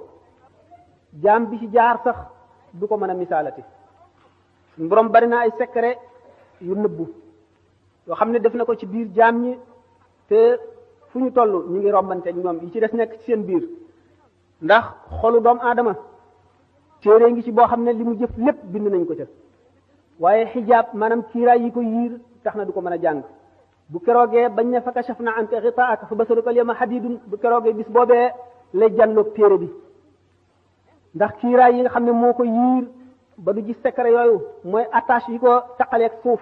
jaam bi ci jaar sax du ko mën a misaalati suñu borom bari na ay secret yu nëbbu yoo xam ne def na ko ci biir jaam ñi te fu ñu toll ñu ngi rombante ak ñoom yi ci des nekk ci seen biir ndax xolu doomu aadama téere ngi ci boo xam ne li mu jëf lépp bind nañ ko ca waaye xijaab maanaam kiiraay yi ko yiir tax na du ko mën a jàng bu keroogee bañ ne fa kashaf na i anka xitaaka fa basaruka lyawma xadidun bu keroogee bis boobee lay jàlloog téere bi ndax kiiraay yi nga xam ne moo ko yiir ba du gis secret yooyu mooy attache yi ko taqaleeg suuf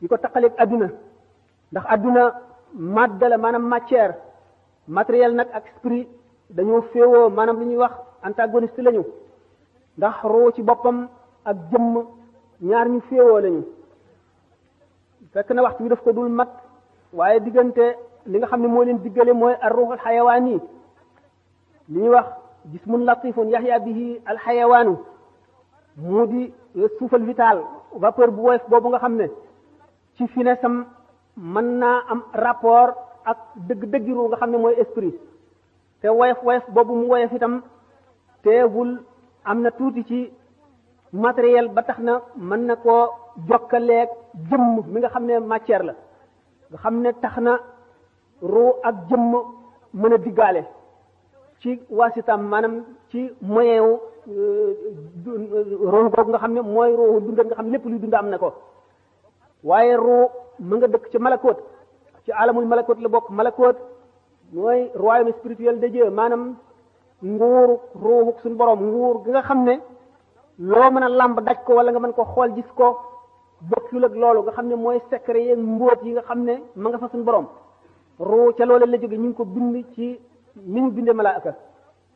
yi ko taqaleeg adduna ndax adduna madde la maanaam matière matériel nag ak esprit dañoo féewoo maanaam lu ñuy wax antagoniste lañu ndax roo ci boppam ak jëmm ñaar ñu féewoo lañu fekk na waxtu wi daf ko dul mag waaye diggante li nga xam ne moo leen diggale mooy arruux alxayawaan yi li ñuy wax jismun latifun yaxya bihi alxayawaanu mu di souffle vital vapeur bu woyof boobu nga xam ne ci finesse am mën naa am rapport ak dëgg-dëggi ruux nga xam ne mooy esprit te woyof woyof boobu mu woyof itam teewul am na tuuti ci matériel ba tax na mën na ko jokkaleeg jëmm mi nga xam ne matière la nga xam ne tax na ruu ak jëmm mën a diggaale ci waasitaam maanaam ci moyen wu euh, ruu googu nga xam ne mooy ruu dunda nga xam lépp luy dund am na ko waaye ruu mu nga dëkk ci malakoot ci alamul malakoot la bokk malakoot mooy royaume spirituel de Dieu maanaam nguur ruuxu suñu borom nguur gi nga xam ne loo mën a làmb daj ko wala nga mën ko xool gis ko bokkul ak loolu nga xam ne mooy secret yeeg mbóot yi nga xam ne ma nga fa suñu borom ruu ca loolee la jóge ñu ngi ko bind ci ni ñu bindee malaaka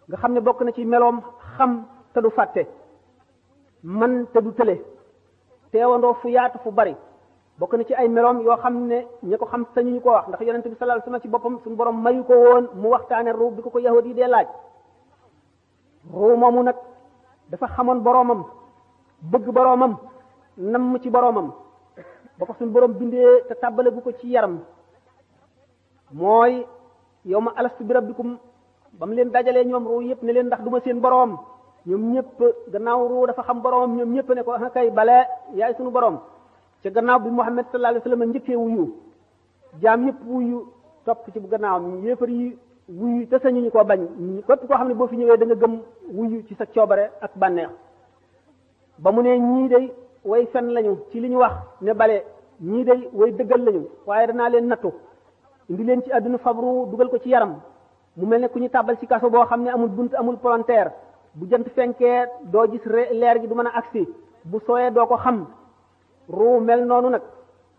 nga xam ne bokk na ci meloom xam te fàtte man te du tële teewandoo fu yaatu fu bari bokk na ci ay meloom yoo xam ne ña ko xam sañu ñu ko wax ndax yonente bi sallallahu alayhi wasallam boppam suñu borom mayu ko woon mu waxtaane ruu bi ko ko yahud yi dee laaj ruu moomu nag dafa xamoon boroomam bëgg boroomam namm ci boroomam boo ko suñu borom bindee te tàbbale bu ko ci yaram mooy yow ma alastu bi rabbikum ba mu leen dajalee ñoom ruu yëpp ne leen ndax duma seen boroom ñoom ñëpp gannaaw ruu dafa xam boroomam ñoom ñëpp ne ko ah kay suñu boroom ca gannaaw bi Muhammad sallallahu alayhi wa sallam njëkkee wuyu jaam yëpp wuyu topp ci bu gannaawam yéefar yi wuyu te sañu ñu ko bañ képp koo xam ne boo fi ñëwee danga nga gëm wuyu ci sa coobare ak bànneex ba mu ne ñii day way fen lañu ci li ñu wax ne bale ñii day way dëggal lañu waaye danaa leen nattu indi leen ci àdduna fabru dugal ko ci yaram mu mel ne ku ñu tàbbal ci kaso boo xam ne amul bunt amul palanteer bu jant fenkee doo gis re leer gi du mën a agsi bu sooyee doo ko xam ruu mel noonu nag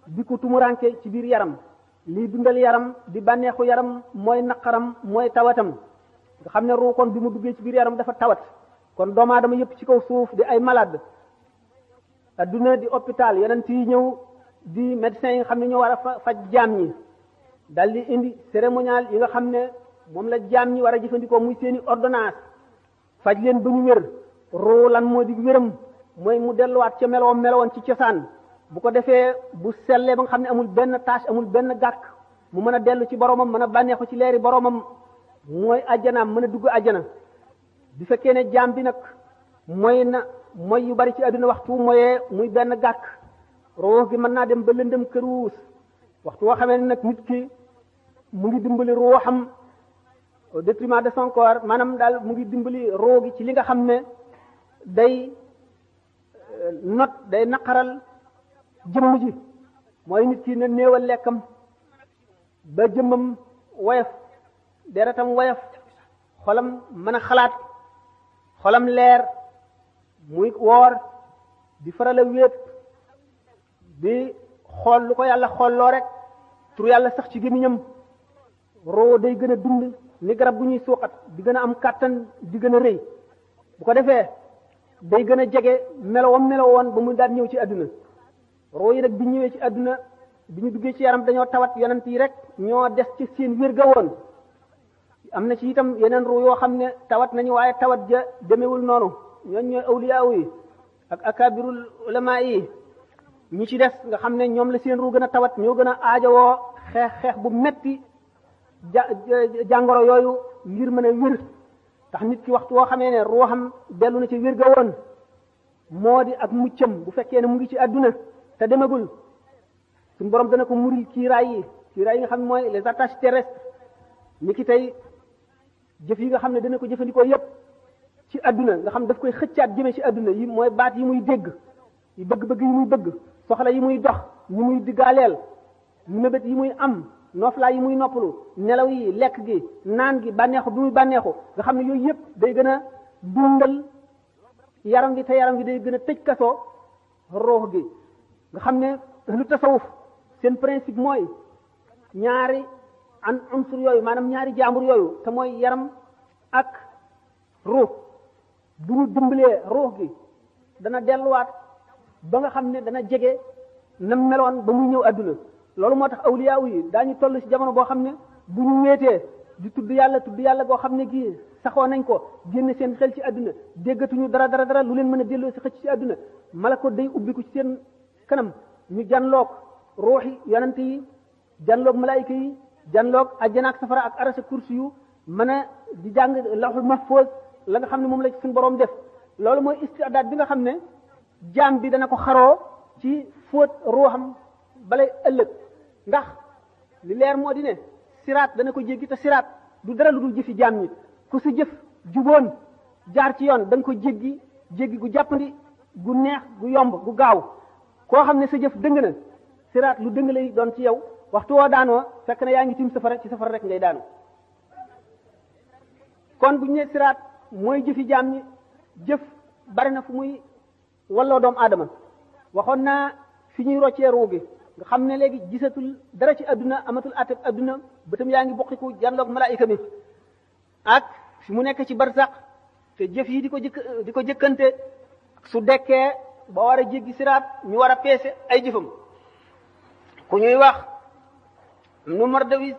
di ko tumuranke ci biir yaram lii dundal yaram di bànneexu yaram mooy naqaram mooy tawatam xam ne ruu kon bi mu duggee ci biir yaram dafa tawat kon doomu aadama yëpp ci kaw suuf di ay malade adduna di hôpital yonent yi ñëw di médecins yi nga xam ne ñoo war a faj jaam ñi dal di indi cérémonial yi nga xam ne moom la jaam ñi war a jëfandikoo muy seeni ordonnance faj leen ba ñu wér roo lan moo di wéram mooy mu delluwaat ci meloom melowoon ci cosaan bu ko defee bu sellee ba nga xam ne amul benn tâche amul benn gàkk mu mën a dellu ci boromam mën a bànneexu ci leeri boromam mooy ajjanaam mën a dugg ajjana bi fekkee ne jaam bi nag mooy na mooy yu bari ci àdduna waxtu moyee muy benn gàkk roox gi mën naa dem ba lëndëm këruus waxtu woo xamee ne nag nit ki mu ngi dimbali ruuxam au détriment de son corps maanaam daal mu ngi dimbali gi ci li nga xam ne day euh, not day naqaral jëmm mooy nit ki na néewal lekkam ba wayaf woyof deretam woyof xolam mën a xalaat xolam leer muy woor di faral a wéet di xool lu ko yàlla xoolloo rek tur yàlla sax ci gémmiñam roo day gën a dund ni garab gu ñuy suuxat di gën a am kàttan di gën a rëy bu ko defee day gën a jege melowam melowoon ba mu daan ñëw ci àdduna roo yi nag bi ñëwee ci àdduna bi ñu duggee ci yaram dañoo tawat yonent yi rek ñoo des ci seen wér ga woon am na ci itam yeneen roo yoo xam ne tawat nañu waaye tawat ja demewul noonu ñooñ ñooy awliyaaw yi ak akabirul ulama yi ñi ci des nga xam ne ñoom la seen ru gën a tawat ñoo gën a aajowoo xeex xeex bu metti ja jàngoro yooyu ngir mën a wér tax nit ki waxtu woo xamee ne ruuxam dellu na ci wér ga woon moo di ak muccam bu fekkee ne mu ngi ci àdduna te demagul suñu borom dana ko muril kiiraay yi kiiraay nga xam mooy les attaches terrestres ki tey jëf yi nga xam ne dana ko jëfandikoo yëpp ci àdduna nga xam daf koy xëccaat jëmee ci àdduna yi mooy baat yi muy dégg yi bëgg-bëgg yi muy bëgg soxla yi muy dox ñi muy diggaaleel mébét yi muy am nooflaay yi muy noppalu nelaw yi lekk gi naan gi bànneexu bi muy bànneexu nga xam ne yooyu yëpp day gën a dundal yaram bi te yaram bi day gën a tëj kaso roox gi nga xam ne lu tasawuf seen principe mooy ñaari an unsur yooyu maanaam ñaari jaambur yooyu te mooy yaram ak ruux bu ñu dimbalee ruux gi dana delluwaat ba nga xam ne dana jege nam meloon ba muy ñëw àdduna loolu moo tax awliyaaw yi daañu toll si jamono boo xam ne bu ñu wéetee di tudd yàlla tudd yàlla goo xam ne gii saxoo nañ ko génn seen xel ci àdduna déggatuñu dara dara dara lu leen mën a delloo si xëcc ci àdduna malako day ubbiku ci seen kanam ñu janlook ruuxi yonante yi janloog malaayika yi janloog ajjana ak safara ak arasa kursi yu mën a di jàng laxul mahfoos la nga xam ne moom la suñu borom def loolu mooy istidaat bi nga xam ne jaam bi dana ko xaroo ci fóot ruuxam balay ëllëg ndax li leer moo di siraat dana ko jéggi te siraat du dara lu dul jëfi jaam ñi ku sa jëf juboon jaar ci yoon da ko jéggi jéggi gu jàppandi gu neex gu yomb gu gaaw koo xam ne sa jëf dëng na siraat lu dëng lay doon ci yow waxtu woo daanoo fekk na yaa ngi tiim safara ci safara rek ngay daanu kon bu ñu ne siraat mooy jëfi jaam ñi jëf bari na fu muy walloo doomu aadama waxoon naa fi ñuy roccee ruu nga xam ne léegi gisatul dara ci adduna amatul atab adduna bëtam yaa ngi bokkiku janloog malaayika mi ak fi mu nekke ci barsax te jëf yi di ko jëkk di ko jëkkante su dekkee ba war a jéggi siraat ñu war a peese ay jëfam ku ñuy wax nu Mardawis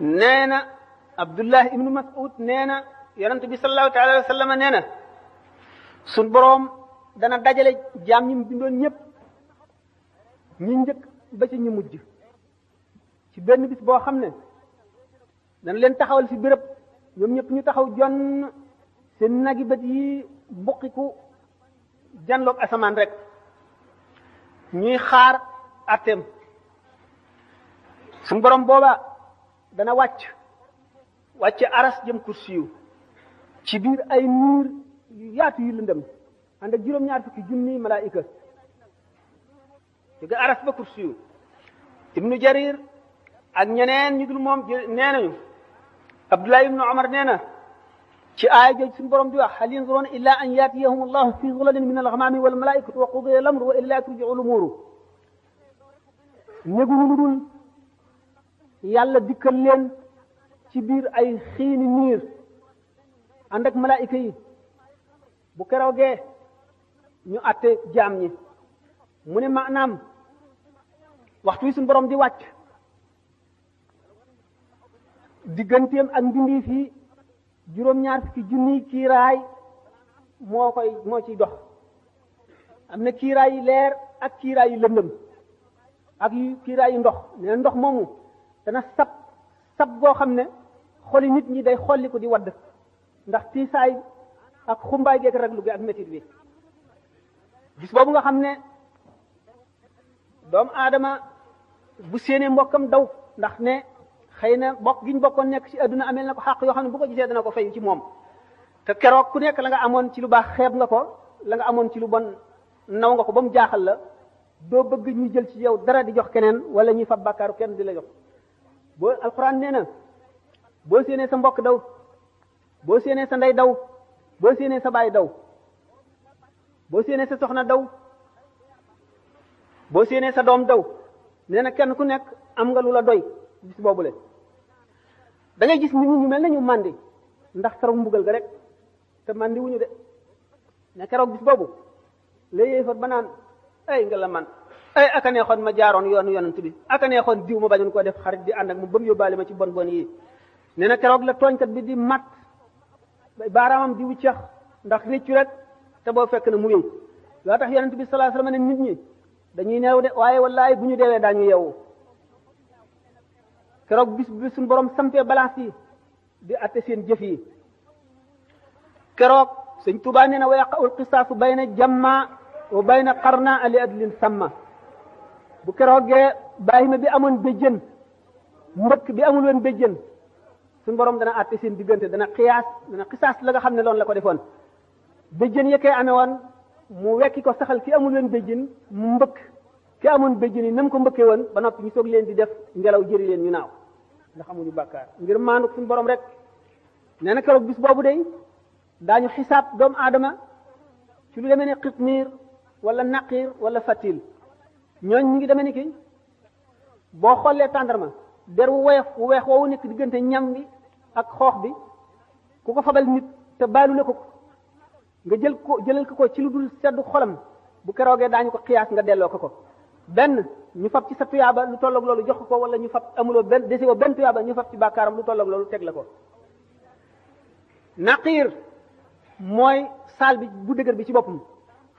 nee na Abdullah ibnu Mas'ud nee na yonent bi sallallahu taala alayhi wa sallam suñ boroom dana dajale jaam ñi mu bindoon ñëpp ñi njëkk ba ci ñi mujj ci benn bis boo xam ne dana leen taxawal ci béréb ñoom ñëpp ñu taxaw jonn seen nagi bët yi buqiku janloog asamaan rek ñuy xaar atteem suñ boroom booba dana wàcc wàcc aras jëm kursiyu ci biir ay niir yu yaatu yu lëndëm ànd ak juróom-ñaar fukki junni malaayika jóge araf ba kursiyu ibnu jarir ak ñeneen ñu dul moom nee nañu abdullahi ibnu omar nee na ci aaya jooju suñu borom di wax hal yanzuruna illa an yatiyahum allahu fi zulalin min alghamami wal malaikatu wa qudiya al amru wa ila turji'u lumuru néguñu dul yàlla dikkal leen ci biir ay xiini niir ànd ak malaayika yi bu keroogee ñu àtte jaam ñi mu ne maanaam waxtu wi suñu borom di wàcc digganteem ak mbindi fii juróom-ñaar fukki junniy kiiraay moo koy moo ci dox am na kiiraay yi leer ak kiiraay yi lëndëm ak yu kiiraay yu ndox ne ndox moomu dana sab sab goo xam ne xoli nit ñi day xolli ko di wadd ndax tiisaay ak xumbaay geeg raglu gi ak métit bi gis boobu nga xam ne doomu aadama bu séenee mbokkam daw ndax ne xëy na bokk gi ñu bokkoon nekk ci àdduna amel na ko xàq yoo xam ne bu ko gisee dana ko fay ci moom te keroog ku nekk la nga amoon ci lu baax xeeb nga ko la nga amoon ci lu bon naw nga ko ba mu jaaxal la doo bëgg ñu jël ci yow dara di jox keneen wala ñuy fab bàkkaaru kenn di la jox boo alxuraan nee na boo séenee sa mbokk daw boo séenee sa ndey daw boo séenee sa baay daw boo séenee sa soxna daw boo séenee sa doom daw nee na kenn ku nekk am nga lu la doy bis boobule da gis nit ñi ñu mel nañu màndi ndax keroog mbugal ga rek te màndi wuñu de ne keroog bis boobu la yéefar ba naan ay nga la man ay aka neexoon ma jaaroon yoonu yonent bi aka neexoon diw ma bañoon koo def xarit di ànd ak mu ba mu yóbbaale ma ci bon bon yi nee na keroog la tooñkat bi di mat baaraamam di wucceex ndax réccu rek te boo fekk na mu yëngu loo tax yonent bi sallallahu alayhi wasallam nit ñi dañuy new de waaye wallaay bu ñu deewee daañu yeewu keroog bis bi suñu borom sampee balance di atte seen jëf yi keroog sëñ Tuubaa nee na wa yaqa'ul qisaasu bayna jamma wa bayna qarna li adlin samma bu keroogee bàyyima bi amoon béjjën mbëkk bi amul woon béjjën suñu borom dana àtte seen diggante dana xiyaas dana xisaas la nga xam ne loolu la ko defoon béjjën ya koy amee woon mu wekki ko saxal ki amul woon béjjën mu mbëkk ki amoon béjjën yi na ko mbëkkee woon ba noppi ñu soog leen di def ngelaw jëri leen ñu naaw ndax amuñu bàkkaar ngir maandu suñu borom rek nee na keroog bis boobu day daañu xisaab doomu aadama ci lu demee ne xitmiir wala naqiir wala fatil ñooñ ñu ngi demee ni ki boo xoolee tàndarma der wu woyof wu weex woowu nekk diggante ñam wi ak xoox bi ku ko fabal nit te baalu la ko nga jël ko jëlal ko ko ci lu dul seddu xolam bu keroogee daañu ko xiyaas nga delloo ko ko benn ñu fab ci sa tuyaaba lu tolloog loolu jox ko wala ñu fab amuloo benn desewoo benn tuyaaba ñu fab ci bàkkaaram lu tolloog loolu teg la ko naqiir mooy saal bi bu dëgër bi ci boppam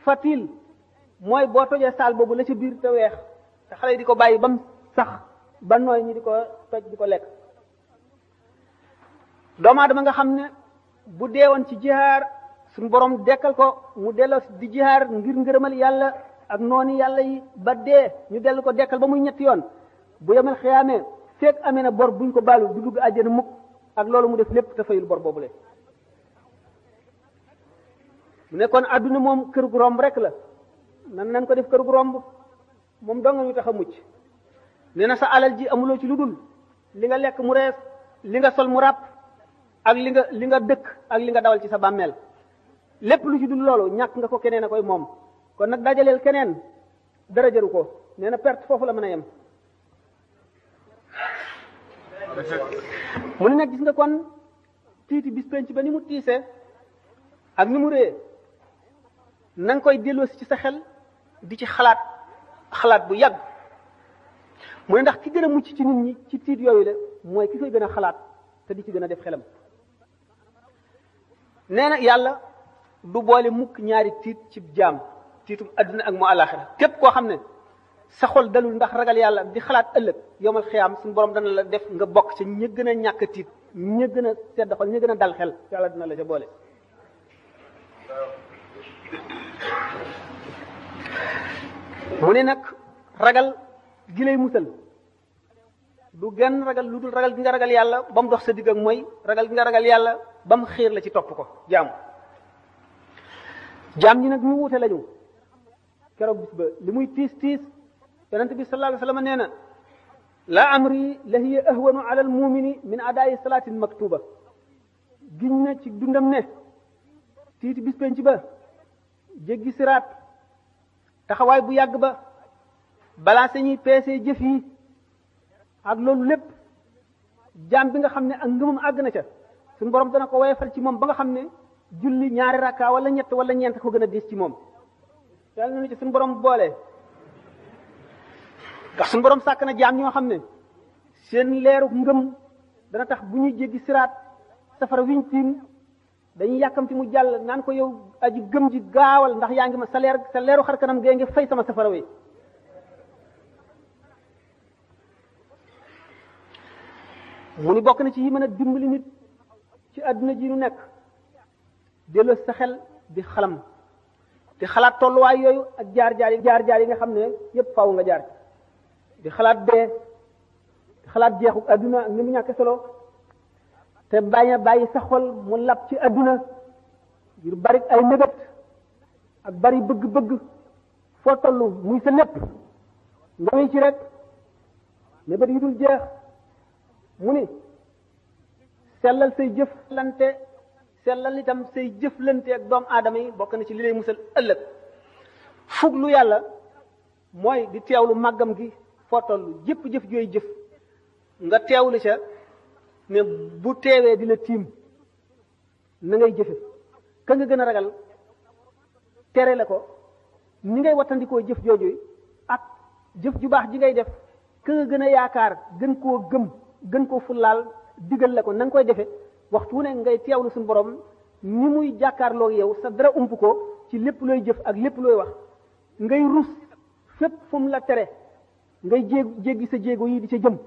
fatil mooy boo tojee saal boobu la ci biir te weex te xale yi di ko bàyyi ba mu sax ba nooy ñi di ko toj di ko lekk doomu aadama nga xam ne bu deewoon ci jihaar suñu borom dekkal ko mu delloo di jihaar ngir ngërëmal yàlla ak noonu yàlla yi ba dee ñu dell ko dekkal ba muy ñetti yoon bu yemal xiyaamee feeg amee na bor buñ ko baalu du dugg àjjana mukk ak loolu mu def lépp te fayul bor boobule. mu ne kon adduna moom kër gu romb rek la nan nan ko def kër gu romb moom dong ñu tax a mucc nee na sa alal ji amuloo ci lu dul li nga lekk mu rees li nga sol mu ràpp. ak li nga li nga dëkk ak li nga dawal ci sa bàmmeel lépp lu ci dul loolu ñàkk nga ko keneen a koy moom kon nag dajaleel keneen dara jaru ko nee na perte foofu la mën a yem mu ne nag gis nga kon tiiti bis penc ba ni mu tiisee ak ni mu réyee na koy delloosi ci sa xel di ci xalaat xalaat bu yàgg mu ne ndax ki gën a mucc ci nit ñi ci tiit yooyu la mooy ki koy gën a xalaat te di ci gën a def xelam nee nag yàlla du boole mukk ñaari tiit ci jaam tiitum adduna ak mu àllaaxira képp koo xam ne sa xol dalul ndax ragal yàlla di xalaat ëllëg yomal xiyaam suñu borom dana la def nga bokk ci ña gën a ñàkk tiit ña gën a sedd xol ña gën a dal xel yàlla dina la ca boole. mu ne nag ragal gi lay musal du genn ragal lu dul ragal gi nga ragal yàlla ba mu dox sa digg ak mooy ragal gi nga ragal yàlla. ba mu xiir la ci topp ko jaamu jaam ñi nag ñu wuute lañu keroog bis li muy tiis tiis yonent bi sallallahu alayhi wa nee na laa amri la hiya ahwanu ala al mumini min adaayi salaatin maktuba giñ na ci dundam ne tiiti bis penc ba jéggi siraat taxawaay bu yàgg ba balaa sañuy peesee jëf yi ak loolu lépp jaam bi nga xam ne ak ngëmam àgg na ca suñu borom dana ko woyefal ci moom ba nga xam ne julli ñaari rakka wala ñett wala ñeent ko gën a diis ci moom yàlla na ñu ci suñu borom boole ndax suñu borom sàkk na jaam ñoo xam ne seen leeru ngëm dana tax bu ñuy jéggi siraat safara wiñ tiim dañuy yàkkamti mu jàll naan ko yow aji gëm ji gaawal ndax yaa ngi ma sa leer sa leeru xar kanam gee ngi fay sama safara wi mu ni bokk na ci yi mën a dimbali nit ci àdduna ji nu nekk delloo sa xel di xalam di xalaat tolluwaay yooyu ak jaar-jaar yi jaar-jaar yi nga xam ne yépp faw nga jaar di xalaat dee xalaat jeexu àdduna ak ni mu ñàkk solo te bañ bàyyi sa xol mu lab ci adduna ngir bari ay mébét ak bari bëgg-bëgg foo tollu muy sa lépp nga wéy ci rek mébét yi dul jeex mu ni sellal say jëflante sellal itam say jëflante ak doom aadama yi bokk na ci li lay musal ëllëg fuglu yàlla mooy di lu màggam gi foo toll jëpp jëf jooy jëf nga teewlu ca bu teewee di la tiim na ngay jëfe nga gën a ragal tere ko ni ngay wattandikoo jëf jooju ak jëf ju baax ji ngay def ka nga gën a yaakaar gën koo gëm gën koo fullaal digal la ko na koy defee waxtu wu ne ngay teewlu suñu borom ni muy jàkkaarloo yow sa dara ump ko ci lépp looy jëf ak lépp looy wax ngay rus fépp fu la tere ngay jéeg jéggi sa jéego yi di ca jëm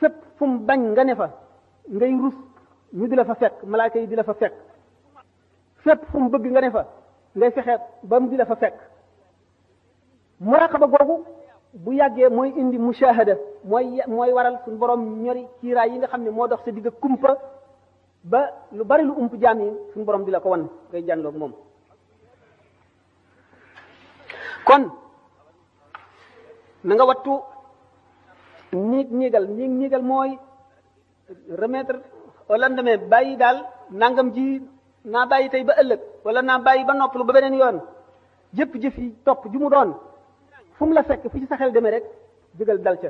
fépp fu mu bañ nga ne fa ngay rus ñu di la fa fekk malaaka yi di la fa fekk fépp fu mu bëgg nga ne fa ngay fexe ba mu di la fa fekk muraqaba googu bu yàggee mooy indi mushahada mooy mooy waral suñu borom ñori kiiraay yi nga xam ne moo dox sa digg kumpa ba lu bari lu ump jaam yi suñu borom di la ko wan ngay jànloog moom kon na nga wattu niig niigal niig niigal mooy remettre au lendemain bàyyi daal nangam ji naa bàyyi tey ba ëllëg wala na bàyyi ba nopp noppalu ba beneen yoon jëpp jëf topp ju mu doon fu la fekk fu ci sa xel demee rek jógal dal ca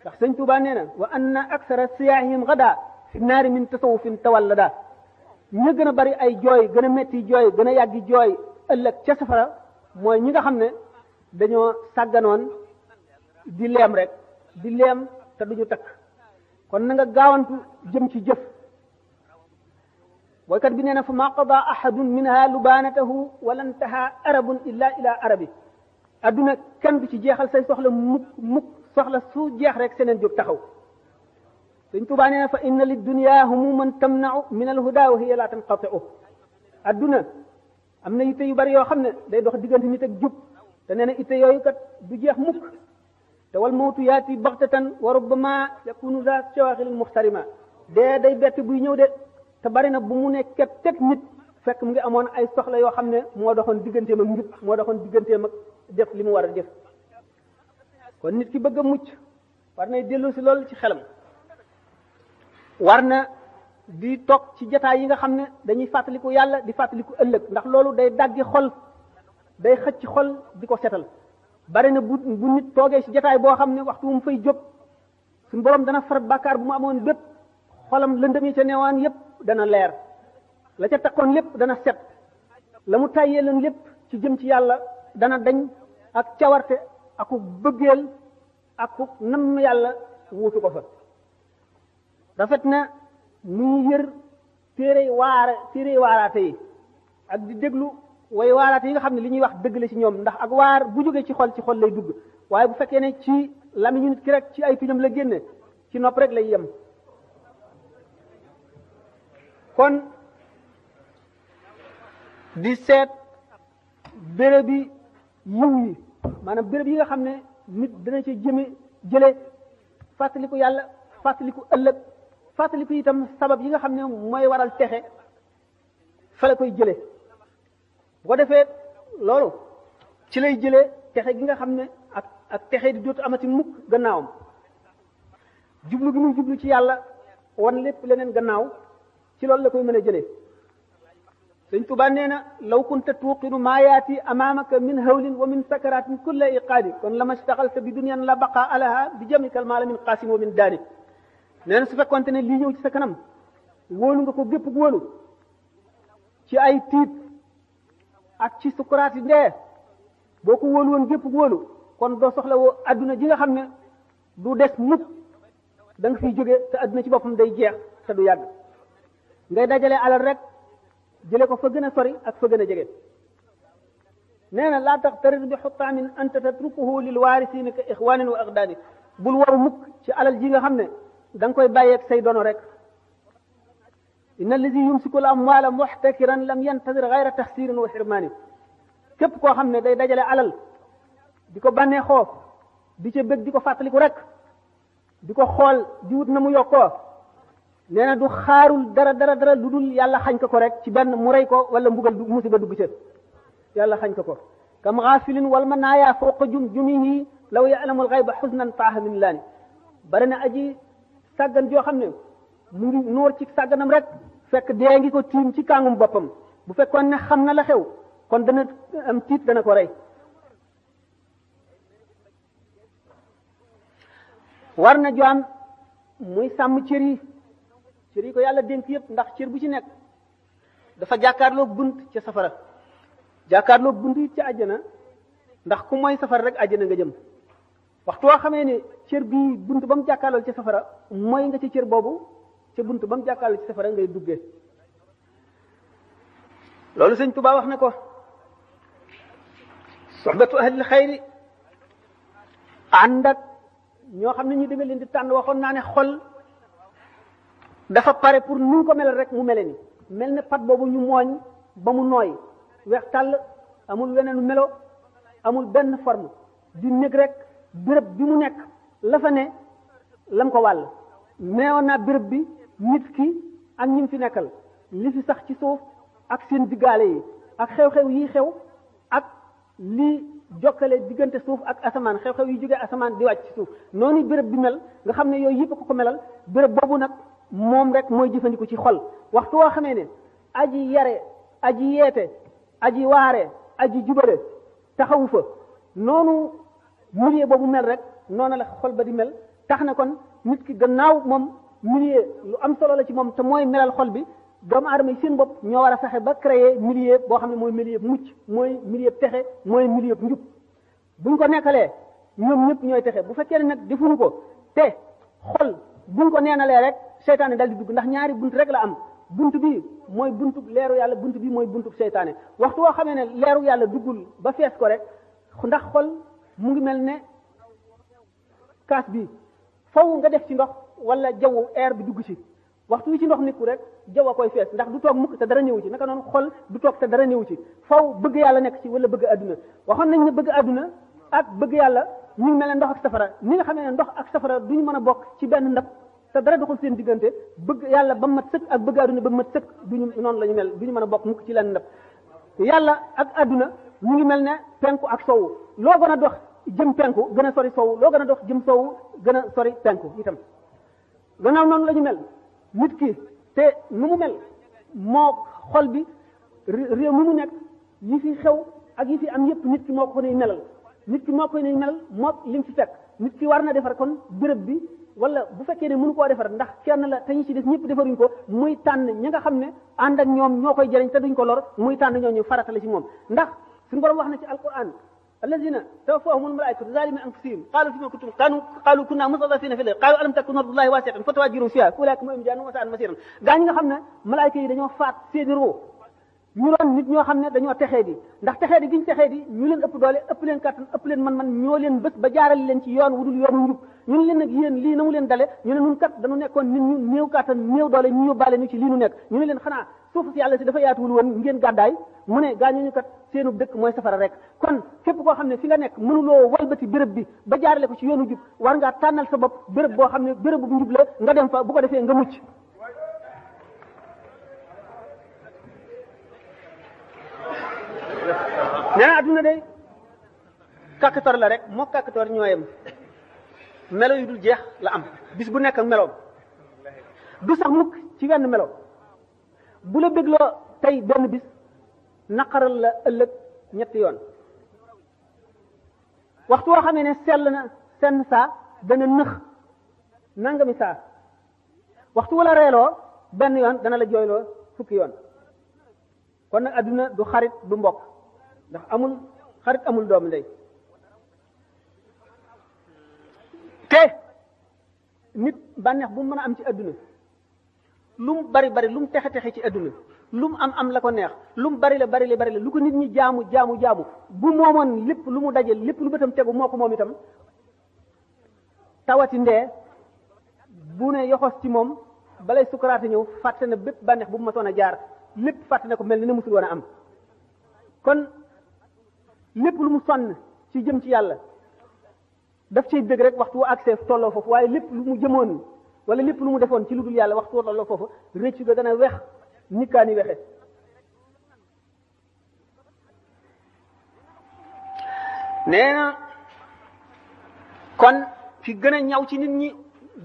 ndax sëñ Tuubaa nee na wa anna aksara siyaahim gada fi naari min tasawufin tawallada ña gën a bari ay jooy gën a metti jooy gën a yàggi jooy ëllëg ca safara mooy ñi nga xam ne dañoo sàgganoon di leem rek di leem te duñu takk kon nanga nga gaawantu jëm ci jëf boykat bi nee na fa ma qada ahadun minha lubanatahu wala ntaha arabun illa ila arabi adduna kenn du ci jeexal say soxla mukk mukk soxla su jeex rek seneen jóg taxaw Sëñ Tuubaa nee na fa inna li dunya humuman tamnau min alhuda wa hiya la tanqatiu adduna am na itte yu bari yoo xam ne day dox diggante nit ak jub te nee na itte yooyu kat du jeex mukk te wal mawtu yaati baxtatan wa rubbama yakunu za shawaxilin muxtarima dee day bett buy ñëw de te bari na bu mu ne ket teg nit fekk mu ngi amoon ay soxla yoo xam ne moo doxoon digganteem ak njub moo doxoon digganteem ak def li mu war a def kon nit ki bëgg a mucc war nay dellu si loolu ci xelam war na di toog ci jataay yi nga xam ne dañuy fàttaliku yàlla di fàttaliku ëllëg ndax loolu day dàggi xol day xëcc xol di ko setal bari na bu bu nit toogee ci jataay boo xam ne waxtu mu fay jóg suñu borom dana far bàkkaar bu mu amoon bépp xolam lëndëm yi ca neewaan yépp dana leer la ca takkoon lépp dana set la mu tàyyee leen lépp ci jëm ci yàlla dana deñ ak cawarte ak ku bëggeel ak ku namm yàlla wuutu ko fa rafet na nu yër téere waara téere waaraate yi ak di déglu way waaraate yi nga xam ne li ñuy wax dëgg la ci ñoom ndax ak waar bu jógee ci xol ci xol lay dugg waaye bu fekkee ne ci lamiñu nit ki rek ci ay tuñam la génne ci nopp rek lay yem kon di seet béréb yiw mi maanaam béréb yi nga xam ne nit dana ci jëme jële fàttaliku yàlla fàttaliku ëllëg fàttaliku itam sabab yi nga xam ne mooy waral texe fa la koy jële boo defee loolu ci lay jële texe gi nga xam ne ak texe di dootu amati mukk gannaawam jublu gi muy jublu ci yàlla wan lépp leneen gannaaw ci loolu la koy mën a jëlee dañ Tuubaa nee na law kunta tuuqinu maa yaati amaamaka min hawlin wa min sakaratin kulla iqaadi kon la ma staxalta bi dunyan la baqa alaha bi jamikal maala min qaasim wa min daani nee na su fekkonte ne lii ñëw ci sa kanam nga ko gépp wóolu ci ay tiit ak ci sukuraat yi ndee boo ko wóolu woon gépp wóolu kon doo soxla woo adduna ji nga xam ne du des mukk da nga fiy jóge te adduna ci boppam day jeex te du yàgg ngay dajale alal rek jële ko fa gën a ak fa gën a jege nee na laa tax tarit bi xutaamin anta tatrukuhu lil waarisiina ka ixwaanin wa aqdaani bul waru muk ci alal ji nga xam ne da koy bàyyeeg say dono rek inna allazi yumsiku al amwaala muxtakiran lam yantadir gayra taxsirin wa xirmaani képp koo xam ne day dajale alal di ko bànneexoo di ca bëgg di ko fàttaliku rek di ko xool di wut na mu yokkoo nee du xaarul dara dara dara lu dul yàlla xañ ko ko rek ci benn mu rey ko wala mbugal musiba dugg ca yàlla xañ ko ko kam xaafilin wal ma naayaa fooqa jum jumihi law ya'lamul xayba xusnan taaha min laani bari na aji sàggan joo xam ne mu ngi noor ci sàgganam rek fekk dee ngi ko tiim ci kàngum boppam bu fekkoon ne xam na la xew kon dana am tiit dana ko rey war na ju am muy sàmm cër yi cër yi ko yàlla dénk yépp ndax cër bu ci nekk dafa jàkkaarloog bunt ca safara jàkkaarloog bunt it ci àjjana ndax ku moy safara rek àjjana nga jëm waxtu waa xamee ne cër bii bunt ba mu jàkkaarloog ci safara mooy nga ca boobu ca bunt ba mu jàkkaarloog ca safara ngay duggee loolu sëñ Tuubaa wax na ko soxbatu ahlil xayri ànd ak ñoo xam ne ñu danga leen di tànn waxoon naa ne xol dafa pare pour nu ko mel rek mu mele ni mel ne pat boobu ñu mooñ ba mu nooy weex tàll amul weneen melo amul benn form di nekk rek bërëb bi mu nekk la fa ne lam ko wàll meewoon naa bërëb bi nit ki ak ñim fi nekkal li fi sax ci suuf ak seen diggaale yi ak xew-xew yi xew ak li jokkale diggante suuf ak asamaan xew-xew yi jógee asamaan di wàcc ci suuf noonu bërëb bi mel nga xam ne yooyu yëpp ko ko melal béréb boobu nag moom rek mooy jëfandiku ci xol waxtu woo xamee ne aji yare aji yeete aji waare aji jubale taxawu fa noonu milieu boobu mel rek noonu la xol ba di mel tax na kon nit ki gannaaw moom milieu lu am solo la ci moom te mooy melal xol bi doomu aadama yi seen bopp ñoo war a fexe ba créer milieu boo xam ne mooy milieu mucc mooy milieu pexe mooy milieu njub buñ ko nekkalee ñoom ñëpp ñooy texe bu fekkee ne nag defuñu ko te xol buñ ko neenalee rek seytaane dal di dugg ndax ñaari bunt rek la am bunt bi mooy buntu leeru yàlla bunt bi mooy buntu bu seytaane waxtu woo xamee ne leeru yàlla duggul ba fees ko rek ndax xol mu ngi mel ne kaas bi faw nga def ci ndox wala jaww air bi dugg ci waxtu ci ndox nikku rek jaww a fees ndax du toog mukk te ñëw ci naka noonu xol du toog te dara ñëw ci faw bëgg yàlla nekk ci wala bëgg àdduna waxoon nañ ne bëgg àdduna ak bëgg yàlla ñu ngi mel ne ndox ak safara ni nga xamee ne ndox ak safara du ñu mën a bokk ci benn ndab te dara doxul seen diggante bëgg yàlla ba mat sëkk ak bëgg àdduna ba mat sëkk ñu noonu lañu ñu mel duñu mën a bokk mukk ci lenn ndëpp yàlla ak àdduna ñu ngi mel ne penku ak sowu loo gën a dox jëm penku gën a sori sowu loo gën a dox jëm sowu gën a sori penku itam gannaaw noonu la ñu mel nit ki te nu mu mel moo xol bi réew mi mu nekk yi fi xew ak yi fi am yépp nit ki moo ko ko nuy melal nit ki moo koy nuy melal moo li fi fekk nit ki war na defar kon béréb bi wala bu fekkee ne mënu koo defara ndax kenn la te ñu ci des ñëpp defaruñ ko muy tànn ñi nga xam ne ànd ak ñoom ñoo koy jëriñ te duñ ko lor muy tànn ñoo ñu farata la ci moom ndax suñu borom wax na ci alquran allazina tawaffahumul malaikatu zalimi anfusihim qalu fima kuntum kanu qalu kunna mustadafina fil qalu alam takun ardullahi wasi'atan fatawajiru fiha ulaika mu'minun wa sa'an masiran gaa ñi xam ne malaayka yi dañoo faat seeni roo ñu doon nit ñoo xam ne dañoo texe di ndax texe di giñ texee di ñu leen ëpp doole ëpp leen kattan ëpp leen man-man ñoo leen bés ba jaaral leen ci yoon wudul yoonu njub ñun leen yéen lii na mu leen dale ñu ne nun kat dañu nit ñu néew kattan néew doole ñu yóbbaale ñu ci nekk ñu leen xanaa suuf si yàlla si dafa yaatuwul woon ngeen gàddaay mu ne gaañooñu kat seenu dëkk mooy safara rek kon képp koo xam ne fi nga nekk mënuloo walbati bërëb bi ba jaarale ko ci yoonu jub war ngaa tànnal sa bopp béréb boo xam ne béréb bu njub nga dem fa bu ko defee nga mucc nee na adduna de kàkkator la rek moo kàkkator ñooyam melo yu dul jeex la am bis bu nekk ak meloom du sax mukk ci wenn melow bu la bégloo tey benn bis naqaral la ëllëg ñetti yoon waxtu woo xamee ne sell na senn saa dana nëx nangami saa waxtu wala reeloo benn yoon dana la jooyloo fukki yoon kon nag adduna du xarit du mbokk ndax amul xarit amul doom ndey te nit bànneex bu mu mën a am ci adduna lu mu bari bari lu mu texe texe ci adduna lu mu am am la ko neex lu mu bari la bari la bari la lu ko nit ñi jaamu jaamu jaamu bu moomoon lépp lu mu dajee lépp lu bëtam tegu moo ko moom itam tawati ndee bu ne yoxos ci moom balay sukaraate ñëw fàtte na bépp bànneex bu mu a jaar lépp fàtte na ko mel ni ne musul woon a am kon lépp lu mu sonn ci jëm ci yàlla daf cay bég rek waxtu wa accès tolloo waaye lépp lu mu jëmoon wala lépp lu mu defoon ci lu dul yàlla waxtu wa tolloo foofu rëccu ga dana wex nikkaani wexe nee kon fi gën a ñaw ci nit ñi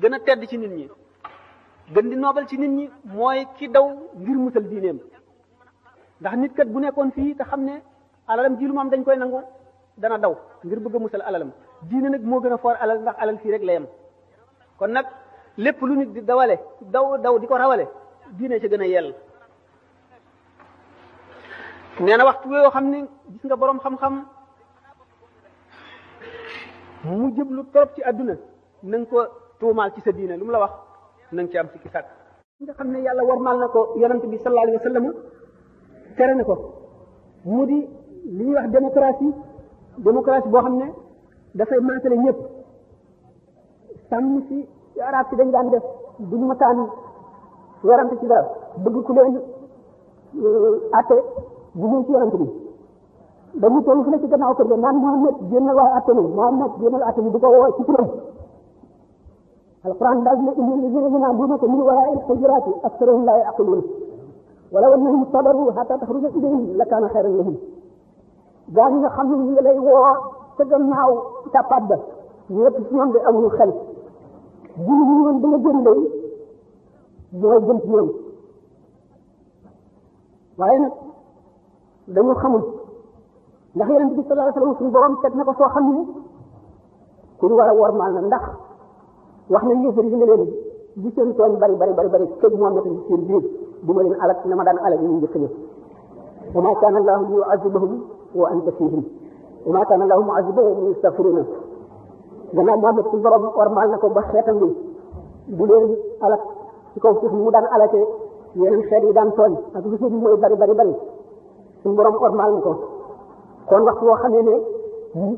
gën a tedd ci nit ñi gën di noobal ci nit ñi mooy ki daw ngir musal diineem ndax nit kat bu nekkoon fii te xam ne alalam ji lu moom dañ koy nangu dana daw ngir bëgg a musal alalam diine nag moo gën a foor alal ndax alal fii rek la kon nag lépp lu nit di dawale daw daw di ko rawale diine ci gën a yell nee wax waxtu yoo xam ne gis nga boroom xam-xam mu lu trop ci àdduna na ko tuumaal ci sa diine lu mu la wax na ci am sikki sàkk nga xam ne yàlla warmaal na ko yonent bi sallallahu alayhi wa sallam ko mu di li ñuy wax démocratie démocratie boo xam ne dafay maasale ñëpp sàmm si arab si dañ daan def duñu mataan werante ci dara bëgg ku leen euh, atte bu ñu ci werante bi dañu toll fu ne ci gannaaw kër ga naan Muhammad génnal waaye atte ni Muhammad génnal atte ni di ko woo ci turam alquran daal dina indi li ñu naan bu nekk min waraa'il hujuraati aktharuhum laa yaqiluun walaw annahum sabaru hattaa taxruja ilayhim lakaana gaa ñi nga xam ne ñu ngi lay woo te gannaaw sa pàdd ñëpp ci ñoom de amuñu xel bu ñu ñoom da nga jëm lay mooy jëm ci ñoom waaye nag dañu xamul ndax yonent bi sallallahu soo xam ne kuñ war a wormaal na ndax wax nañ yëfër yi ne leen di seen bari bari bari bari këj moom nekk ci seen biir du ma leen alak na ma daan alak yi ñu njëkk ñëpp wa ma kaana allahu liyu'azzibahum وعن دفنهم وما كان الله معذبهم يستغفرون gannaaw Muhammad suñu borom ormaal na ko ba xeetam bi bu leen alak ci kaw suuf mu daan alakee yeneen xeet yi daan tooñ ak lu suuf mooy bari bari bari suñu borom ormaal na ko kon waxtu woo xamee ne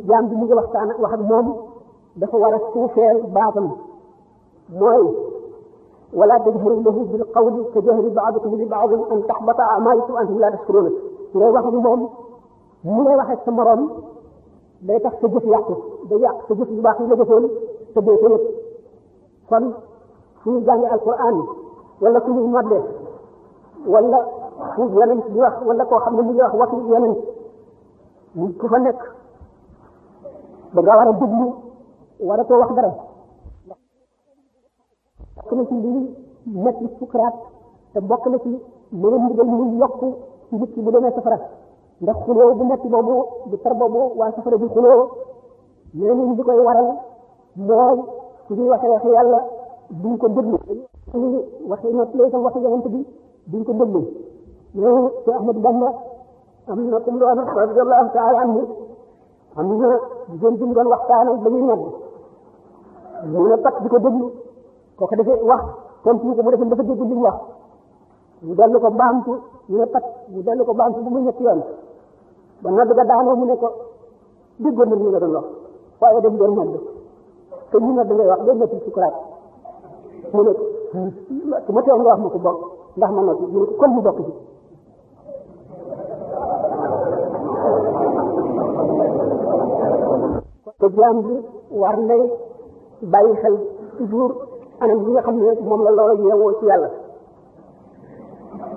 jaam bi mu ngi waxtaan ak wax ak moom dafa war a suufeel baatam mooy wala tajharu lahu bil qawli ka jahri ba'dikum li ba'din an tahbata a'malukum wa antum la tashkurun ngay wax ak moom mu ngay waxee sa moroom day tax sa jëf yàqu day yàq sa jëf yu baax yi nga jëfoon te dee ko yëpp kon fu ñu jàngee alquran wala ku ñu nodde wala fu yonent di wala koo xam ne mu ngi wax wax yonent mu ku fa nekk da nga war a déglu war a koo wax dara bokk na ci lii nekk sukuraat te bokk na ci mën a ndigal muy yokk safara ndax xuloo bu metti boobu bu tar boobu waa safara di xuloo nee nañ li koy waral mooy su ñuy waxee waxi yàlla duñ ko déglu suñu waxi nopplee sam waxi yonent bi duñ ko déglu ñooñu ci Ahmadu Bamba am na kum doon radiyallahu taala anhu am na jigéen bi mu doon waxtaana ba ñuy ñedd mu ne pat di ko déglu kooku dafay wax tontu ko mu defe dafa déglu li mu ko baamtu ñu ne pat ñu dellu ko baamtu bu mu ñetti yoon ba nodd ga daanoo mu ne ko déggoon na li nga doon wax waaye dañ doon nodd te ñu nodd ngay wax day métti ci kuraat mu ne ko hmm, ma teew nga wax ma ko bokk ndax ma noppi mu ne ko kon mu bokk ci te jaam bi war nay bàyyi xel toujours anam yi nga xam ne moom la loola yeewoo ci yàlla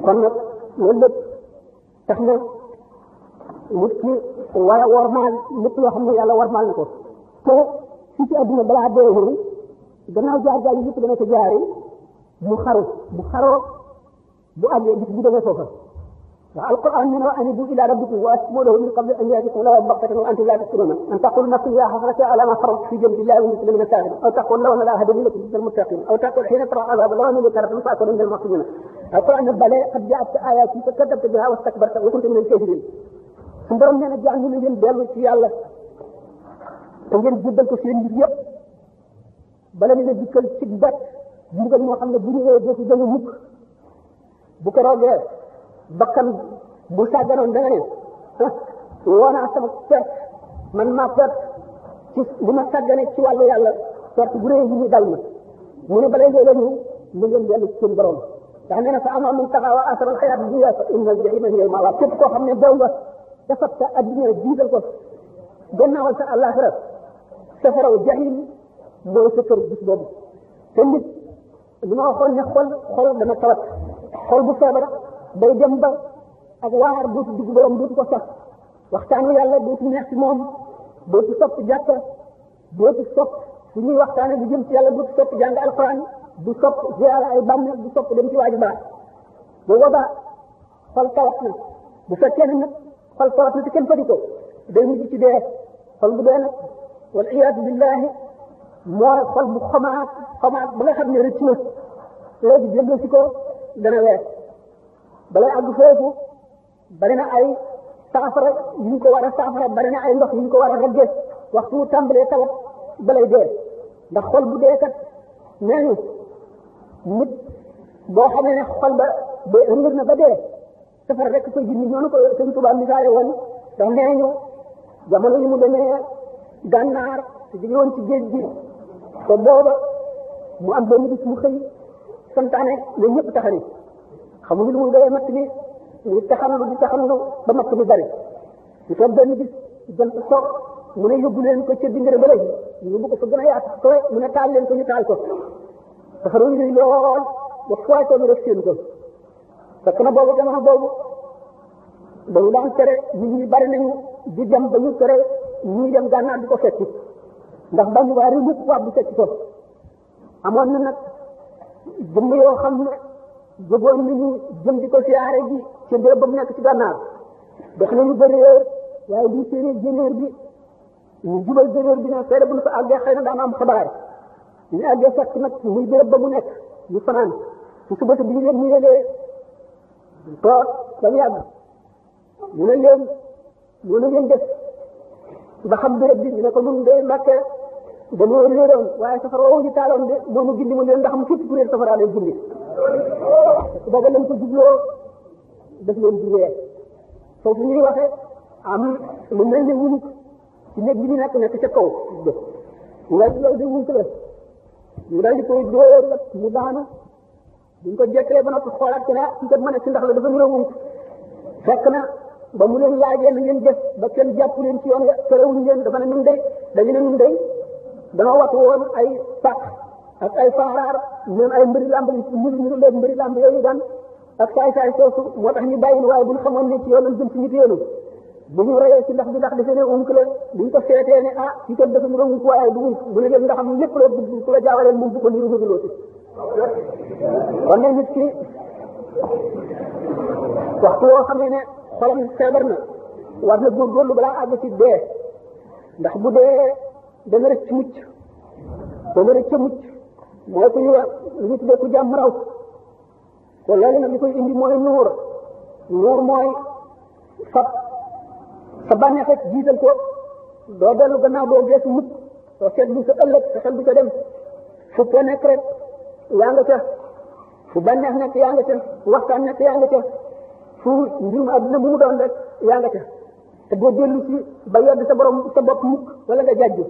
kon nag loolu lépp tax na nit ki war a wormaal lépp loo xam ne yàlla wormaal na ko te fii ci àdduna balaa dee wuru gannaaw jaar jaar yi yëpp dana ko jaari mu xaru mu xaroo bu àggee bis bu demee foofa waaw alquran nee na wa anibu ila rabbikum wa asbiru min qabli an yaatikum azaabun baxtatan wa antum laa tash'uruun an taqulu nafsun yaa hasratan alaa maa farraṭtu fii janbillaahi wa kuntu mina s-saahiriin aw taqulu law anna llaaha hadanii lakuntu mina l-muttaqiin aw taqulu hiina taraa al-azaaba law anna lii karratan fa akuuna mina l-muhsiniin alquran ne bale qad jaa'atka aayaatii fa kazzabta bihaa wa stakbarta wa kunta mina l-kaafiriin su borom nee na jaam ñi ne ngeen dellu ci yàlla te ngeen jébbal ko seen mbir yëpp bala ni la dikkal ci bat mbugal moo xam ne bu ñëwee doo ci gënu mukk bu ko roogee bakkan bu sàgganoon danga ne ah, woo naa sama perte man maa perte ci li ma sàggane ci wàllu yàlla perte bu rëy yi ñu dal ma mu ne bala ngeen ñëw na ngeen dellu ci seen borom ndax nee na fa amoon man taxawa asara alxayaat dunya fa inna aljahima hiya almawa képp koo xam ne daw nga nga fab sa adduna rek jiital ko gannaawal sa àllaaxira safaraw jaxiim mooy sa kër gis boobu te nit li ma waxoon ne xol bu feebar day dem ba ak waar dootu digg borom dootu ko sax waxtaanu yàlla dootu neex ci moom dootu sopp jàkka dootu sopp su ñuy waxtaane bu jëm ci yàlla dootu sopp jàng bu du sopp ziara ay bàmmeel du sopp dem ci waaju baax bu boobaa xol tawat na bu fekkee ne nag xol tawat na te kenn faju ko day mujj ci dee xol bu dee nag wal iyaadu billahi moo xol bu xomaat xomaat ba nga xam ne rëcc na léegi jëggal si ko dana wees balay àgg foofu bari na ay saafara yu ñu ko war a saafara bari na ay ndox yu ñu ko war a ragge waxtu wu tàmbalee tawat balay dee ndax xol bu dee ka nee ñu boo xamee ne xol ba ba rëngër na ba dee safar rek koy gindi noonu ko sëñ Tuubaa misaale woon ndax nee ñu jamono yi mu demee gànnaar te jóge woon ci géej gi te booba mu am benn bis mu xëy santaane ñoom ñëpp taxani xamuñu lu muy doyee matt bi ñu taxanlu di taxanlu ba matt bi bari ñu toog benn bis jant soog mu ne yóbbu leen ko ca dingëre ba léegi ko fa gën a yaatu kowe mu ne taal leen ko ñu taal ko dafa roñ lool ba fooy ko ñu ko fekk na boobu jamono boobu dañu daan tere ni ñu bari nañu di dem ba ñu tere ñuy dem gànnaar di ko fekki ndax bañ waa réew mi tubaab bu fekki ko amoon na nag jëmm yoo xam ne jógoon nañu jëm di ko siyaare ji ci mbir ba mu nekk ci gànnaar def nañu bëri réer waaye liñ séenee jénéer bi ñu jubal jénéer bi ne seede bu ñu fa àggee xëy na daan am xabaar ñu àggee fekk nag muy béréb ba mu nekk ñu fanaan su suba si bi ñu mu ñu toog ba mu yàgg mu ne leen mu ne leen def ba xam béréb bi ñu ne ko mun dee màkke dama réeroon waaye safara woowu ñu taaloon de moo ma gindi mu leen ndax mu képp ku réer safara lay gindi daga lañ ko jubloo daf leen di réer foofu ñuy waxe am lu mel ne wunuk ci néeg bi ñu nekk nekk ca kaw nga yow de wunuk la mu daal di koy dóor mu daanu buñ ko jëkkee ba nopp xoolaat ci ne ah ko a ci la dafa mën a wunk fekk na ba mu leen laajee na ngeen def ba kenn jàpp leen ci yoon terewuñ ngeen dafa ne nun day dañu ne nun day danoo wattu woon ay pàq ak ay faaraar même ay mbëri lamb mbir ñu léegi mbëri lamb yooyu daan ak saay waaye bu ñu ne ci yoonam ñu ko seetee ne ah ci kat dafa ñu waaye du unk ne leen ndax am lépp la ku la jaawaleen moom bu ko niru kon nag nit ki waxtu woo xam ne ne xolam feebar na war na góorgóorlu balaa àgg ci dee ndax bu dee dana rëcc mucc dana rëcc mucc mooy ku ñu wax lu ñu tuddee ku jàmm raw te loolu nag li koy indi mooy nuur nuur mooy fab sa bànneex rek jiital ko doo dellu gannaaw boo geesu mukk soo seetlu sa ëllëg sa xel du ca dem fu ko nekk rek yaa nga ca fu bànneex nekk yaa nga ca fu waxtaan nekk yaa nga ca fu mbirum àdduna bu mu doon rek yaa nga ca te doo dellu ci ba yedd sa borom sa bopp mukk wala nga jàjju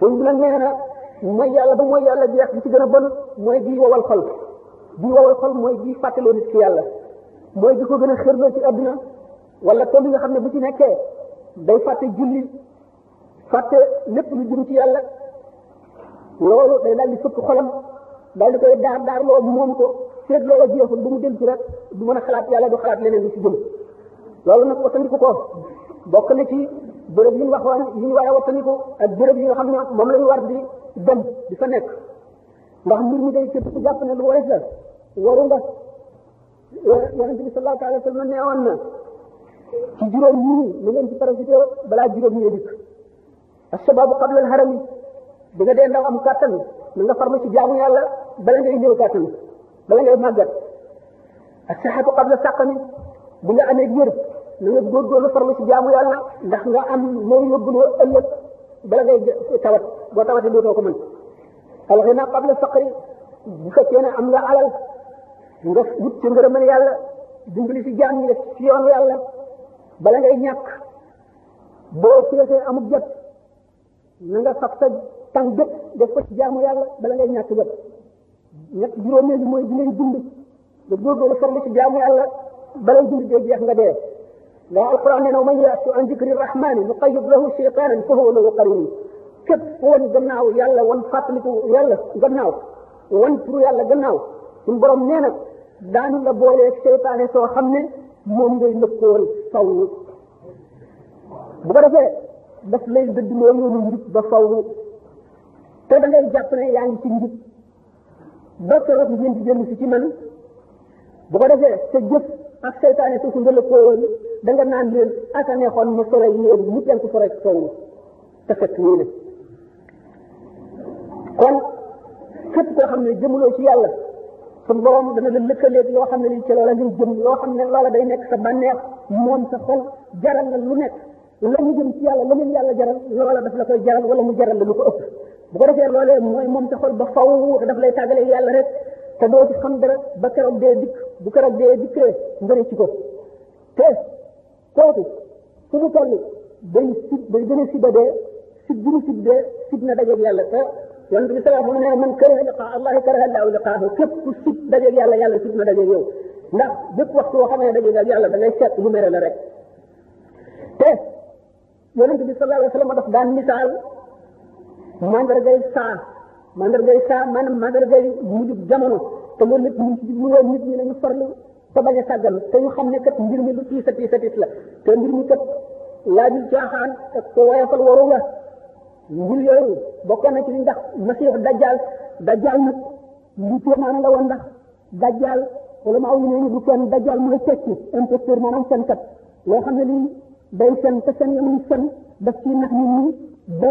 sëñ bi nag nee na mooy yàlla ba mooy yàlla jeex bi ci gën a bon mooy di wowal xol di wowal xol mooy di fàttaloo nit ci yàlla mooy di ko gën a xërloo ci àdduna wala tool yi nga xam ne bu ci nekkee day fàtte julli fàtte lépp lu jëm ci yàlla loolu day daal di fëkk xolam daal di koy daar daar loo moom ko seet loola jeexul bu mu dem ci rek du mën a xalaat yàlla du xalaat leneen lu ci jëm loolu nag wattandiku ko bokk na ci béréb yi wax waxoon yi ñu war a wattandiku ak béréb yi nga xam ne moom la ñu war di dem di fa nekk ndax mbir mi day képp ku jàpp ne lu waris la waru nga yonente bi sallallahu alayhi wa sallam nee woon na ci juróom ñii ni ngeen ci parasité balaa juróom ñee dikk ashababu qabla al harami nga dee ndaw am kàttan na nga farlu ci jaamu yàlla bala ngay ñëw kàttan bala ngay màggat ak saxaatu qabla sàqami bu nga amee wér na nga góorgóorlu farlu ci jaamu yàlla ndax nga am moo yóbbuloo ëllëg bala ngay tawat boo tawatee dootoo ko mën alxina qabla faqri bu fekkee ne am nga alal nga wut ci ngërëmal yàlla dimbali ci jaam ñi def ci yoonu yàlla bala ngay ñàkk boo feesee amul jot na nga fab sa tànk bépp def ko ci jaamu yàlla bala ngay ñàkk jot ñett juróomeel bi mooy di ngay dund nga góorgóorlu farlu ci jaamu yàlla balay dund dee jeex nga dee ndax alquran nee na man yaatu an dikri rahmani nuqayyid lahu shaytanan fa huwa lahu qarin képp woon gannaaw yàlla woon fàttaliku yàlla gannaaw woon turu yàlla gannaaw suñu borom nee na daanu la booleeg seytaane soo xam ne moom ngay lëkkool faw bu ko defee daf lay dëdd loo yoonu njub ba faw te da ngay jàpp ne yaa ngi ci njub ba keroog ngeen di jënd si ci man boo ko defee sa jëf ak seytaane su su ngeen la koowoon da naan leen asa neexoon ma sore yéen mu teel ko sore sow mi te fekk nii kon képp koo xam ne jëmuloo ci yàlla suñu borom dana la lëkkaleeg loo xam ne li ci loola ngay jëm loo xam ne loola day nekk sa bànneex moom sa xol jaral na lu nekk la mu jëm ci yàlla la leen yàlla jaral loola daf la koy jaral wala mu jaral la lu ko ëpp bu ko defee loolee mooy moom sa ba faw te daf lay tàggale yàlla rek te doo ci xam dara ba keroog dee dikk bu keroog dee dikkee nga ne ci ko te kooku su mu toll day sib day gën a siba dee sib bu mu sib dee sib na dajeeg yàlla te yonent bi sallallahu alayhi wa sallam nee na man karaha liqaa allahi karaha allahu liqaahu képp ku sib dajeeg yàlla yàlla sib na dajeeg yow ndax bépp waxtu woo xam ne dajeeg yàlla da ngay seet lu mere la rek te yonent bi sallallahu alayhi wa sallam daf daan mandargay saa mandargay saa ma mandargay mujjub jamono te loolu lépp ñu ci jubluwoo nit ñi farlu te bañ a sàggan te ñu xam ne kat mbir mi lu tiis a tiis a tiis la te mbir mi kat laajul caaxaan ak ko woyofal waru la mbir yooyu bokkoon na ci li ndax masiix dajjaal dajjaal nag lu kéemaane la woon ndax dajjaal wala maa ngi ne du kenn kat loo xam ne lii day seen te seen yamul seen daf ci ba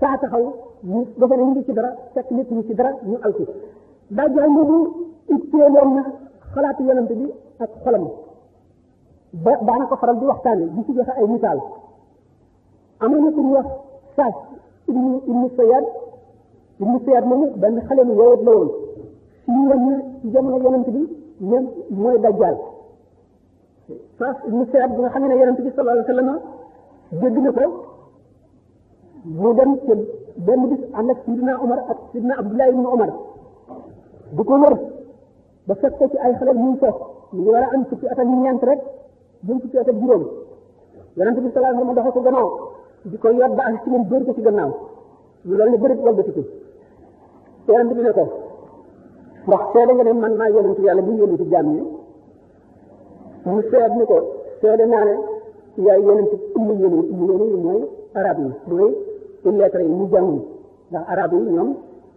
saa taxaw ñu defe ne ñu ngi ci dara fekk nit ñi ci dara ñu alku dajjaal moomu itteeloon na xalaatu yonent bi ak xolam ba daana ko faral di waxtaane di ci joxe ay misaal amoon na ku ñu wax saas ibnu ibnu sayad ibnu sayad moomu benn xale mu yowet la woon ñu woon na ci jamono bi même mooy dajjaal saas ibnu sayad bi nga xam ne yonent bi sallallahu alayhi wa na ko mu dem benn bis ànd ak sidina Omar ak sidina Abdullah ibn Omar di ko wër ba fekk ko ci ay xale muy toog mu ngi war a am fukki at ak ñeent rek jëm fukki at ak juróom yonente bi sallallahu alayhi wa sallam doxe ko gannaaw di ko yot ba ak ci moom dóor ko ci gannaaw ñu loolu ne bërit wal batiku yonente bi ne ko ndax seede nga ne man maa yonente yàlla bu yónni ci jaam yi mu seet ni ko seede naa ne yaay yonente ummi yéni ummi yéni mooy arab yi mooy ci lettre yi ñu jànguñ ndax arab yi ñoom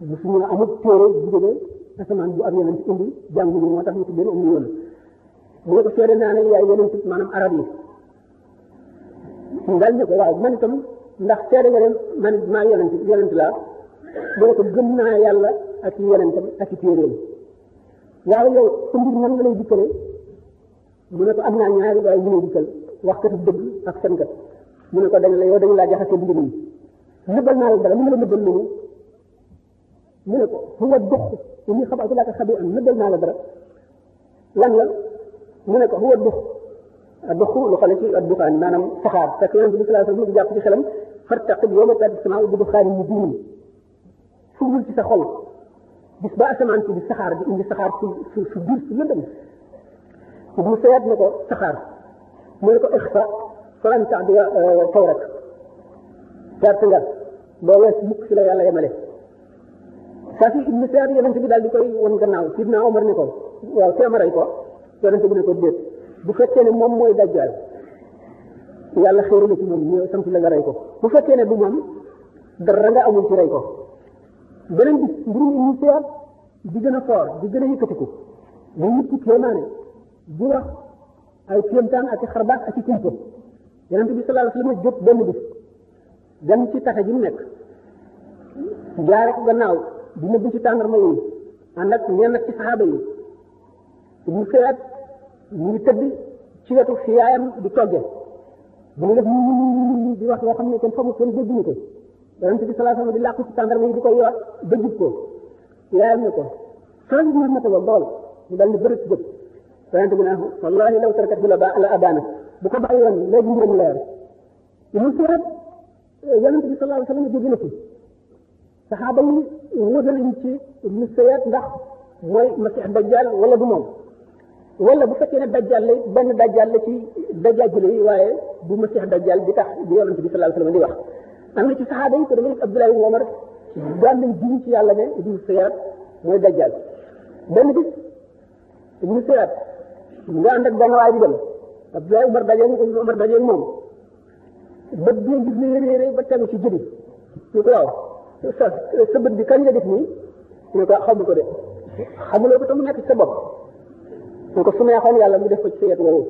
bu suñu amul téere bu jógee asamaan bu am yeneen ci indi jànguñu moo tax mu ne ko naa ne yaay yeneen ci maanaam arab maa yonent yonent laa mu ne ko naa yàlla ak ci yonentam ak ci téeréem waaw yow sa nan nga lay dikkale mu ne am naa ñaari waaye ñu lay dikkal wax katu dëgg ak seen mu ne dañ la yow dañ laa jaxase digg nii nëbbal naa leen dara mu ne la nëbbal lu mu ne ko huwa dux u ñu xabaatu laa ko xabi am nëbbal naa la dara lan la mu ne ko huwa dux dux lu xale ci ak duxaan maanaam saxaar parce que yonente bi sallallahu alayhi wasallam jàpp ci xelam fartaqib yawma taati samaa bi duxaanin mubiin fugul ci sa xol bis ba asamaan si di saxaar di indi saxaar su su su biir su lëndëm bu seyaat ne ko saxaar mu ne ko ixfa falan tax di euh, tawrak perte nga boo wees mukk fi la yàlla yemale saa si ibnu saad yonent bi daal di koy won gannaaw sidna omar ne ko waaw teema rey ko yonent bi bu fekkee ne moom mooy dajjal yàlla xéeru la ci moom ñoo ko bu fekkee ne bu moom dara nga amul ci rey ko beneen bi mbirum ibnu saad di gën a foor di gën a yëkkatiku bu nit ki kéemaane di wax ay kéemtaan ak i xarbaax ak i kumpa yonent bi sallallahu alayhi wa sallam benn bis dem ci taxe ji mu nekk jaare ko gannaaw dina bu ci tàndarma yi ànd ak ñenn ci saxaaba yi bu xëyaat mu ngi ci wetu fi yaayam di togge dina def ñu ñu ñu di xam ne kenn xamul kenn dégguñu ko yonent bi sallallahu di làkku ci tàndarma yi di ko yor ba jub ko yaayam ne ko change na na ko ba bool mu dal ni bërët jëpp yonent wallahi law tarakat la ba la abana bu ko bàyyi woon léegi mbiram leer mu xëyaat yonent bi sallallahu alayhi wasallam jóge na fi saxaaba yi wute nañ ci ñu seet ndax mooy masix dajjal wala du moom wala bu fekkee ne dajjal la benn dajjal la ci dajjal yi waaye du masix dajjal bi tax di yonent bi sallallahu alayhi wasallam di wax am na ci saxaaba yi ko da nga gis Abdullah ibn Umar daan nañ jiñ ci yàlla ne ñu seet mooy dajjal benn bis ñu seet nga ànd ak benn waay di dem Abdullah Umar dajeeg ko Umar dajeeg moom bët bi ngir réy réy ba tegu ci jëbi ñu ko waaw sa sa bët bi kañ nga def nii ñu ko ah, xamu ko de xamuloo ko te mu nekk sa bopp ñu ko su yàlla mu def ko ci sa yet woowu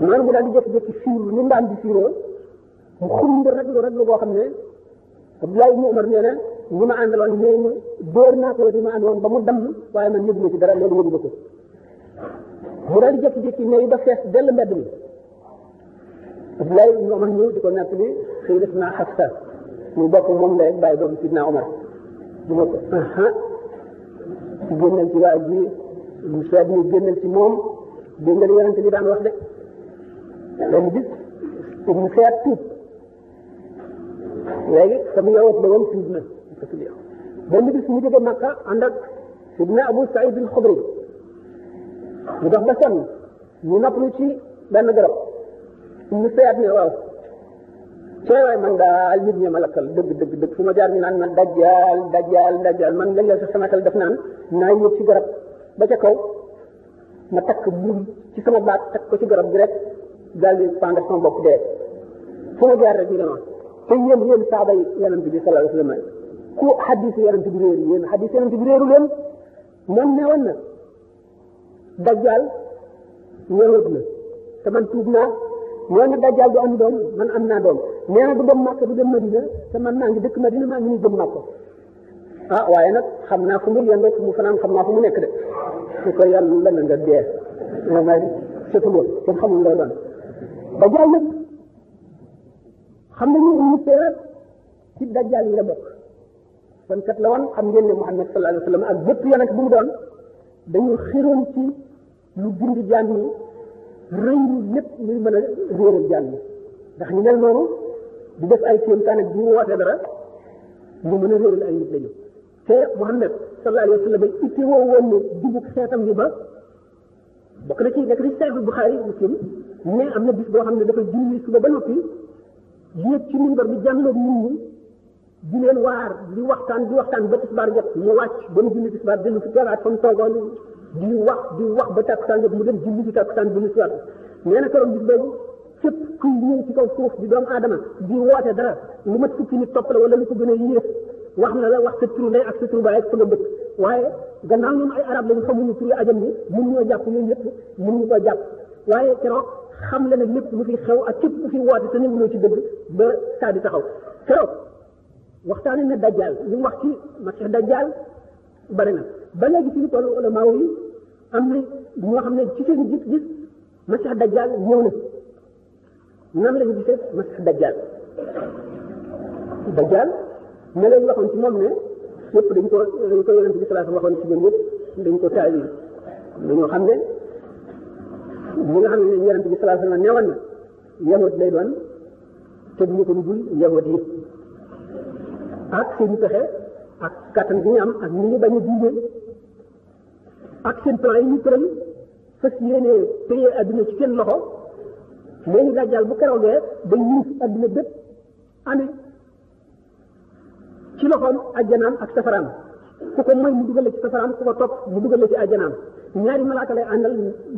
noonu mu daal di jékki-jékki fiir ni mbaam di fiiroo mu xum nga raglu raglu boo xam ne Abdoulaye ibn Umar nee na ñi ma àndaloon nee na dóor naa ko li mu damm waaye man yëg na ci dara loolu yëg na ko mu daal di jékki-jékki ne da fees dell mbedd mi Abdoulaye ibnu Omar ñëw di ko nekk li Sayyidatuna Hafsa mu bokk moom la bàyyi doomu Sidna Omar di ko ah génnal ci waa ji mu seet ñu génnal ci moom génnal yonente bi daan wax de benn bis ibnu seet tuub léegi sama yowat ba moom tuub na benn bis mu jóge Makka ànd ak Sidna Abu Saïd al Xudri mu dox ba sonn ñu noppalu ci benn garab mu seet ne waaw ceewaay man daal nit ñi ma lakkal dëgg dëgg dëgg fu ma jaar ñu naan man dajjaal dajjaal dajjaal man léeg-léeg sax sama xel def naan naa yëg ci garab ba ca kaw ma takk bul ci sama baat takk ko ci garab gi rek daal di pendef sama bopp dee fu ma jaar rek ñu demoon te yéen yéen saaba yi yonent bi sallallahu alayhi wa sallam ku xadis yonent bi réeru yéen xadis yonent bi réeru leen moom ne woon na dajjaal ñëwut na tuub naa nee na dajjal du am doom man am naa doom nee na du dem Màkka du dem Madina te man maa ngi dëkk Madina maa ngi nii jëm Màkka ah waaye nag xam naa fu mu yendoo fu mu fanaan xam naa fu mu nekk de su ko yan lan nga dee moom ay sëtuloo kenn xamul lay doon dajjal nag xam nañu ñu teerat ci dajjal yi la bokk kon la woon xam ngeen ne Muhammad sallallahu alayhi wa sallam ak bépp yonent bu mu doon dañu xiroon ci lu gindi jaam yi rëylu lépp luy mën a réeral jàll ndax ñu mel noonu di def ay kéemtaan ak bu woote dara ñu mën a réeral ay nit lañu te Muhammad sallallahu alayhi wa sallam itti woo woon ne jubug xeetam yi ba bokk na ci nekk ci Sahih Bukhari Muslim ne am na bis boo xam ne dafa julli suba ba noppi yéeg ci minbar bi jàmloog nit ñi di leen waar di waxtaan di waxtaan ba tisbaar jot mu wàcc ba mu julli tisbaar dellu si toogaat fa mu toogoon di wax di wax ba takkusaan yëpp mu dem julli ci takkusaan bu mu siwaat nee na keroog bis boobu képp kuy ñëw ci kaw suuf di doomu aadama di woote dara lu mat fukki nit topp la wala lu ko gën a yées wax na la wax sa turu ndey ak sa turu baay ak fa nga bëgg waaye gannaaw ñoom ay arab lañu xamuñu turu ajam bi mun ñoo jàpp ñun ñëpp mun ñu ko jàpp waaye xam la ne lépp lu fi xew ak képp ku fi woote te newuloo ci dëgg ba saa di taxaw keroog waxtaane na dajjal li mu wax ci masih dajjal bari na ba léegi ci li toll ulama yi am na ñoo xam ne ci seen gis-gis masih dajjal ñëw na nan la ñu gisee masih dajjal dajjal ne lañ waxoon ci moom ne yëpp dañ ko dañ ko yonent waxoon ci ñoom dañ ko taawil dañoo xam ne ñi nga xam ne yonent bi salaatu la newoon na yahut lay doon te duñu ko dul yahut yi ak seen pexe ak kattan bi ñu am ak ni ñu bañ a diine ak seen plan yi ñu tëral fas yéene téye adduna ci kenn loxo léegi dajjal bu keroogee day yiif adduna bépp ame ci loxoom ajjanaan ak safaraan ku ko mooy mu dugal la ci safaraan ku ko topp mu dugal la ci ajjanaan ñaari malaaka lay àndal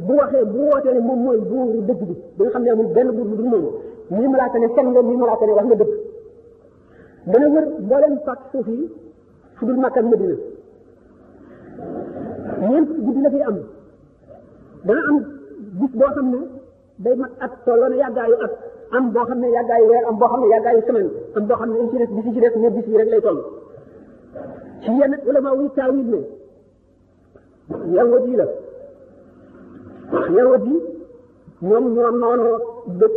bu waxee bu wootee ne moom mooy buuru dëgg bi bi xam ne amul benn buur bu dul moom ñii malaaka ne fen nga ñii wax nga dëgg dana wër mbooleem pàcc suuf yi fu dul Màkka ak Madina ñeent guddi la fay am dana am gis boo xam ne day mat at tolloo na yàggaayu at am boo xam ne yàggaayu weer am boo xam ne yàggaayu semaine am boo xam ne ci des bis yi ci des ne bis yi rek lay toll ci yenn ulama wuy taawil ne yawut yi la yawut yi ñoom ñoom noonoo dëkk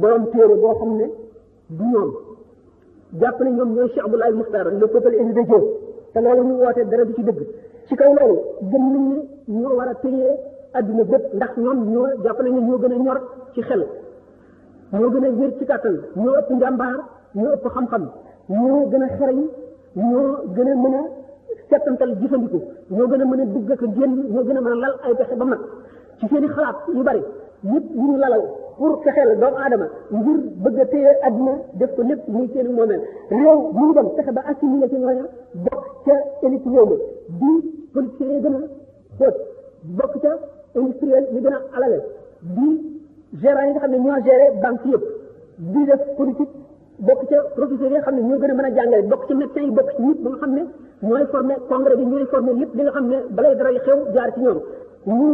borom téere boo xam ne du ñoom jàpp ne ñoom ñooy Cheikh Abdoulaye Muxtar le peuple élu de Dieu te loolu ñu woote dara du ci dëgg ci kaw loolu gëm nit ñi ñoo war a téye adduna bépp ndax ñoom ñoo jàpp nañu ñoo gën a ñor ci xel ñoo gën a wér ci kàttan ñoo ëpp njàmbaar ñoo ëpp xam-xam ñoo gën a xereñ ñoo gën a mën a settantal jëfandiku ñoo gën a mën a dugg ak génn ñoo gën a mën a lal ay pexe ba mag ci seen i xalaat yu bari yëpp yu ñu lalal pour fexeel doomu aadama ngir bëgg a téye adduna def ko lépp muy seen moomeel réew mu ñu dem fexe ba assimilé ci ñooña bokk ca élite réew mi bii politique yi gën a xóot bokk ca industriel yi gën a alale bii gérant yi nga xam ne ñoo géré banque yëpp bii def politique bokk ca professeurs yi xam ne ñoo gën a a jàngale bokk ci médecins yi bokk ci ñëpp ba xam ne ñooy formé congrès bi ñooy formé lépp li nga xam ne balay dara xew jaar ci ñoom ñu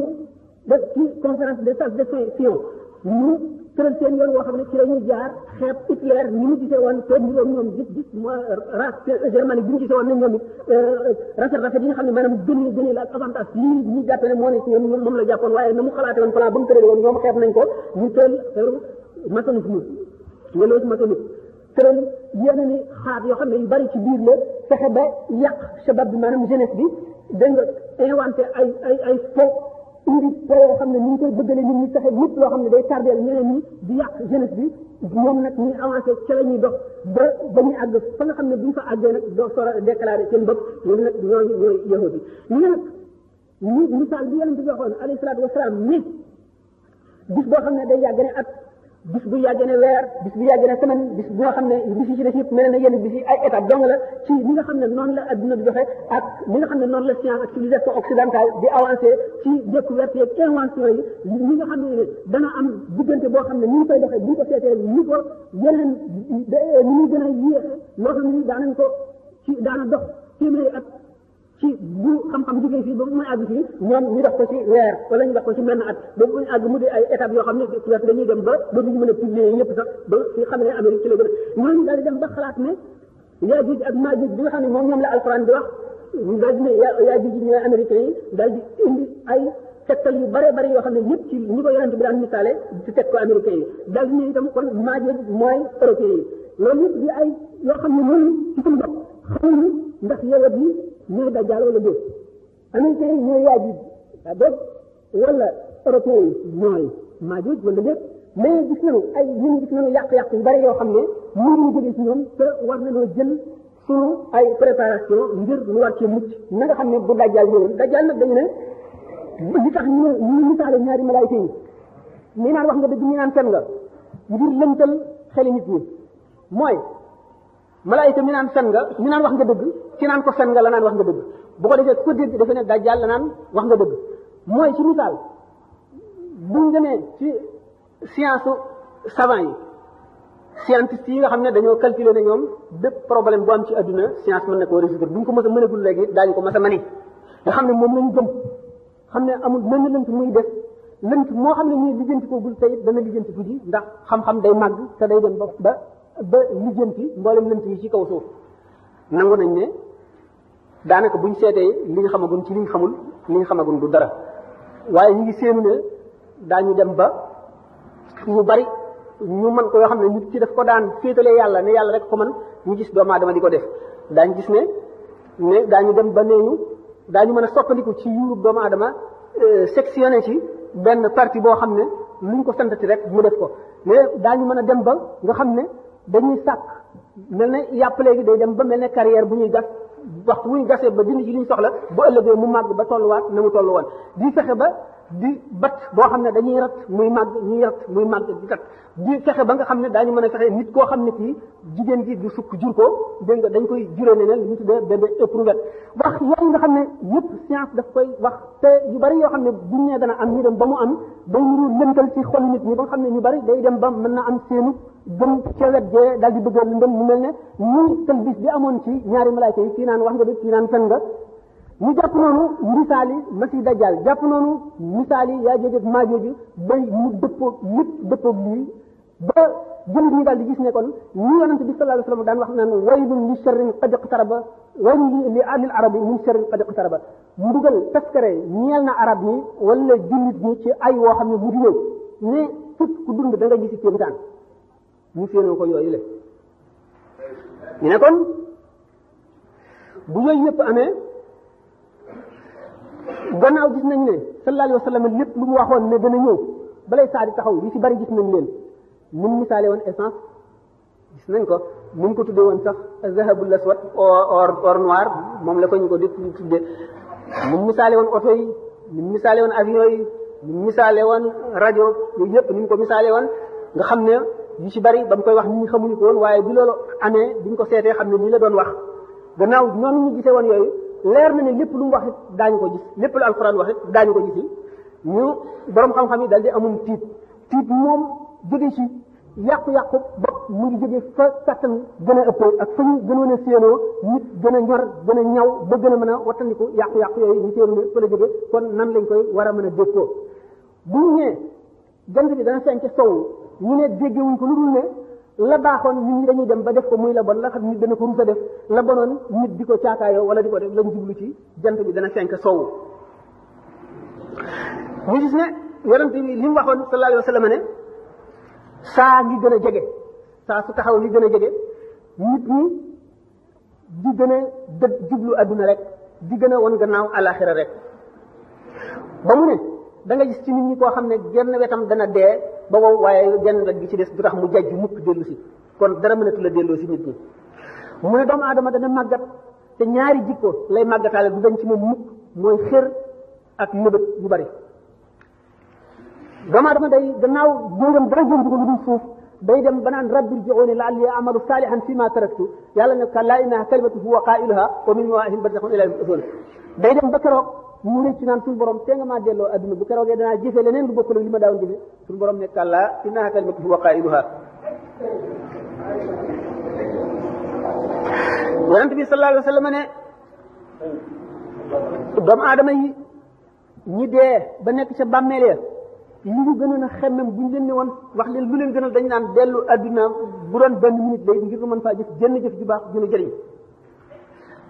def ci conférence des sages de Sion ñu tëral seen yoon woo xam ne ci la ñuy jaar xeeb Hitler ni mu gisee woon te ni ñoom gis gis mooy race germanique bi ñu gisee woon ne ñoom it euh, rafet rafet yi nga xam ne maanaam gën la gën la ak ñu jàppe ne moo ne ci ñoom moom la jàppoon waaye na mu xalaate plan ba mu tëral ñoom xeeb nañ ko ñu teel xeeru maçonnisme nga loolu maçonnisme tëral xaat yoo xam ne yu bari ci biir la fexe ba yàq shabab bi maanaam jeunesse bi dégg nga inventé ay ay ay indi projet yoo xam ne ni ñu koy bëggale nit ñi fexe lépp loo xam ne day tardeel ñeneen ñi di yàq jeunesse bi moom nag ñuy avancé ca la dox ba ba ñu àgg fa nga xam ne bu ñu fa àggee nag doo sor a déclaré seen bopp ñoom nag ñooñu ñooy yahudi yi ñu nag ñu misaal bi yonent bi waxoon alayhi salaatu wasalaam ni boo xam ne day yàgg ne at bis bu yàggee ne weer bis bu yàgg ne semaine bis bu nga xam ne bis yi ci def yëpp mel na yenn bis yi ay étape dong la xam ne noonu la adduna di doxe ak li nga xam ne noonu la science ak civilisation occidentale di avancé ci découverte yeeg invention yi li nga xam ne dana am diggante boo xam ne ni ñu koy doxee bu ñu ko seetee ni ko yeneen ni ñu gën a yéex loo xam ne daanañ ko ci daana dox téeméeri at ci bu xam-xam jugee fii ba mu àgg fii ñoom ñu def ko ci weer wala ñu def ko ci menn at ba mu àgg mu di ay étapes yoo xam ne ci dañuy dem ba ba duñu mën a publier ne Amérique ci a ñooñu ak Maajuuj bi nga xam ne moom ñoom la alxuraan di wax di ne Yaajuuj yi yu bare bare yoo xam ne ñëpp ci ñi ko yonent bi ko américains yi daal di ne itam kon Maajuuj mooy européens yi loolu yëpp di ay yoo xam ne moom ndax yowet yi muy dajaal wala déet américain yi ñooy a dog wala européen yi ñooy maajuj wala déet mais gis nañu ay ñun gis nañu yàq-yàq yu bari yoo xam ne mënuñu jógee ci ñoom te war nañoo jël suñu ay préparation ngir ñu war cee mucc na nga xam ne bu dajaal ñëwoon dajaal nag dañu ne li tax ñu ne ñu misaale ñaari malaayka yi nii naan wax nga dëgg ñu naan fen nga ngir lëntal xeli nit ñi mooy malaayika mi naan fen nga mi naan wax nga dëgg ci naan ko fen nga la naan wax nga dëgg bu ko defee ku ko dégg defe ne dajjal la naan wax nga bëgg mooy ci misaal buñ demee ci science savant yi scientiste yi nga xam ne dañoo calculer ne ñoom bépp problème bu am ci adduna science mën na koo résoudre bu ñu ko mës a mënagul léegi daañu ko mës a mani nga xam ne moom lañu gëm xam ne amul mën lënt muy def lënt moo xam ne muy lijjanti ko gul tey dana lijjanti guddi ndax xam day màgg te day dem ba ba lijjanti mboolem lënt yi ci kaw suuf nangu nañ ne daanaka buñ seetee li ñu xamagun ci li ñu xamul li ñu xamagun du dara waaye ñu ngi séenu ne daañu dem ba ñu bari ñu man ko yoo xam ne nit ci def ko daan féetalee yàlla ne yàlla rek ko man ñu gis doomu aadama di ko def daañ gis ne ne daañu dem ba ñu daañu mën a soppandiku ci yuurub doomu aadama euh, sectionné ci benn partie boo xam ne luñ ko santati rek mu def ko mais daañu mën a dem ba nga xam ne dañuy sàkk mel ne yàpp léegi day dem ba mel ne carrière bu ñuy gas waxtu bu ñu gasee ba dindi ci li soxla bu ëllëgee mu màgg ba tolluwaat na mu tollu woon di fexe ba di bat boo xam ne dañuy rat muy màgg ñuy rat muy màgg di rat di fexe ba nga xam ne daañu mën a fexe nit koo xam ne kii jigéen ji du sukk jur ko nga dañ koy juree ne neen li ñu tuddee bébé nga ne yëpp science daf koy wax te yu bari yoo xam ne buñ ne dana am ñu dem ba mu am day nuru lëntal ci xol nit ñi ba nga xam ne ñu bari day dem ba mën na am seenu gëm ca wet jee daal di bëggoon ndëm mu mel ne ñuy tëlbis bi amoon ci ñaari malaayka yi kii naan wax nga bi kii naan fen nga mu jàpp noonu misaali masi dajjal jàpp noonu misaali yaa jëjëf maajooj bay mu dëppoo lépp dëppoo lii ba jullit ñi daal di gis ne kon ñi yonente bi sallallahu alayhi wasallam daan wax naan waylun li sharrin qad iqtaraba waylun li ahlil taskare ñeel na arab ni wala jullit ñi ci ay woo xam ne mu di ñëw ne képp ku dund da nga gisi kéemtaan ñu féenoo ko yooyu le ñu ne kon bu yooyu yëpp amee gannaaw gis nañ ne sallallahu alayhi wa sallam lépp lu mu waxoon ne dana ñëw balay saa di taxaw yu ci bari gis nañ leen ni mu misaale woon essence gis nañ ko ni mu ko tuddee woon sax zahabul aswad or or noir moom la ko ñu ko di tuddee ni mu misaale woon oto yi ni mu misaale woon avion yi ni misaale woon rajo yooyu yëpp ni mu ko misaale woon nga xam ne yu ci bari ba mu koy wax ñu ñi xamuñu ko woon waaye bi loolu amee bi ñu ko seetee xam ne lii la doon wax gannaaw noonu ñu gisee woon yooyu leer na ne lépp lu mu wax it daañu ko gis lépp lu alxuraan wax it daañu ko gis ñu borom xam-xam yi daal di amum tiit tiit moom jóge ci yàqu-yàqu bopp mu ngi jóge fa kàttan gën a ëppee ak fa ñu gënoon a séenoo nit gën a ñor gën a ñaw ba gën a mën a wattandiku yàqu-yàqu yooyu ñu séenu ne fa la jóge kon nan lañ koy war a man a déggoo bu ñu nee jant bi dana fenk sow ñu ne déggewuñ ko lu dul ne la baaxoon nit ñi dañuy dem ba def ko muy la bon la xam nit dana ko rusa def la bonoon nit di ko caakaayoo wala di ko def lañ jublu ci jant bi dana fenk soowu ñu gis ne yonent bi li mu waxoon saa ngi gën a jege saa su taxaw li gën a jege nit ñi di gën a dë jublu adduna rek di gën a won gannaaw alaxira rek ba mu ne da gis ci nit ñi koo xam ne genn wetam dana dee ba wow waaye genn wet gi ci des du tax mu jajj mukk dellu si kon dara mënatu la delloo si nit ñi mu ne doomu aadama dana màggat te ñaari jikko lay màggataale du dañ ci moom mukk mooy xër ak mëbët yu bari doomu aadama day gannaaw góoram dara góor lu dul suuf day dem ba naan rabbi rji'uuni la'allii a'malu saalihan fiimaa taraktu yàlla ne kallaa innahaa kalimatun huwa qaa'iluhaa wa min waraa'ihim barzakhun ilaa yawmi yub'athuun day dem ba keroog mu rëcc naan suñu borom te nga maa delloo adduna bu keroogee danaa jëfe leneen lu bokkul ak li ma daawoon jëfe suñu borom ne kàllaa innahaa kalimatun huwa qaa'iluhaa yonent bi sallallahu alayhi wa sallam ne doomu aadama yi ñi dee ba nekk ca bàmmeel ya li ñu gënoon a xemmem bu ñu leen ne woon wax leen lu leen gënal dañ naan dellu adduna bu doon benn minute day ngir man faa jëf jënn jëf ju baax jëna jëriñ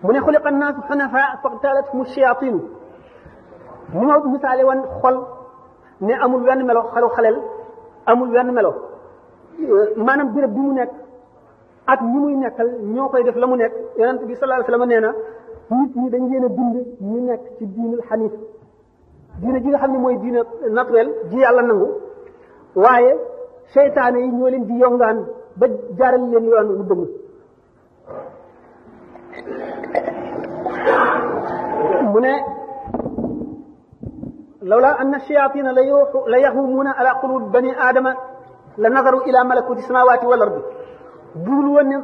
mu ne xuliqa naasu xanafaa faqtaalatuhum shayaatiinu mu ma misaale woon xol ne amul wenn melo xelu xaleel amul wenn melo maanaam béréb bi mu nekk ak ñi muy nekkal ñoo koy def la mu nekk yonent bi sallallahu alayhi wa sallam nee na nit ñi dañ leen a bind ñu nekk ci diinul xaniif diina ji nga xam ne mooy diina naturel ji yàlla nangu waaye seytaane yi ñoo leen di yongaan ba jaaral leen yoon lu dëng mu ne lawla anna shayatina la yuxu la yaxumuuna ala qulub bani aadama la nazaru ila malakuti samawati wal ardi budul woon ne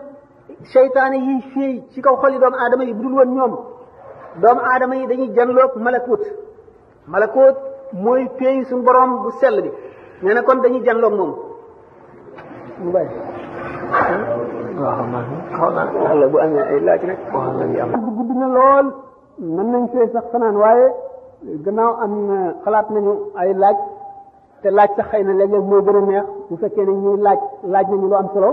seytaane yiy féey ci kaw xoli doomu aadama yi budul woon ñoom doomu aadama yi dañuy janloog malakut mooy féey suñu borom bu sell bi nee na kon dañuy janloog moom waaw xam ay laaj rek boo xam na. lool mën nañ see sax fanaan waaye gannaaw am xalaat nañu ay laaj te laaj sa xëy na léeg-léeg moo gën a neex bu fekkee ne ñuy laaj laaj nañu lu am solo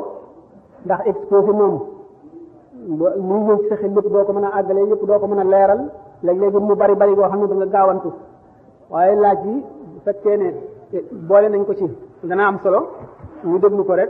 ndax exposé moom muy ñëw ci sa xel lépp doo ko mën a àggale yépp doo ko mën a leeral léeg-léeg mu bari bari boo xam ne da nga gaawantu waaye laaj yi bu fekkee ne boole nañ ko ci dana am solo ñu nu ko rek.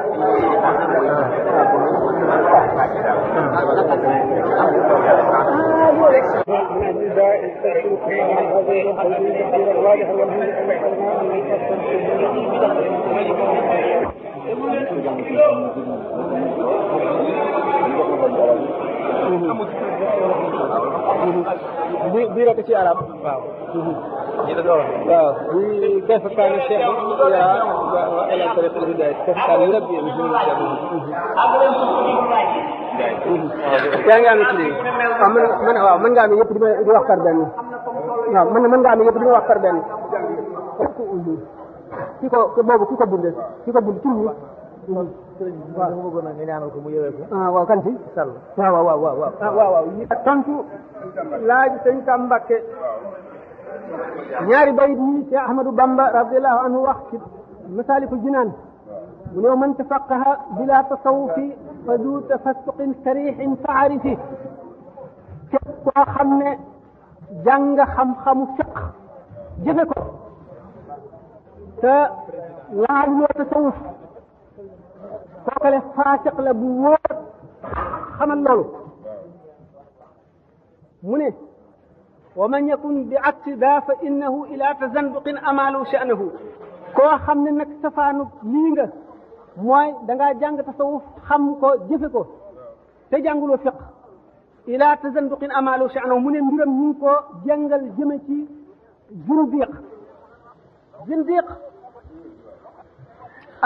من النداء استعينوا عن هذه القضيه الواضح والهم بيرك شيء عرب waaw kay fakkaanu cheikh yaa wa ala tariq al hidayah kay fakkaanu rabbi yaa ngi amee kii ah, waaw mën mën waaw mën ngaa amee yëpp di ma di wax par benn waaw mën mën ngaa amee yëpp di ma wax par benn ki ko boobu ki ko bind ki ko bind tur bi waaw dama bëggoon a nga ñaanal ko mu yëwee ko ah waaw kan ci sall waaw waaw waaw waaw waaw ah, waaw tontu laaj sëñ Sam Mbakke ñaari bayit yi Cheikh Ahmadou Bamba radiallahu anhu wax ci masaalikul jinaan mu ne man tafaqaha bila tasawufi وذو تفسق صريح فعرفه képp koo xam ne jàng xam-xamu fiq jëfe ko te laaluloo tasawuf kookale faasiq la bu wóor xamal loolu mu ne wa man yakun bi aksi daa fa innahu ila tazanduqin amalu sha'nahu koo xam ne nag safaanu lii nga mooy da ngaa jàng tasawuf xam ko jëfe ko te jànguloo fiq ila tazanduqin amalu sha'nu mu ne mbiram ñu ngi ko jàngal jëme ci zindiq zindiq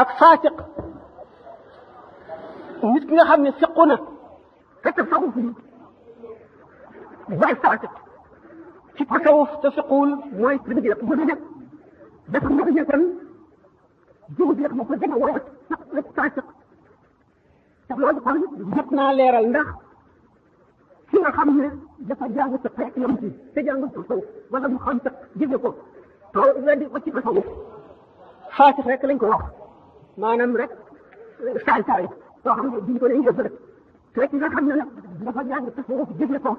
ak faasiq nit ki nga xam ne fiqu na fekk fiqu fi bàyyi faasiq ci tasawuf te fiquwul mooy zindiq mu ko gën a woyof te loolu kon jot naa leeral ndax ki nga xam ne dafa jàng sa xeet yam ci te jàng sa sow wala mu xam sa jëfe ko to weddi ba ci tasawu faasix rek lañ ko wax maanaam rek saay saay soo xam ne di ko lañ jëf rek te ki nga xam dafa jàng tasawuf jëfe ko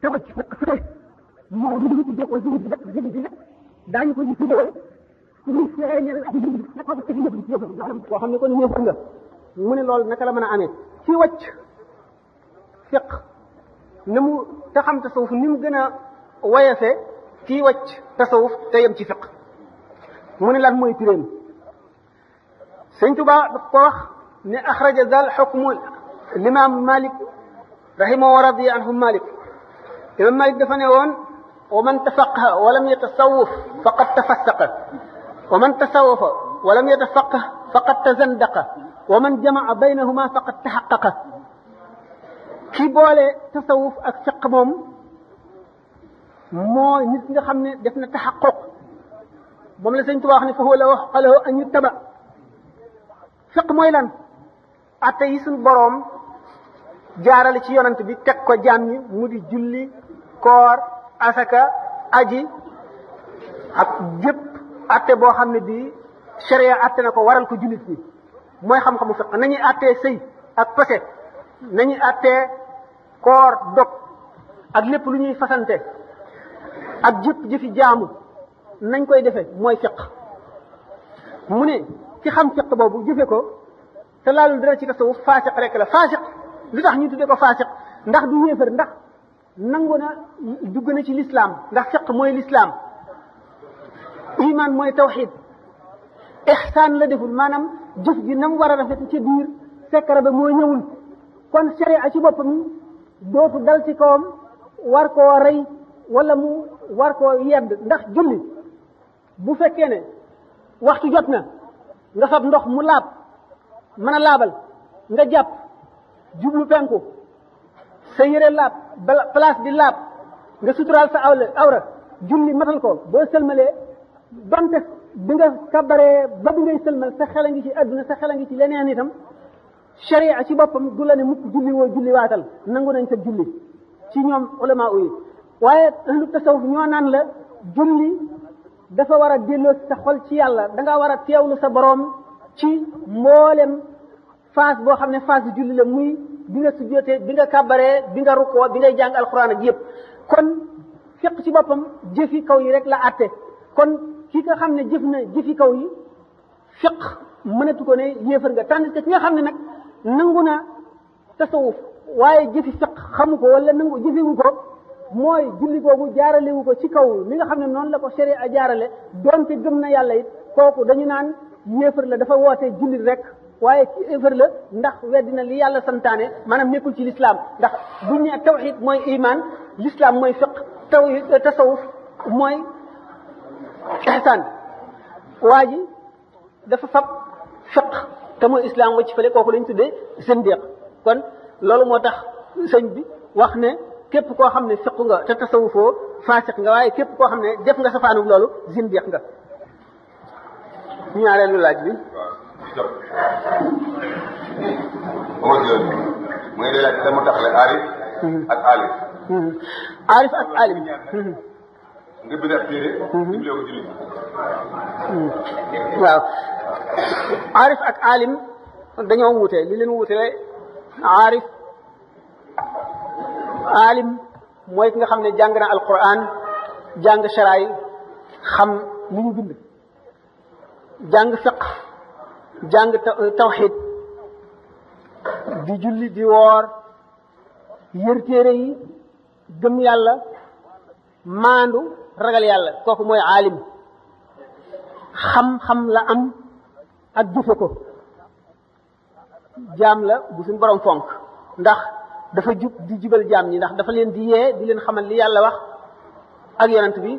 te wacc fekk fete moo duñ ko jëf ko jëf boo xam ne kon yéefar nga mu ne loolu naka la mën a amee ci wàcc fiq na mu te xam tasawuf ni mu gën a woyefee kii wàcc tasawuf te yem ci fiq mu ne lan mooy piréem sëñ Tuba daf ko wax ne axraja dal xukmu limaam Malik rahimahu wa radiya anhu Malik imaam Malik dafa ne woon wa man tafaqaha wa lam yatasawuf faqad tafassaqa wa man tasawafa wa lam yatafaqqah faqad tazandaqa wa man jamaa baynahuma faqad taxaqaqa ki boole tasawuf ak fiq moom moo nit nga xam ne def na taxaqoq moom la sëñ Tuubaa wax ne fa huwa la wax xalahu an yu taba fiq mooy lan atte yi suñ boroom jaarale ci yonant bi teg ko jaam ñi mu di julli koor asaka aji ak jëpp atte boo xam ne bii sharia atte na ko waral ko jullit ñi mooy xam-xamu fiq nañuy attee sëy ak pese nañuy attee koor dog ak lépp lu ñuy fasante ak jëpp jëfi jaamu nañ koy defe mooy fiq mu ne ki xam fiq boobu jëfe ko te laalul dara ci tasawuf faasiq rek la faasiq lu tax ñu tuddee ko faasiq ndax du yéefar ndax nangu na dugg na ci lislam ndax fiq mooy lislaam iman mooy tawxid ixsaan la deful maanaam jëf ji nam war a rafet ca biir sekara ba moo ñëwul kon sharia ci boppam dootu dal ci kawam war koo rey wala mu war koo yedd ndax julli bu fekkee ne waxtu jot na nga fab ndox mu laab mën a laabal nga jàpp jublu penku sa yére laab place di laab nga suturaal sa awla awra julli matal ko boo sëlmalee donte bi nga kabaree ba bi ngay sëlmal sa xel a ngi ci àdduna sa xel a ngi ci leneen itam sharia ci boppam du la ne mukk julli woo julli waatal nangu nañ sa julli ci ñoom ulama yi waaye ahlu tasawuf ñoo naan la julli dafa war a delloo sa xol ci yàlla da nga war a teewlu sa boroom ci mboolem phase boo xam ne phase julli la muy bi nga sujjootee bi nga kàbbaree bi nga rukkoo bi ngay jàng alxuraan ak yëpp kon fiq ci boppam jëfi kaw yi rek la àtte kon ki nga xam ne jëf na jëfi kaw yi fiq mënatu ko ne yéefar nga tandis que ki nga xam ne nag nangu na tasawuf waaye jëfi fiq xamu ko wala nangu jëfiwu ko mooy julli googu jaaralewu ko ci kaw li nga xam ne noonu la ko séré a jaarale doonte gëm na yàlla it kooku dañu naan yéefar la dafa woote julli rek waaye ci la ndax weddi na li yàlla santaane maanaam nekkul ci lislaam ndax buñ ne tawxid mooy iman lislaam mooy fiq taw tasawuf mooy ihsaan waa dafa fab fiq te mooy islam wacc fële kooku lañ tuddee zindiq kon loolu moo tax sëñ bi wax ne képp koo xam ne fiq nga te tasawufoo faasiq nga waaye képp koo xam ne def nga safaanu loolu zindiq nga ñaareelu laaj bi mooy laaj dama taxale aarif ak aalim aarif hmm. ak aalim hmm. nga mhm. mhm. ak alim dañoo wuute li leen wuutele aarif alim mooy ki nga xam ne jàng na alquran jàng sharaay xam li ñu bind jàng fiq jàng tawxid di julli di woor yër téere yi gëm yàlla maandu ragal yàlla kooku mooy aalim xam-xam la am ak jëfe ko jaam la bu suñ borom fonk ndax dafa jub di jubal jaam yi ndax dafa leen di yee di leen xamal li yàlla wax ak yonant bi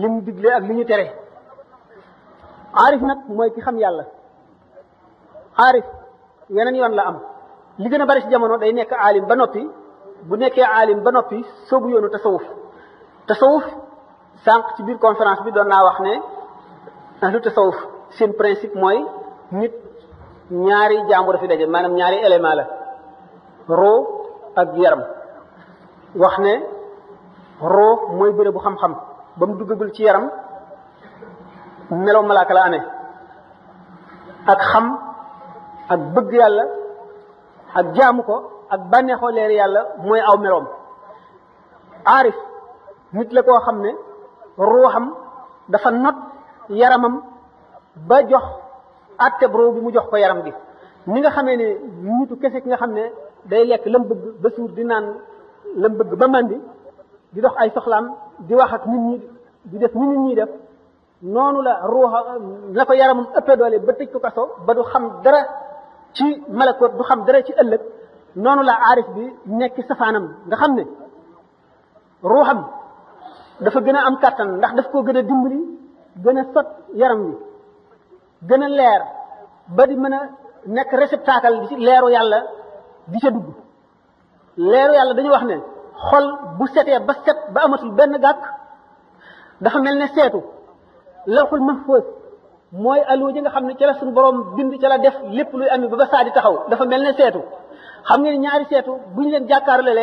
li mu digle ak li ñu tere aarif nag mooy ki xam yàlla aarif yeneen yoon la am li gën a bari ci jamono day nekk aalim ba noppi bu nekkee aalim ba noppi soobu yoonu tasawuf tasawuf sànq ci biir conférence bi doon naa wax ne ahlu tasawuf seen principe mooy nit ñaari jàmbur fi daje maanaam ñaari élément la roo ak yaram wax ne roo mooy béréb bu xam-xam ba mu duggagul ci yaram melo malaaka la amee ak xam ak bëgg yàlla ak jaamu ko ak bànneexoo leer yàlla mooy aw meloom aarif nit la koo xam ne ruuxam dafa not yaramam ba jox àtteb ruu bi mu jox ko yaram gi ni nga xamee ne nitu kese ki nga xam ne day lekk lam bëgg ba suur di naan lam bëgg ba màndi di dox ay soxlaam di wax ak nit ñi di def ni nit def noonu la ruuxa la ko yaramam ëppee doole ba tëj ko kaso ba du xam dara ci malakoot du xam dara ci ëllëg noonu la aarif bi nekk safaanam nga xam ne ruuxam dafa gën a am kàttan ndax daf ko gën a dimbali gën a sot yaram wi gën a leer ba di mën a nekk réceptacle di ci leeru yàlla di ca dugg leeru yàlla dañu wax ne xol bu setee ba set ba amatul benn gàkk dafa mel ne seetu lawxul mahfuus mooy alluwa nga xam ne ca la suñu borom bind ca la def lépp luy am ba ba saadi taxaw dafa mel ne seetu xam ngeen ñaari seetu bu ñu leen jàkkaarloo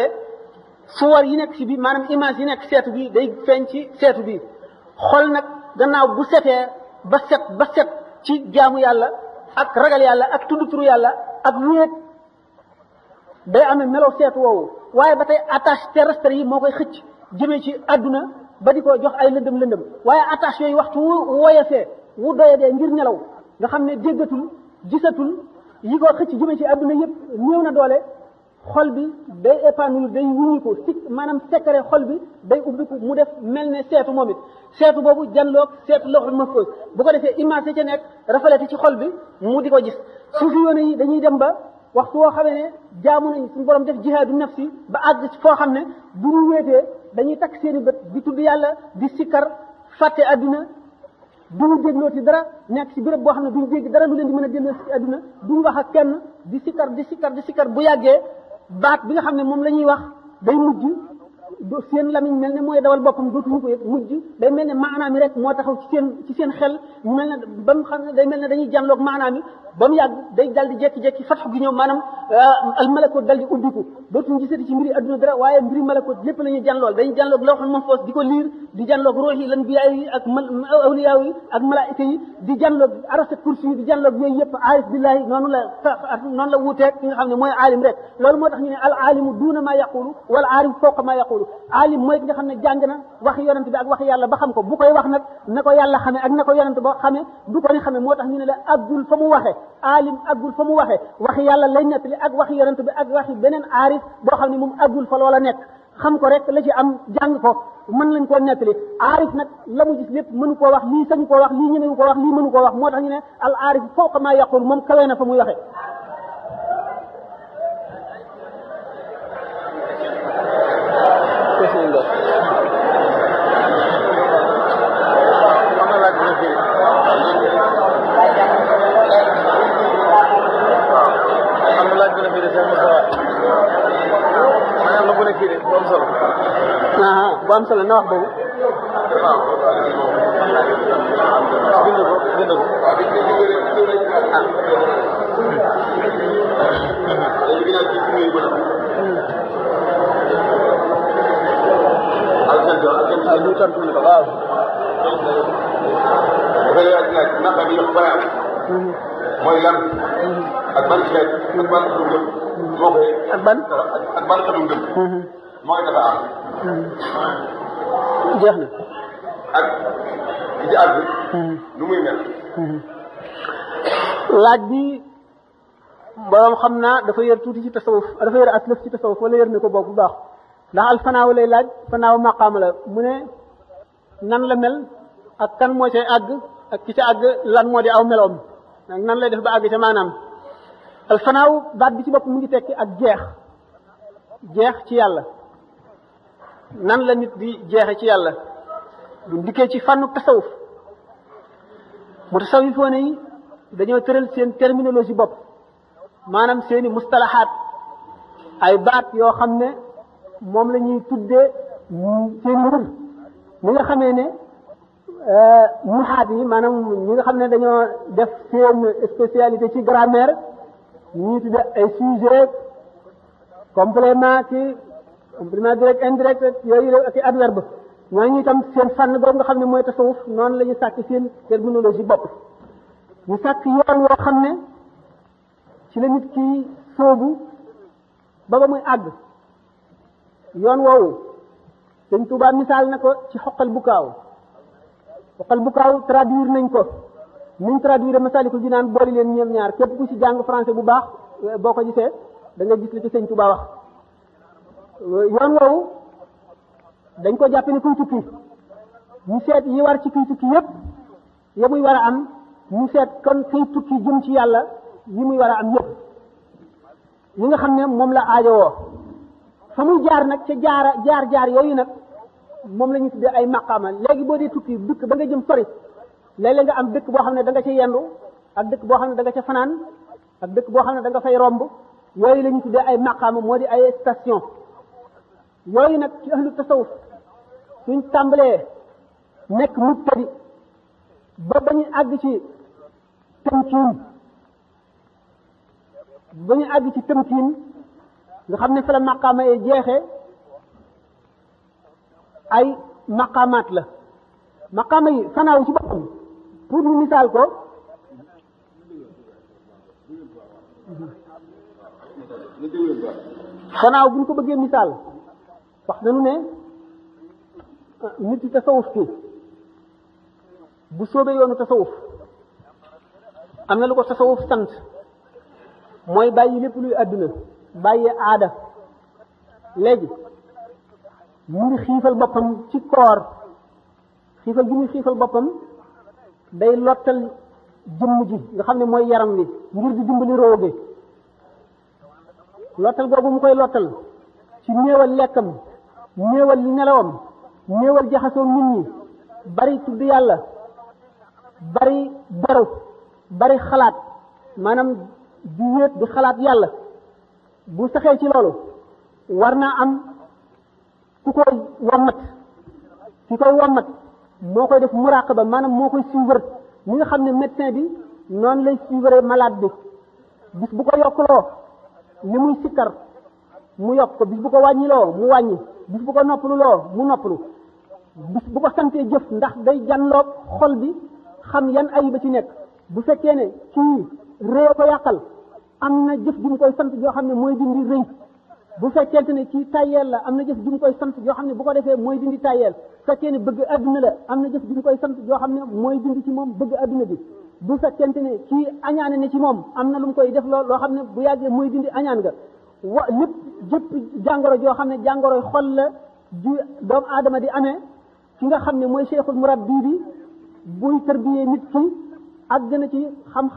suwar yi nekk ci bi maanaam image yi nekk seetu bi day feeñ ci seetu bi xol nag gannaaw bu setee ba set ba set ci jaamu yàlla ak ragal yàlla ak tudd turu yàlla ak wéet day amee melow seetu woowu waaye ba tey attache terrestre yi moo koy xëcc jëmee ci àdduna ba di ko jox ay lëndëm lëndëm waaye attache yooyu waxtu wu woyefee wu doyadee ngir nelaw nga xam ne déggatul gisatul yi ko xëcc jëmee ci àdduna yëpp néew na doole xol bi day épanouir day wurul ko si maanaam secret xol bi day ko mu def mel ne seetu moom it seetu boobu janloog seetu loxo maf koy ko defee image ca nekk rafalati ci xol bi mu di ko gis suufi yoone yi dañuy dem ba wax koo xamee ne jaamu nañ suñu borom def jihaadu si ba àgg ci foo xam ne bu ñu wéetee dañuy takk seeni bët di tudd yàlla di sikkar fàtte àdduna duñu dégloo ci dara nekk ci béréb boo xam ne duñu dégg dara lu leen di mën a dégloo ci àdduna duñu wax ak kenn di sikkar di sikkar di sikkar bu yàggee baat bi nga xam ne moom la ñuy wax day mujj seen lamiñ mel ne mooy dawal boppam dootuñu ko yëg mujj day mel ne maanaam yi rek moo taxaw ci seen ci seen xel mu mel ne xam ne day mel ne dañuy jànloog maanaam yi ba mu yàgg day dal di jekki-jekki fatxu gi ñëw maanaam euh, almalakot dal di ubbiku dootuñu gisati ci mbiri adduna dara waaye mbiri malakot lépp la ñuy jànlool dañuy jànloog lawxul mahfuus di ko liir di jànloog ruux yi lan biyaa yi ak awliyaa yi ak malaayika yi di jànloog arasa kursi yi di jànloog yooyu yëpp aarif billahi noonu ki nga xam ne mooy aalim rek loolu wal aarif fawqa alim mooy ki nga xam ne jàng na wax yonent bi ak wax yàlla ba xam ko bu koy wax nag na ko yàlla xamee ak na ko yonent ba xamee du ko ni moo tax ñu ne la aggul fa mu waxee alim aggul fa mu waxee wax yàlla lay nettali ak wax yonent bi ak waxi beneen aarif boo xam ne moom aggul fa loola nekk xam ko rek la ci am jàng ko mën lañ koo nettali aarif nag la mu gis lépp mënu koo wax lii sañu koo wax lii ñemewu koo wax lii mënu koo wax moo tax ñu ne al aarif fawqa maa yaqul moom kawee na fa muy waxee arasında. bu am solo na wax boobu ah hmm. waaye ñun sant nañu laaj bi yëpp xam naa dafa yër tuuti ci tasawuf dafa yër aslëf ci ko boobu bu baax. ndax al lay laaj fanaaw maqaama la mu ne nan la mel ak kan moo cay àgg ak ki ca àgg lan moo di aw meloom ak nan lay def ba àgg ca maanaam al baat bi ci bopp mu ngi tekki ak jeex jeex ci yàlla nan la nit di jeexe ci yàlla bu ndikkee ci fànnu tasawuf mu tasawifoone yi dañoo tëral seen terminologie bopp maanaam seeni mustalahaat ay baat yoo xam ne moom la ñuy tuddee seen mbir nga xamee ne euh, muxaat yi maanaam ñi nga xam ne dañoo def seen spécialité ci grammaire ñuy tuddee ay sujet complément ci complément direct indirect yooyu la ak adverbe ñooñu itam seen fànn boobu nga xam ne mooy tasawuf noonu la ñu sàkk seen terminologie bopp ñu sàkk yoon woo xam ne ci la nit ki sóobu ba ba muy àgg yoon woowu sëñ Tuubaa misaal na ko ci xoqal bu kaaw xoqal bu kaaw traduire nañ ko niñ ko Masaalikul naan boole leen ñoom ñaar képp ku ci jàng français bu baax eh, boo ko gisee da nga gis li ci sëñ Tuubaa wax yoon woowu dañ ko jàppe ne kuy tukki ñu seet yi war ci kuy tukki yépp ya muy war a am ñu seet kon kuy tukki jëm ci yàlla yi muy war a am yépp yi nga xam ne moom la aajowoo fa muy jaar nag ca jaara jaar jaar yooyu nag moom la ñu ay maqaama léegi boo dee tukki dëkk ba ngay jëm sori léeg-léeg nga am dëkk boo xam ne danga nga ca yendu ak dëkk boo xam ne da nga ca fanaan ak dëkk boo xam ne da nga fay romb yooyu la ñu tuddee ay maqaama moo di ay station yooyu nag ci ahlu tasawuf suñ tàmbalee nekk mubtadi ba ba ñu àgg ci tamkiin ba ñu àgg ci tamkiin nga xam ne fa la maqaama yi jeexee ay maqaamaat la maqaama yi sanaaw ci boppam mu ñu misaal ko sanaaw bu ñu ko bëggee misaal wax nañu ne euh, nit yi tasawuf ci bu soobee yoonu tasawuf am na lu ko tasawuf sant mooy bàyyi lépp luy àdduna bàyyi aada léegi mu ngi xiifal boppam ci koor xiifal gi muy xiifal boppam day lottal jëmm ji nga xam ne mooy yaram wi ngir di dimbali rooge lottal boobu mu koy lottal ci néewal lekkam néewal li nelawam néewal jaxasoo nit ñi bari tudd yàlla bari beru bari xalaat maanaam di wéet di xalaat yàlla bu saxee ci loolu war naa am ku koy wommat ki koy wommat moo koy def muraqaba maanaam moo koy suivre mu nga xam ne médecin bi noonu lay suivre malade bi bis bu ko yokkuloo li muy sikkar mu yokk ko bis bu ko wàññiloo mu wàññi bis bu ko noppaluloo mu noppalu bis bu ko santee jëf ndax day janloog xol bi xam yan ayiba ci nekk bu fekkee ne kii réew ko yàqal am na jëf ju mu koy sant joo xam ne mooy dindi rënk bu fekkente ne ci tayeel la am na jëf ju mu koy sant joo xam ne bu ko defee mooy dindi tayeel fekkee ne bëgg adduna la am na jëf ju mu koy sant joo xam ne mooy dindi ci moom bëgg adduna bi bu fekkente ne ci añaane ne ci moom am na lu mu koy def loo loo xam ne bu yàggee mooy dindi añaan ga wa lépp jëpp jàngoro joo xam ne jàngoro xol la ju doomu aadama di amee ki nga xam ne mooy cheikhul murabbi bi buy tërbiye nit ki ak gën ci xam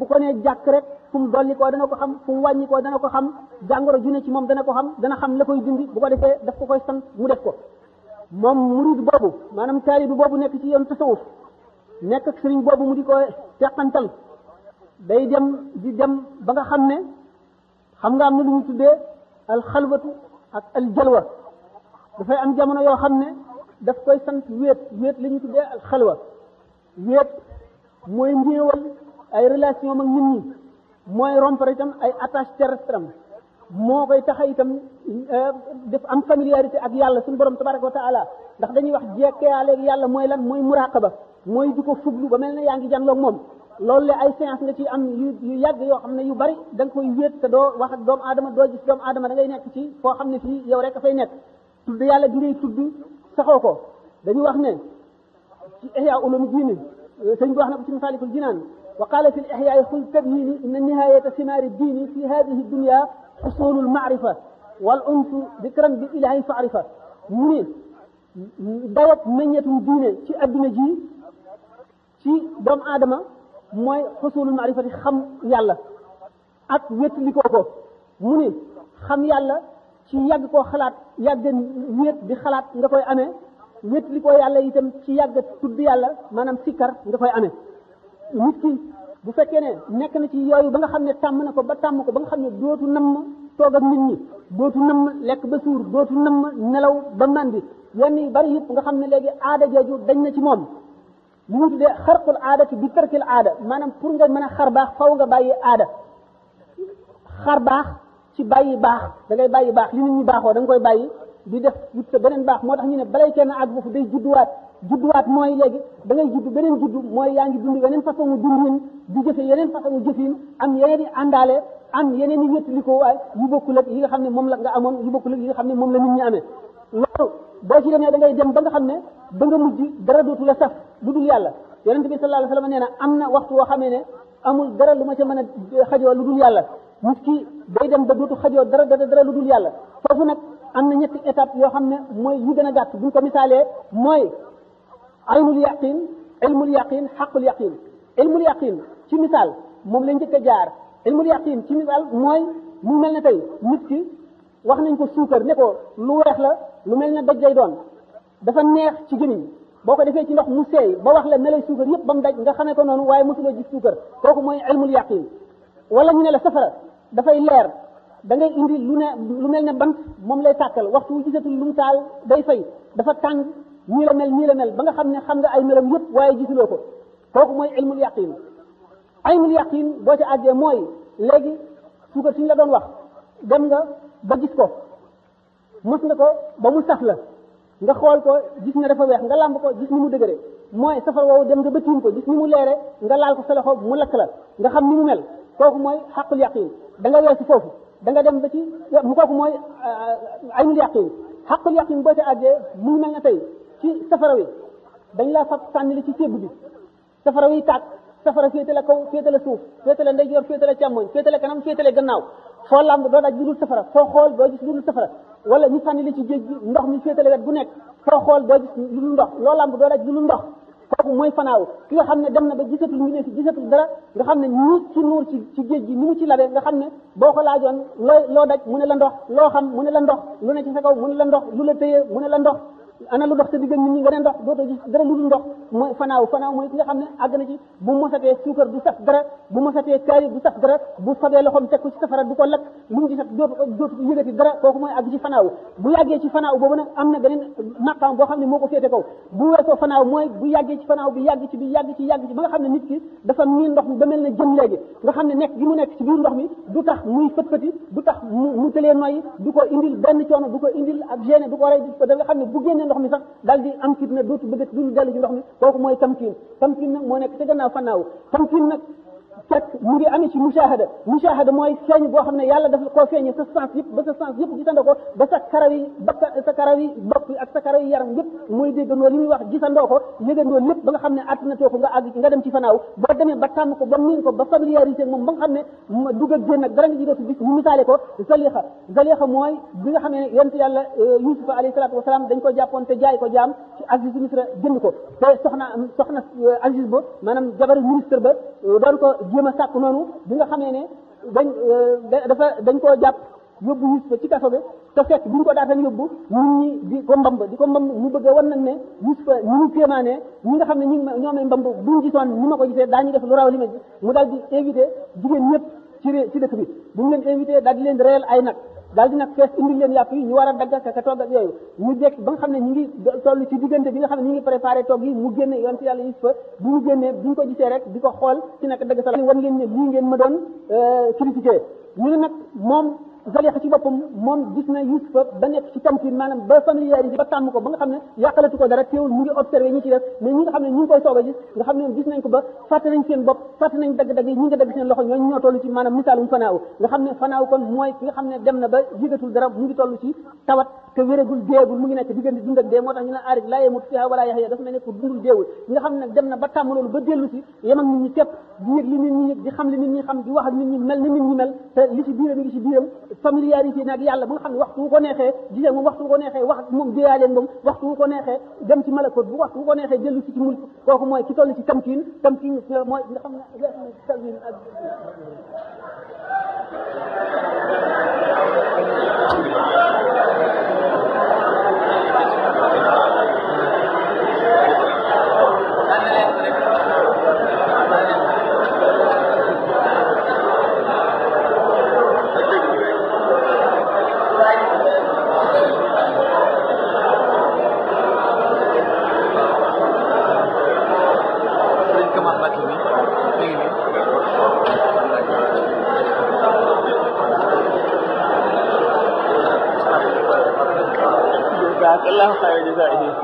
bu ko nee jàkk rek fu mu dolli koo ko xam fu mu wàññi dana ko xam jàngoro ju ne ci moom dana ko xam dana xam la koy dindi bu ko defee daf ko koy sant mu def ko moom murid boobu maanaam taalibi boobu nekk ci yoon tasawuf nekk ak sëriñ boobu mu di ko teqantal day dem di xam ne xam nga am na lu mu tuddee alxalwatu ak aljalwa dafay am jamono yoo xam ne daf koy sant wéet weet la ñu tuddee alxalwa wéet mooy njéewal ay relation ak nit ñi mooy rompre itam ay attache terrestre am moo koy taxa itam euh, def am familiarité ak yàlla suñu borom tabaraka wa taala ndax dañuy wax jekkeyaaleeg yàlla mooy lan mooy muraqaba mooy di ko fuglu ba mel ne yaa ngi jànloog moom loolu la ay séance nga ci am yu yàgg yoo xam ne yu bari da nga koy wéet te doo wax ak doomu aadama doo gis doomu aadama da ngay nekk ci foo xam ne fii yow rek a fay nekk tudd yàlla gi ngay tudd saxoo ko dañu wax ne ci ihya ulum diine euh, sëñ bi wax na ko ci masaalikul وقال في الإحياء خذ تبهيمي إن نهاية ثمار الدين في هذه الدنيا حصول المعرفة والأنس ذكرا بالإله فعرفة mu ne dawab meññetum diine ci adduna ji ci doomu aadama mooy xusulul maarifati xam yàlla ak wétlikoo ko mu ne xam yàlla ci yàgg koo xalaat yàgg wéet di xalaat nga koy amee wétlikoo yàlla itam ci yàgg tudd yàlla maanaam sikkar nga koy amee wukkul bu fekkee ne nekk na ci yooyu ba nga xam ne tàmm na ko ba tàmm ko ba nga xam ne dootu namm toog ak nit ñi dootu namm lekk ba suur dootu namm nelaw ba màndi yenn yu bari yëpp nga xam ne léegi aada jooju dañ na ci moom li ñu tuddee xarqul aada ci bi tarkil aada maanaam pour nga mën a xar baax faw nga bàyyi aada xar baax ci bàyyi baax da ngay bàyyi baax li nu ñi baaxoo da koy bàyyi di def wut sa beneen baax moo tax ñu ne balay kenn àgg foofu day judduwaat judduwaat mooy léegi da ngay judd beneen juddu mooy yaa ngi dund yeneen façon mu dundin di jëfe yeneen façon mu jëfin am yeneen i àndaale am yeneen i wéttilikoo waaye yu bokkul ak yi nga xam ne moom la nga amoon yu bokkul ak yi nga xam ne moom la nit ñi amee loolu boo ci demee da dem ba nga xam ne ba nga mujj dara dootu la saf lu dul yàlla yonente bi sallallahu alayhi wasallam nee na am na waxtu woo xamee ne amul dara lu ma ca mën a eh, xajoo lu dul yàlla nit ki day dem ba dootu xajoo dara dara dara lu yàlla foofu nag am na ñetti étape yoo xam ne mooy yu gën a gàtt buñ ko misaalee mooy ilmul yaqin ilmul yaqin xaqul yaqin ilmul yaqin ci misaal moom la njëkk a jaar ilmul yaqin ci misaal mooy mu mel ne tey nit ki wax nañ ko suukar ne ko lu weex la lu mel ne daj lay doon dafa neex ci gémmiñ boo ko defee ci ndox mu seey ba wax la melay suukar yëpp ba mu daj nga xamee ko noonu waaye mosuloo gis suukar kooku mooy ilmul yaqin wala ñu ne la safara dafay leer dangay ngay indi lu ne lu mel ne bant moom lay tàkkal waxtu wu gisatul lu mu taal day fay dafa tàng ñii la mel ñii la mel ba nga xam ne xam nga ay melam yëpp waaye gisuloo ko kooku mooy ilmul yaqin ilmul yaqin boo ci àggee mooy léegi suukar suñ la doon wax dem nga ba gis ko mos nga ko ba mu saf la nga xool ko gis ne dafa weex nga làmb ko gis ni mu dëgëre mooy safar wow dem nga ba tiim ko gis ni mu leere nga laal ko sa loxo mu lakk la nga xam ni mu mel kooku mooy xaqul yaqin da nga weesu foofu da nga dem ba ci mu kooku mooy aynul euh, yaqin xaqul yaqin boo ci àggee mu mel na tey ci safara wi dañ laa fab sànni li ci cébb bi safara wi tàkk safara féete la kaw féete la suuf féete la ndeyjoor féete la càmmoñ féete la kanam féete la gannaaw foo làmb doo daj lu xool doo gis lu wala ñu sànni la ci géej gi ndox mi féete la wet nekk foo xool doo gis ndox loo làmb doo daj lu dul ndox kooku mooy fanaaw ki nga xam ne dem na ba gisatul mu ne fi gisatul dara nga xam ne nuut ci nuur ci ci géej gi ni mu ci labee nga xam ne boo ko laajoon looy loo daj mu ne la ndox loo xam mu ne la ndox lu ne ci sa kaw mu ne la ndox lu la tëye mu ne la ndox ana lu dox sa digg nit ñi nga ndox dootoo gis dara lu dul ndox mooy fanaaw fanaaw mooy ki nga xam ne àgg na ci bu mosatee suukar du saf dara bu mosatee kaari du saf dara bu fabee loxoom teg ko ci safara du ko lakk lu mu ci saf dootu dootu ci fanaaw bu yàggee ci fanaaw xam ne moo ko féete kaw bu weesoo fanaaw mooy bu yàggee ci fanaaw bi yàgg ci bi yàgg ci yàgg ci ba nga xam ne nit ki dafa miin ndox mi ba mel ne jën léegi nga xam ne nekk gi mu nekk ci biir ndox mi du tax muy fët-fëti du tax mu tëlee noyyi du ko indil benn coono du ko indil ak gêne du ko rey du ko ne bu génne ndox mi sax daal di am fit na dootu bëgg dootu dellu ci ndox mi kooku mooy tamkiin tamkiin nag moo nekk te gannaaw fannaaw tamkiin nag fekk mu ngi amee ci mushahada mushahada mooy feeñ boo xam ne yàlla dafa koo feeñe sa sens yëpp ba sa sens yëpp gisandoo ko ba sa karaw bopp ak sa karaw yi yaram yëpp mooy déggandoo li muy wax gisandoo ko yëgandoo lépp ba nga xam ne attanatoo ko nga àgg nga dem ci fanaaw boo demee ba tàmm ko ba miin ko ba familiarisé moom ba nga xam ne dugg ak génn ak dara dootu gis ñu misaale ko zalixa zalixa mooy bi nga xam ne yonent yàlla euh, yusufa alayhi salaatu jéem a sàkk noonu bi nga xamee ne dañ euh, dafa dañ koo jàpp yóbbu wis fa ci kaso bi te fekk bi ñu ko daataan yóbbu nit ñi di ko mbamb di ko mbamb ñu bëgg a wan nañ ne wis fa ñu ñu kéemaanee ñi nga xam ne ñi ñoo may mbamb buñ gisoon ni ma ko gisee daañu def lu raw li ma mu daal di invité jigéen ñëpp ci ci dëkk bi bu ñu leen invité daal di leen reyal ay nag daal di nag fees indil leen yàpp yi ñu war a dagg ak a togg yooyu ñu jekk ba nga xam ne ñu ngi toll ci diggante bi nga xam ne ñu ngi préparé togg yi mu génne yoon ci yàlla Yuusufa bu mu génnee bi ñu ko gisee rek di ko xool ci nag dagg sa war ngeen lii ngeen ma doon critiqué ñu nag moom Zalixa ci boppam moom gis ko ba xam ne yàqalatu ko dara teewul mu ngi observé ñi ci def mais ñi nga xam ne ñu ngi a gis nga xam ne gis nañ ko ba fàtte nañ misaalum fanaaw nga xam ne fanaaw kon mooy nga xam ne dem na ba yëgatul dara mu ngi toll ci tawat te wéragul deegul mu ngi nekk diggante dund ak dee moo tax ñu ne aarif laa yemut fiha wala yaxya dafa mel ne ko dundul deewul nga xam ne dem na ba tàmm loolu ba dellu si yem nit ñi tepp di yëg li nit ñi di xam li nit ñi xam di wax ak nit ñi mel ni nit ñi mel te li ci biiram ngi ci biiram familiarité nag yàlla ba nga xam ne waxtu wu ko neexee gisee moom waxtu wu ko neexee wax moom jéeyaaleen moom waxtu wu ko neexee dem ci malakot bu waxtu wu ko neexee dellu ci ci mulk kooku mooy ki toll ci tamkiin tamkiin mooy nga xam ne الله خير جزائه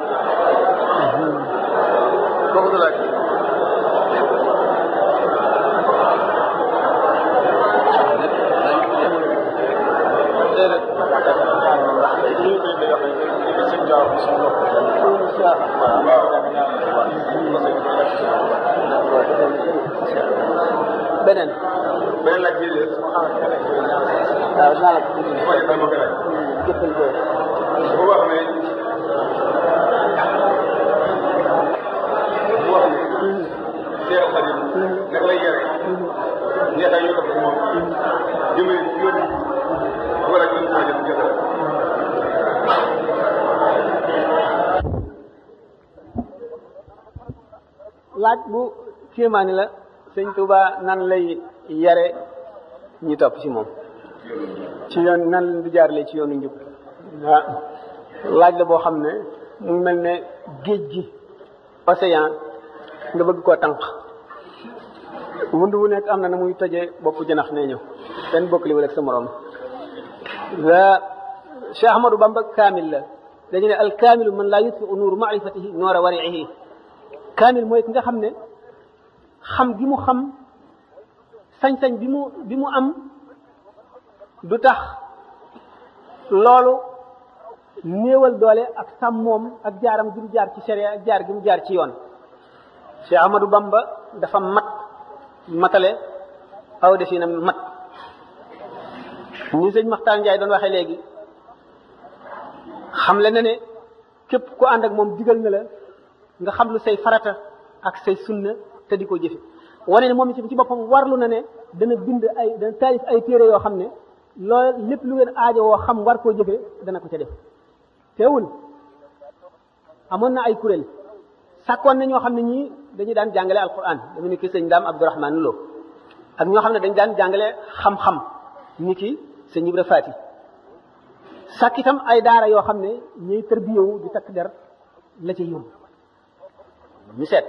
laaj bu kéemaani la sëñ Touba nan lay yare ñi topp ci moom ci yoon nan di jaarale ci yoon njub waa ah, laaj la boo xam ne mu mel ne géej gi océan nga bëgg koo tànq wund wu nekk am na na muy tojee boppu janax nee ñëw kenn bokk li wala sa moroom la Cheikh Ahmadou Bamba kaamil la dañu ne al kaamilu man laa yutfi u nuuru maarifatihi noora wariihi kaamil mooy ki nga xam ne xam gi mu xam sañ-sañ bi mu bi mu am du tax loolu néewal doole ak moom ak jaaram gi mu jaar ci sharia ak jaar gi mu jaar ci yoon Cheikh amatu Bamba dafa mat matale aw definam mat ni sëñ Maxtaar Njaay doon waxee léegi xam xamle na ne képp ku ànd ak moom digal na la nga xam lu say farata ak say sunna te di ko jëfe wane ne moom itam ci boppam warlu na ne dana bind ay dana taalif ay téere yoo xam ne loolu lépp lu ngeen aajo xam war koo jëfe dana ko ca def teewul amoon na ay kuréel sakkoon na ñoo xam ne ñii dañuy daan jàngale alquran dañu ni ki sëñ daam abdourahman loo ak ñoo xam ne dañ daan jàngale xam-xam ni ki sëñ ibra faati sàkk itam ay daara yoo xam ne ñuy tërbiyewu di takk der la ca yomb ñu seet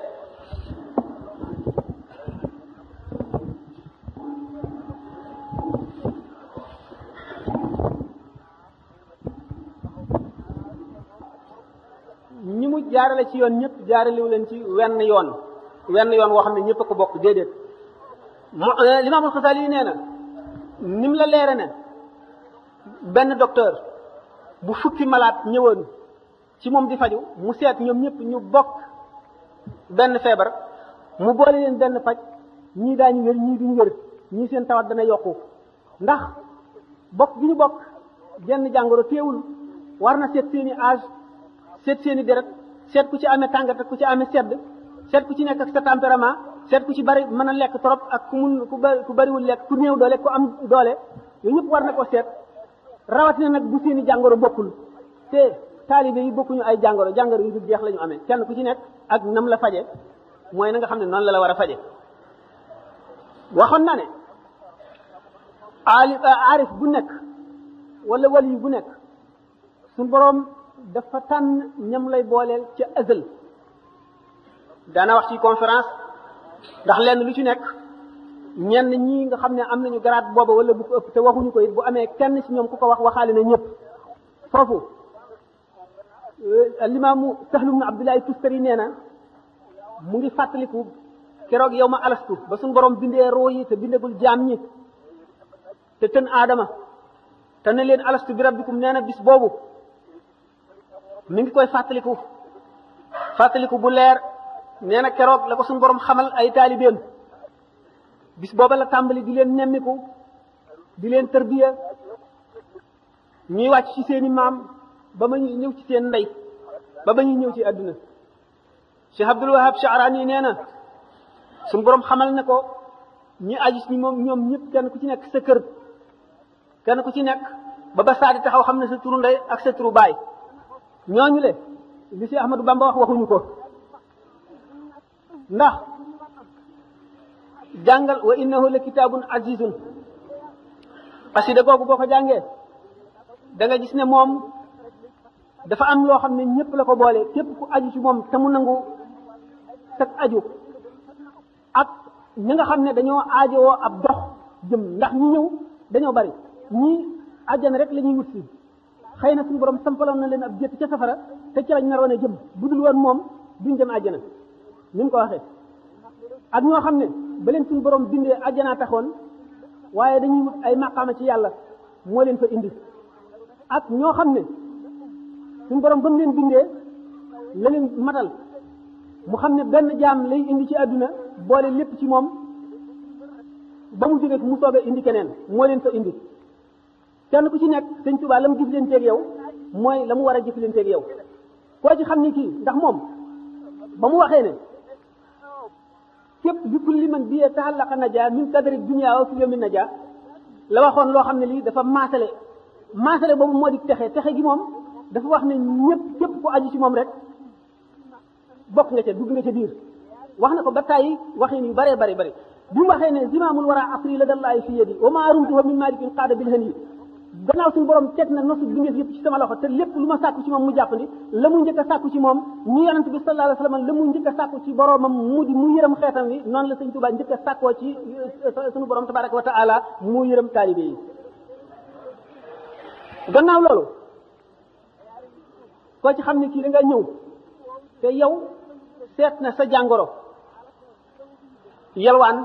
ñi mu jaarale ci yoon ñëpp jaaralewu leen ci wenn yoon wenn yoon woo xam ne ñëpp a ko bokk déedéet mo limaamul eh, xasaali yi nee na ni la leere ne benn docteur bu fukki malaat ñëwoon ci moom di faju mu seet ñoom ñëpp ñu bokk benn feebar mu boole leen benn faj ñii daañu wér ñii duñu wér ñii seen tawat dana yokku ndax bokk gi ñu bokk jenn jàngoro teewul war na seet seeni âge seet seeni deret seet ku ci amee tàngat ak ku ci amee sedd seet ku ci nekk ak sa tempérament seet ku ci bari mën a lekk trop ak ku mun ku bariwul lekk ku néew doole ku am doole yooyu ñëpp war na ko seet rawatina nag bu seeni jàngoro bokkul te taalibe yi bokkuñu ay jàngoro jàngoro yu du jeex la ñu amee kenn ku ci nekk ak nam la faje mooy na nga xam ne noonu la la war a faje waxoon na ne ali euh, arif bu nekk wala wali bu nekk suñ boroom dafa tan ñam lay booleel ci azal daana wax ci conférence ndax lenn lu ci nekk ñenn ñi nga xam ne am nañu garaat booba wala bu te waxuñu ko bu amee kenn ci ñoom ku ko wax waxaale na ñëpp foofu Euh, limaamu bi bnu Abdullahi Tustari nee na mu ngi fàttaliku keroog yow ma alastu ba suñu borom bindee roo yi te bindagul jaam ñi te tën aadama te ne leen alastu bi rabbikum nee na bis boobu mi ngi koy fàttaliku fàttaliku bu leer nee na keroog la ko suñ borom xamal ay taalibeem bis booba la tàmbali di leen nemmiku di leen tërbiya ñuy wàcc ci seeni maam ba ma ñuy ñëw ci seen ndey ba ma ñuy ñëw ci àdduna Cheikh Abdul Wahab Sha'rani nee na su borom xamal ne ko ñi aju ci moom ñoom ñëpp kenn ku ci nekk sa kër kenn ku ci nekk ba ba saadi taxaw xam na sa turu ndey ak sa turu baay ñooñu le li si Ahmadou Bamba wax waxuñu ko ndax jàngal wa innahu la kitaabun azizun xasida googu boo ko jàngee danga gis ne moom dafa am loo xam ne ñëpp la ko boole képp ku aju ci moom te mu nangu sag aju ak ñi nga xam ne dañoo aajowoo ab dox jëm ndax ñi ñëw dañoo bari ñii àjjana rek lañuy wut si xëy na suñu borom sampaloon na leen ab jëtt ca ci lañ naroon jëm bu dul woon moom duñ dem àjjana ni mu ko waxee ak ñoo xam ne ba leen suñu borom bindee àjjanaa taxoon waaye dañuy wut ay maqaama ci yàlla moo leen fa indi ak ñoo xam ne suñu borom ba mu leen bindee la leen matal mu xam ne benn jaam lay indi ci àdduna boole lépp ci moom ba mu jógee mu soobee indi keneen moo leen fa indi kenn ku ci nekk sëñ Tuubaa la mu gis leen teeg yow mooy la mu war a gis leen teeg yow koo ci xam ni kii ndax moom ba mu waxee ne képp bi kulli man bi taxallaqa naja min qadari dunya wa fi yawmi naja la waxoon loo xam ne lii dafa maasale maasale boobu moo di texe texe gi moom dafa wax na ñëpp képp ku aju ci moom rek bokk nga ca dugg nga ca biir wax na ko ba tàyyi waxin yu bare bare bare bi mu waxee ne zimaamul wara asri la dallaay fi yadi wa maa rumtuhu min malikin qaada bil hani gannaaw suñu borom teg na nosu bindeef yëpp ci sama loxo te lépp lu ma sàkku moom mu jàppandi a sàkku ci moom ñu yonent bi sallallahu alayhi wasallam la mu njëkk a sàkku ci boromam mu di mu yërëm xeetam wi noonu la sëñ Tuubaa njëkk a sàkkoo ci euh, suñu borom tabaraka wa taala mu yërëm taalibe yi gannaaw loolu koo ci xam ne kii da nga ñëw te yow seet na sa jàngoro yalwaan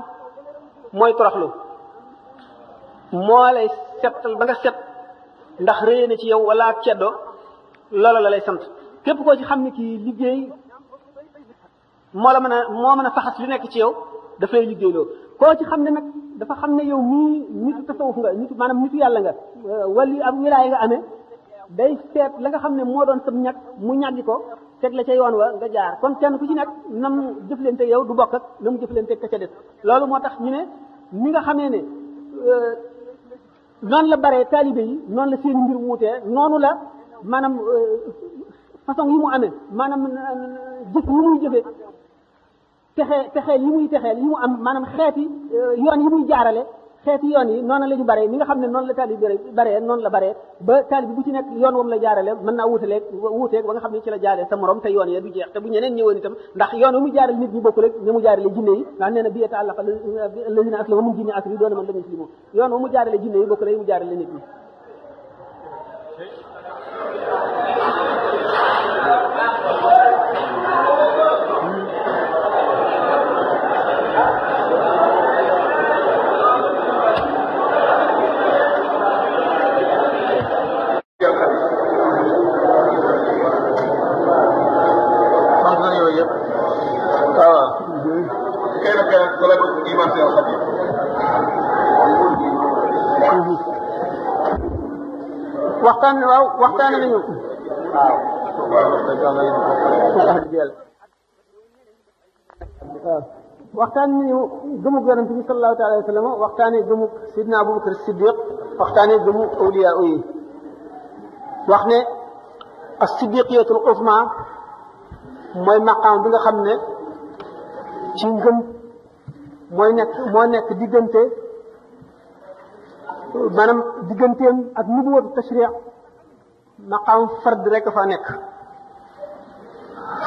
mooy toroxlu moo lay setal ba nga set ndax réy na ci yow wala ak ceddo la lay sant képp koo ci xam ne kii liggéey moo la mën a moo mën a faxas li nekk ci yow daf lay liggéey koo ci xam ne nag dafa xam ne yow mii nitu tasawuf nga nitu maanaam nitu yàlla nga wali ab wilaay nga amee day seet la nga xam ne moo doon sam ñag mu ñaggi ko teg la ca yoon wa nga jaar kon kenn ku ci nekk na mu jëflante yow du bokk ak na mu jëflante ka ca des loolu moo tax ñu ne ñi nga xamee ne euh, noonu la bare taalibe yi noonu la seen mbir wuutee noonu la maanaam euh, façon yi mu amee maanaam euh, jëf yi muy jëfe texe texe yi muy texe yi mu am maanaam xeeti yoon yi muy jaarale xeeti yoon yi noonu a ñu bare ni nga xam ne noonu la taalib bi bare noonu la bare ba taalib bi bu ci nekk yoon wam la jaarale mën naa wuutaleeg wuuteeg ba nga xam ne ci la jaarale sa morom te yoon ya du jeex te bu ñeneen ñëwoon itam ndax yoon wa mu jaaral nit ñi bokkul rek yi mu jaarale jinne nit ñi waxtaan waaw waxtaan nañu waaw waxtaan nañu gëmug yonente bi sallallahu taala alayhi wa sallam waxtaane gëmug sidna abubakar siddiq waxtaane gëmu awliya yi wax ne as siddiqiyatul uzma mooy maqaam bi nga xam ne ci ngëm mooy nekk moo nekk diggante maanaam digganteem ak nubuwatu tashriix maqaam fard rek fa nekk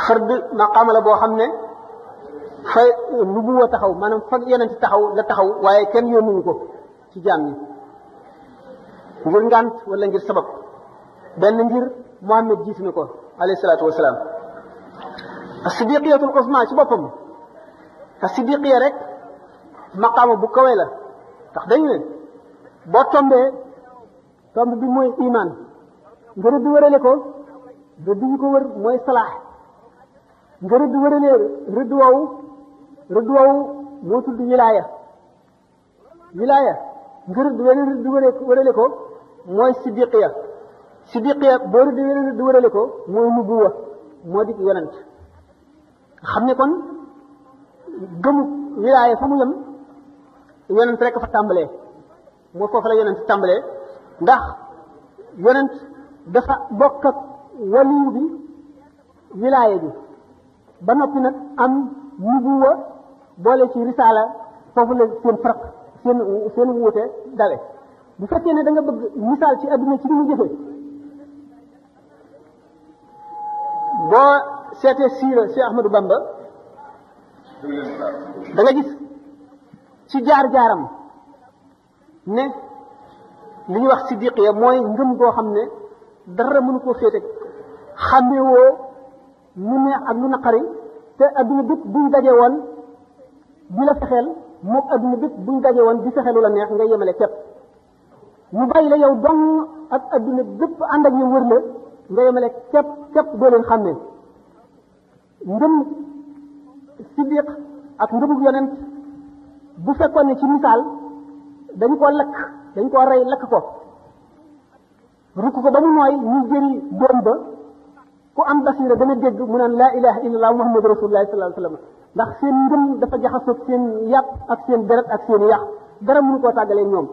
fard maqaam la boo xam ne fa nubuwa taxaw maanaam fa yonent taxaw la taxaw waaye kenn yónnuñu ko ci jaam yi ngir ngànt wala ngir sabab benn ngir Muhammad jiitu na ko alayhi salaatu wa salaam as-siddiqiyatul uzma ci boppam as-siddiqiya rek maqaama bu kawe la tax dañu ne boo tomb bi mooy iman nga rëdd wërale ko rëdd yi ko wër mooy salaax nga rëdd wërale rëdd woowu rëdd woowu moo tudd wilaaya wilaaya nga ko mooy siddiqiya siddiqiya boo rëdd wërale ko mooy nubuwa moo di yonent xam ne kon gëmu wilaaya fa mu yem yonent rek fa tàmbalee moo foofu la yonent tàmbalee ndax yonent dafa bokk ak bi wilaaya bi ba noppi nag am nubuwa boole ci risaala foofu la seen farq seen wuute dawe bu fekkee ne danga nga bëgg misaal ci adduna ci ñu jëfe boo seetee siira Cheikh Ahmadou Bamba da gis ci jaar-jaaram ne li ñuy wax siddiqiya mooy ngëm goo xam ne dara mënu koo féete xàmmewoo mu neex ak lu naqari te adduna bépp buñ daje woon di la fexeel moom adduna bépp buñ dajee woon di fexeelu la neex nga yemale képp mu bàyyi la yow dong ak adduna bépp ànd ak ñu wër la nga yemale képp képp doo leen xàmmee ngëm siddiq ak ngëmug yonent bu fekkoon ni ci misaal dañu koo lakk dañ koo rey lekk ko rukk ko ba mu nooy ñu jëri doom ba ku am basira dana dégg mu naan laa ilaha illallah muhammadu rasulullah sallallahu alayhi wasallam ndax seen ngëm dafa jaxasoog seen yàpp ak seen deret ak seen yàq dara mënu koo tàggalee ñoom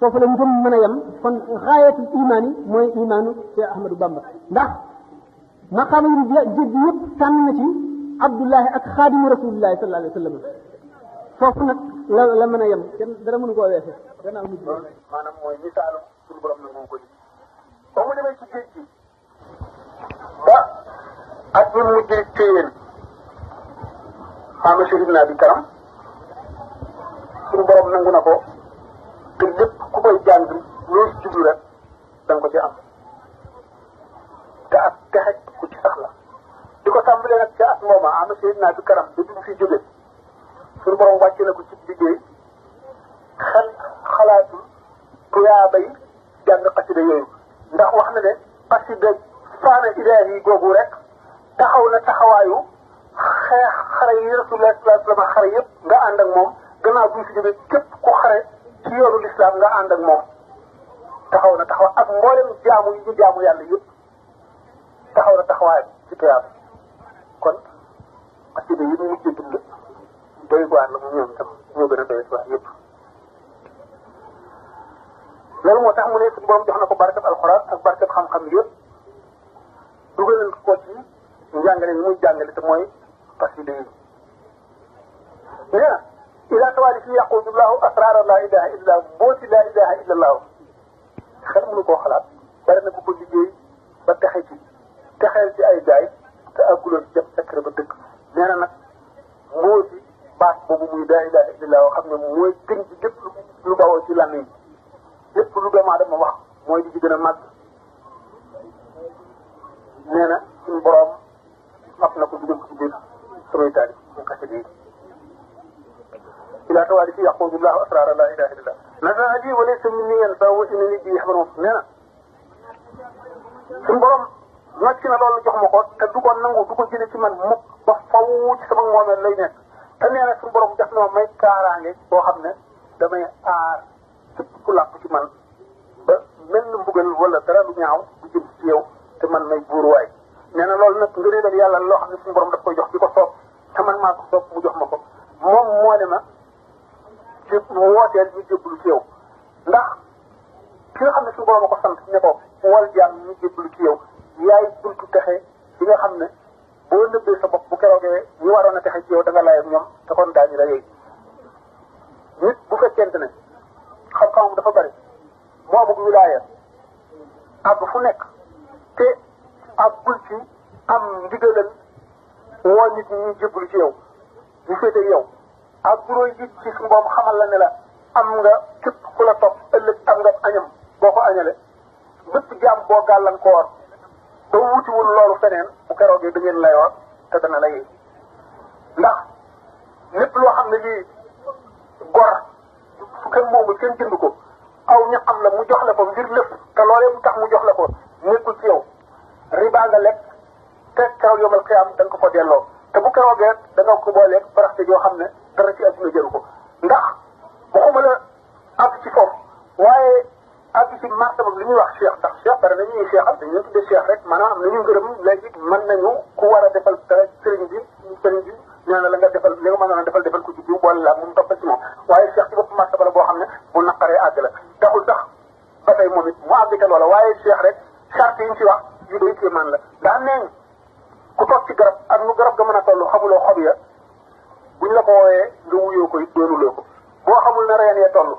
foofu la ngëm mën a yem kon xaayatul imaan yi mooy imaanu Cheikh Ahmadou Bamba ndax maqaama yu jéggi yëpp tànn na ci abdullahi ak xaadimu rasulillahi sallallahu alayhi wasallam foofu nag la la mën a yem kenn dara mënu koo weese. maanaam mooy misaalu suñu borom nag moo ko ba mu demee ci géej gi ba at mu jëriñ téyéen maama Chérif naa bi kanam suñu borom nangu na ko te lépp ku koy jàng loo si jublu rek ko ci am te ak texe ku ci sax la ko tàmbalee nag ca at mooma maama Chérif naa bi kanam ba mu fi jógee suñu borom wàcce na ko ci liggéey xel xalaatul tuyaabay jàng xasida yooyu ndax wax na ne parce que faana ilaahi yi googu rek taxaw na taxawaayu xeex xare yi rasulullah sallallahu alayhi wa xare yëpp nga ànd ak moom gannaaw bu ñu fi jógee képp ku xare ci yoonu lislaam nga ànd ak moom taxaw na taxawaay ak mboolem jaamu yi jaamu yàlla yëpp taxaw na taxawaay ci tuyaat kon parce que mu mujj dund doy waar la mu ñoom tam ñoo gën a doy waar yëpp loolu moo tax mu ne suñu borom jox na ko barkab alxuraan ak barkab xam-xam yëpp dugalal ko ci njàngale yi muy jàngale te mooy xasida yi nee na ila tawali fi yaqudu llahu la ilaha illa boo ci la ilaha illa llahu xel mënu koo xalaat bari na ko ko liggéey ba texe ci texeel ci ay gaay te àgguloo ci jëm secret ba dëkk nee na nag la ilaha illa llahu xam ne mooy gën ci lépp lu bawoo ci lépp lu doomu aadama wax mooy li ci gën a màgg nee na suñu borom fap na ko dugal ko ci taali ñu xasida yi ilaa tawaali fi yaqulu llahu asraara laa ilaha illallah nasa lii wala sa mi niyen sa wa ina ni bi xabar moom nee na suñu borom nocc na loolu jox ma ko te du ko nangu du ko jële ci man mukk ba faw ci sama ngoomeel a nekk te nee na suñu na may kaaraange boo xam ne damay aar képp ku làpp ci man ba mel na mbugal wala dara lu ñaaw bu jëm ci yow te man may buur waay nee na loolu nag ngëneel ak yàlla loo xam ne suñu borom daf koy jox di ko soob te man maa ko soob mu jox ma ko moom moo ne ma ci wooteel ñu jébbalu ci ndax ki nga xam ne suñu borom a ko sant ne ko wal jaam ñu jébbalu ci yow yaay buntu texe bi nga xam ne boo nëbbee sa bopp bu keroogee ñu waroon a texe ci yow da nga laay ak ñoom te kon daañu la yooyu nit bu fekkente ne xam-xamam dafa bëri moo amagul wilaaya àgg fu nekk te àggul ci am ndigalal woo nit ñi jébbalu ci yow ñu féete yow àgguloo it ci suñu boom xamal la ne la am nga képp ku la topp ëllëg am nga añam boo ko añale bépp jaam boo gàllankoor ba wutiwul loolu feneen bu keroogee da ngeen layoon te dana la yëy ndax lépp loo xam ne lii gor kenn moomul kenn jënd ko aw am la mu jox la ko ngir lépp te loolee mu tax mu jox la ko nekkul ci yow riba nga lekk te kaw yomal xiyaam da nga ko fa delloo te bu keroogee da nga ko booleeg paraxte yoo xam ne dara ci adduna jëru ko ndax waxuma la àgg ci foofu waaye àgg ci martaba li ñuy wax cheikh tax cheikh dara nañuy cheikh am dañu leen tuddee cheikh rek maanaam am na ñu ngërëm léegi mën nañu ku war a defal dara sëriñ bi sëriñ bi dina la la nga defal li nga mën a defal defal ko ci jiw boole la moom toppal ci moom waaye cheikh ci bopp martaba la boo xam ne bu naqaree àgg taxul tax ba tey moom it mu àgg ca loola waaye cheikh rek charte yi ñu ci wax yu doy kéemaan la ndax nee ku toog ci garab ak nu garab ga mën a toll xamuloo xob ya buñ la ko woowee nga wuyoo ko it doonuloo ko boo xamul na reen ya toll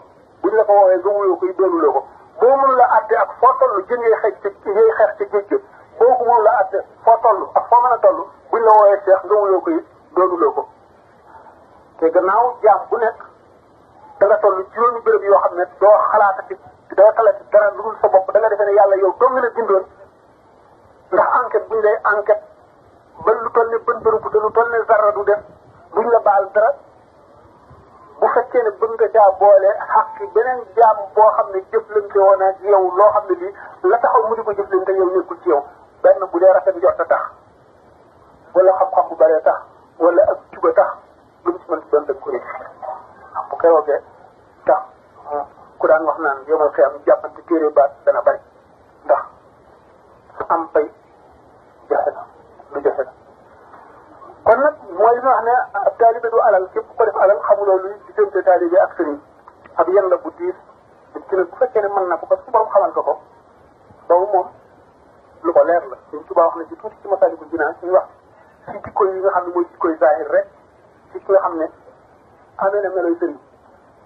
buñ la ko woowee nga wuyoo ko it doonuloo ko boo mënu la àtte ak foo toll jën ngay xeex ci ngay xeex ci géej gi foo toll ak foo mën a ko doonuloo ko te gannaaw jaam bu nekk da nga toll juróomi bërëb yoo xam ne doo xalaatati doo talati dara lu dul sa bopp da nga ne yàlla yow doo nga la bindoon ndax enquête bu ñu lay enquête ba lu toll ne bën bëriku te lu toll ne zarra du def duñ la baal dara bu fekkee ne bëgg nga caa boole xaq beneen jaam boo xam ne jëflante woon ak yow loo xam ne lii la taxaw mu di ko jëflante yow nekkul ci yow benn bu dee rafet njort tax wala xam-xam bu bëree tax. wala ak juba tax lu mu si ku daan wax naan yomal xëy am jàppante téere baat dana bari ndax am pay jafe na lu jafe na kon nag mooy li nga wax ne ab taalibe du alal képp ko def alal xamuloo luy diggante taalibe ak sëriñ ab yan la bu diir bu fekkee ne mën na ko parce que borom xamal ko ko boobu moom lu ko leer la suñ tubaab wax na ci tuuti ci masaliku dinaa suñu wax ci jikko yi nga xam ne mooy jikkoy zahir rek ci ki nga xam ne amee na meloy sëriñ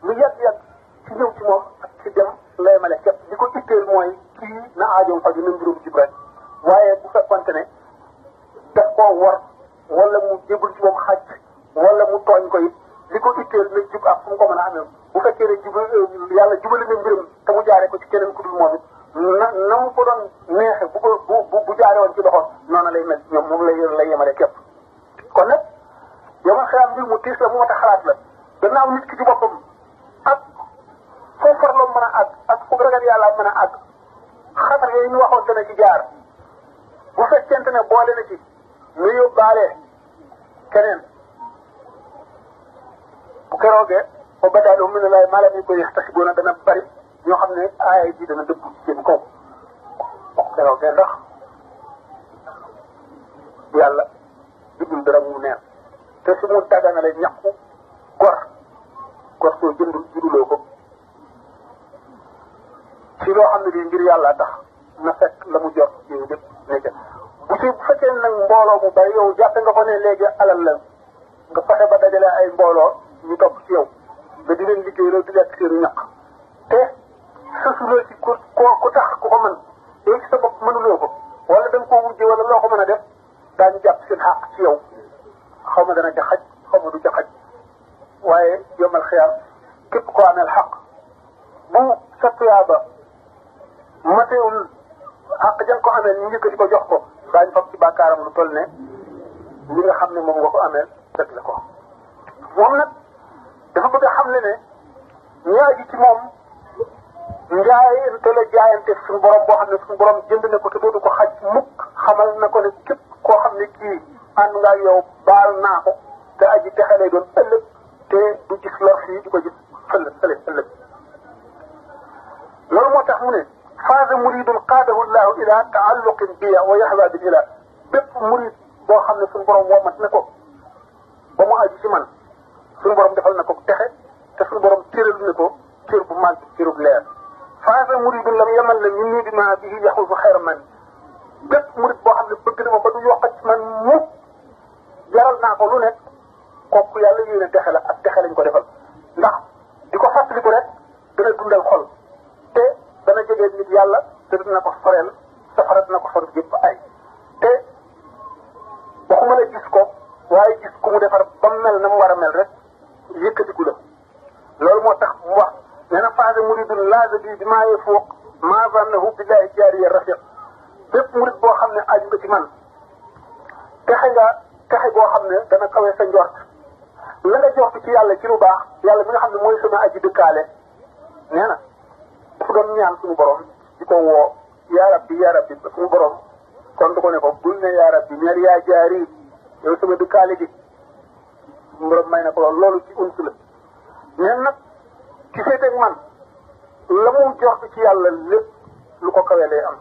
lu yàgg yàgg ci ñëw ci moom ak ci dem lay male képp di ko itteel mooy kii na aajoom faju na mbirum jub rek waaye bu fekkonte ne daf koo war wala mu jébul ci moom xaj wala mu tooñ ko it li ko itteel na jub ak fu mu ko mën a amee bu fekkee ne jub yàlla jubali na mbirum te mu jaaree ko ci keneen ku dul moom na na mu ko doon neexe bu ko bu bu jaare woon ci loxo noonu lay mel ñoom moom lay lay yemale képp kon nag yow man xalaat mbir mu tiis la mu mat a xalaat la gannaaw nit ki ci boppam ak foo farloo mën a àgg ak ku ragal yàlla mën a àgg xatar yooyu ñu waxoon dana ci jaar bu fekkente ne boole na ci mu yóbbaale keneen bu keroogee ba badaalum min allahi maa lam yakunu yaxtasibuuna dana bari ñoo xam ne aaya ji dana dëpp seen kaw keroog de ndax yàlla duggul dara mu neen te su mu dagganale ñàkku gor gor koo jëndul juduloo ko ci loo xam ne bii ngir yàlla tax na fekk la mu jot yow lépp nekk bu ci bu fekkee nag mbooloo mu bari yow jàppe nga ko ne léegi alal la nga fexe ba dajale ay mbooloo ñu topp ci yow nga di leen liggéey loolu di lekk seen ñaq te sasuloo ci ku ku tax ku ko mën yow ci sa ko wala da koo wujje wala loo ko mën a def daañu jàpp seen xàq ci yow xaw ma dana jaxaj xaw ma du jaxaj waaye yomal xiyaam képp koo ameel xàq bu sa tuyaaba matewul xàq ja nga ko ameel ñu njëkkati ko jox ko daañu fab ci bàkkaaram lu toll ne li nga xam ne moom nga ko ameel dëgg la ko moom nag dafa bëgg a xamle ne ñaa ji ci moom njaayante la jaayante suñu borom boo xam ne suñu borom jënd na ko te dootu ko xaj mukk xamal na ko ne képp koo xam ne kii ànd nga baal naa ko te aji texe lay doon te du gis lor fii di ko gis fële fële ëllëg loolu moo tax mu ne faaza muridun qaadahu llahu ila taalluqin biya wa yahwa bil ila bépp murid boo xam ne suñu borom womat na ko ba mu aju man suñu borom defal na ko texe te suñu borom téral na ko cër bu màgg cërub leer faasa muridun lam yaman la ñun ñii bi maa bii yaxul fa xayra man bépp murid boo xam ne bëgg na ma ba du yokkat ci man mu jaral naa ko lu nekk kooku yàlla yéene dexe la ak dexe lañ ko defal ndax di ko fàttaliku rek dana dundal xol te dana jegeel nit yàlla te dina ko soreel safara dina ko sori jëpp ay te waxuma la gis ko waaye gis ku mu defar ba mel na mu war a mel rek yëkkatiku la loolu moo tax mu wax nee na Fane muridun laaza bi bi maa yafuuq maa zannahu jaariya rafiq bépp murid boo xam ne aju nga ci man texe nga texe boo xam ne dana kawe sa njort la nga jox ci yàlla ci lu baax yàlla mi nga xam ne mooy sama aji dëkkaale nee na dafa doon ñaan suñu borom di ko woo yaa rabbi yaa rabbi ba suñu borom kon du ko ne ko bul ne yaa rabbi neel yaa jaari yow sama dëkkaale gi borom may na ko loolu ci unsu la ci féete ak man la mu jox ci yàlla lépp lu ko kawee lay am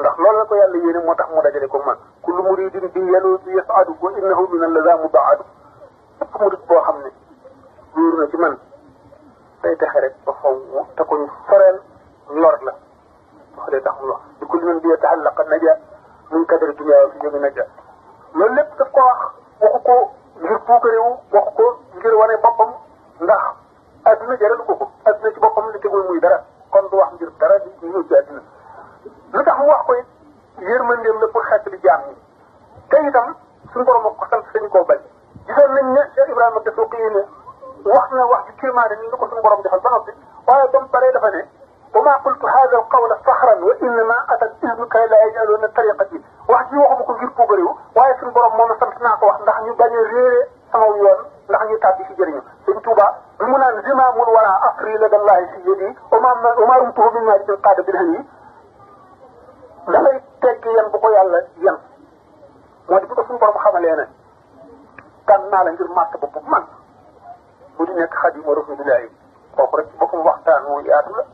ndax loolu la ko yàlla yéene moo tax mu dajale ko man kullu muridin bi yelu bi yasadu wa innahu min allaza mubaadu bépp murid boo xam ne luur na ci man day texe rek ba faw mu te la wax day tax mu wax di kulli man bi yataxallaqa lépp daf ko wax waxu ko ngir wane boppam ndax adduna jaral ko ko adduna ci boppam li tegul muy dara kon du wax ngir dara di ñëw ci adduna lu tax mu wax ko it yërmandeem la pour xeet di jaam ñi te itam suñu borom a ko sant sañu koo bañ gisoon nañ ne Cheikh Ibrahima dafa xëy ne wax na wax ci kéemaane ni ñu ko suñu borom defal ba noppi waaye ba mu paree dafa ne wa maa qultu haada al qawla faxran wa innama atat ismu kay laa yajaluuna tariqati wax ji waxuma ko ngir puubarewu waaye suñu borom moom sant naa ko wax ndax ñu bañ a réere samaw yoon ndax ñu tàbbi ci jëriñu sëñ Tuuba bi mu naan zimaamul wala afri la si yédi umaam na min ñaari cin qaada bilhan yi dafay tegg yan bu ko yàlla yan moo di bi ko suñu borom xamalee ne naa la ngir màtt bopp man bu di nekk xadimu rasulillahi kooku rek boppam waxtaan wu yaatu la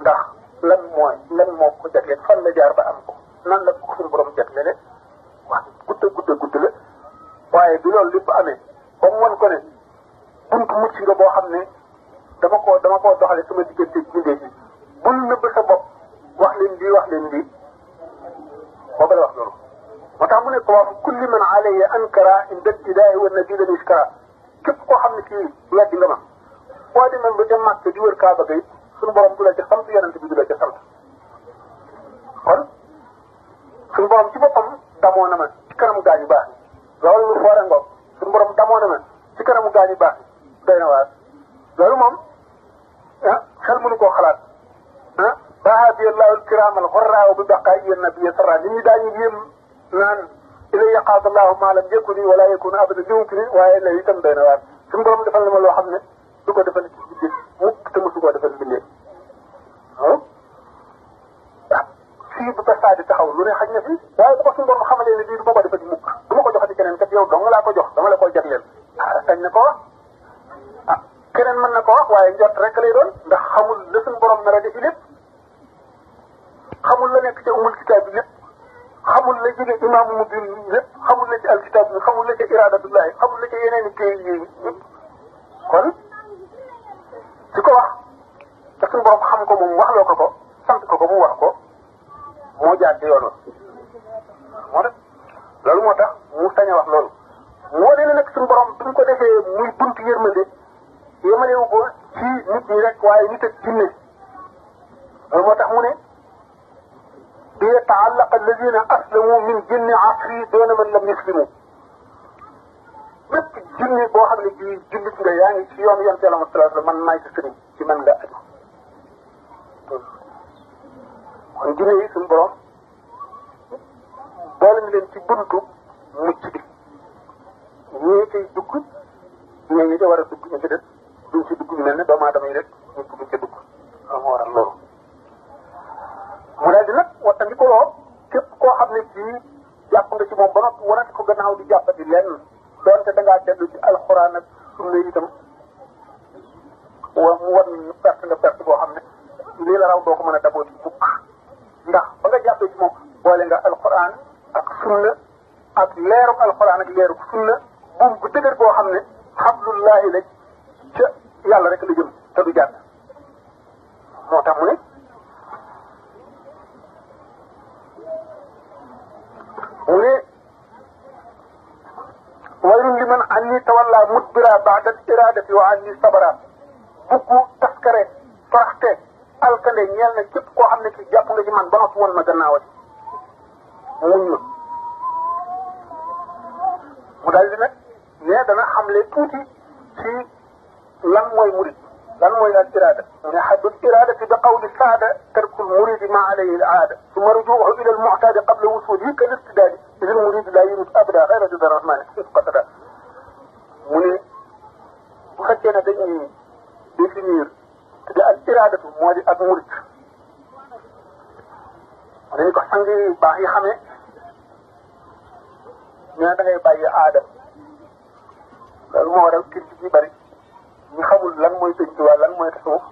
ndax lan mooy lan moo ko jagleel fan la jaar ba am ko nan la ko suñu borom jagleel wax gudda gudda gudd la waaye bi loolu lépp amee ba mu wan ko ne buntu mucc nga boo xam ne dama koo dama koo doxale sama diggante bindee ji bul nëbb sa bopp wax leen lii wax leen lii booba la wax loolu moo tax mu ne ko waafu kulli man alayya ankara inda ibtidaai wa nabila miskara képp koo xam ne kii weddi nga ma boo demee ba ca Màkka di wër Kaaba gay suñu borom du la ca sant yonent bi du la ca sant kon suñu borom ci boppam damoo na ma ci kanam gaañu baax loolu lu foore ngoog suñu borom damoo ci kanamu gaañu baax doy loolu moom ah xel mënu koo xalaat ah baaxaa bi yàllaawul kiraamal xorraaw bi baqaay yéen na bi yasara nit ñi daañu yéem naan ila yaqaat allahu maalam yëkkuni wala yëkkuni abada limu ki waaye lay itam doy na waar suñu borom defal na ma loo xam ne du ko defal ci bindee mukk fii bu tasaay di taxaw lu ne xaj na fi waaye bu ko suñu borom xamalee ne lii du ko defati mukk du ma ko joxati keneen kat yow dong laa ko jox dama la koy jagleel ah sañ na ko wax ah keneen ko wax waaye njort rek lay doon xamul la suñu borom nar a defi lépp xamul la nekk ca umul kitaab bi lépp xamul la jóge imaamu mubin lépp xamul la ci alkitaab bi xamul la ca iradatullahi xamul la ca yeneen i kayit yi kon su ko wax te suñu borom xam ko moom waxloo ko ko sant ko ko mu wax ko moo jàdd yoonam moo tax loolu moo tax mu sañ a wax loolu moo dina nag suñu borom bi ñu ko defee muy bunt yërmande yemalewu ko ci nit ñi rek waaye nit ak jinne loolu moo tax mu ne bi yataàllaqa alladina aslamu min jinni asri doona man lam yuslimu bépp jinne boo xam ne ji jullit nga yaa ngi ci yoon yonte la man maay ci sëriñ ci man nga kon jinne yi leen ci buntu mucc bi ñii ciy dugg ñoo ñi ca war a dugg ñu ci des duñ dugg ñu mel ne doomu aadama yi rek ñu dugg ci dugg loolu moo waral loolu mu daal di nag waxtandi ko loo képp koo xam ne bii jàpp nga ci moom ba noppi wanati ko gannaaw di jàppati lenn doonte da ngaa dellu ci alxuraan ak sunna itam wa mu wan perte nga perte koo xam ne lii la raw doo ko mën a daboo ndax ba nga jàppee ak sunna ak leeru alquran ak leeru sunna bu dëgër boo xam ne xablullaahi la yàlla rek la te du jàdd moo tax mu ne mu ne anni tawalla mudbira baada iradati wa sabara bukku taskare faraxte alkande ñeel na képp koo xam ne ci jàpp nga ci man ba noppi woon ma gannaawati muñ ma mu daal di nag ne dana xamle tuuti ci lan mooy murid lan mooy al irada mu ne xaddul iradati bi qawli saada tarkul muridi ma alayhi al aada suma rujuuhu ila al muctaadi qabla wusulihi kal irtidaadi idil muridi laa yurid abada xayra dida rahmani qatada mu ne bu fekkee ne dañuy définir te al iraadatu moo di ak murit dañ ko sang yu baax yi xamee ñu ne da bàyyi aada loolu moo waral kër gi bari ñu xamul lan mooy sëñ Tuubaa lan mooy tasawuf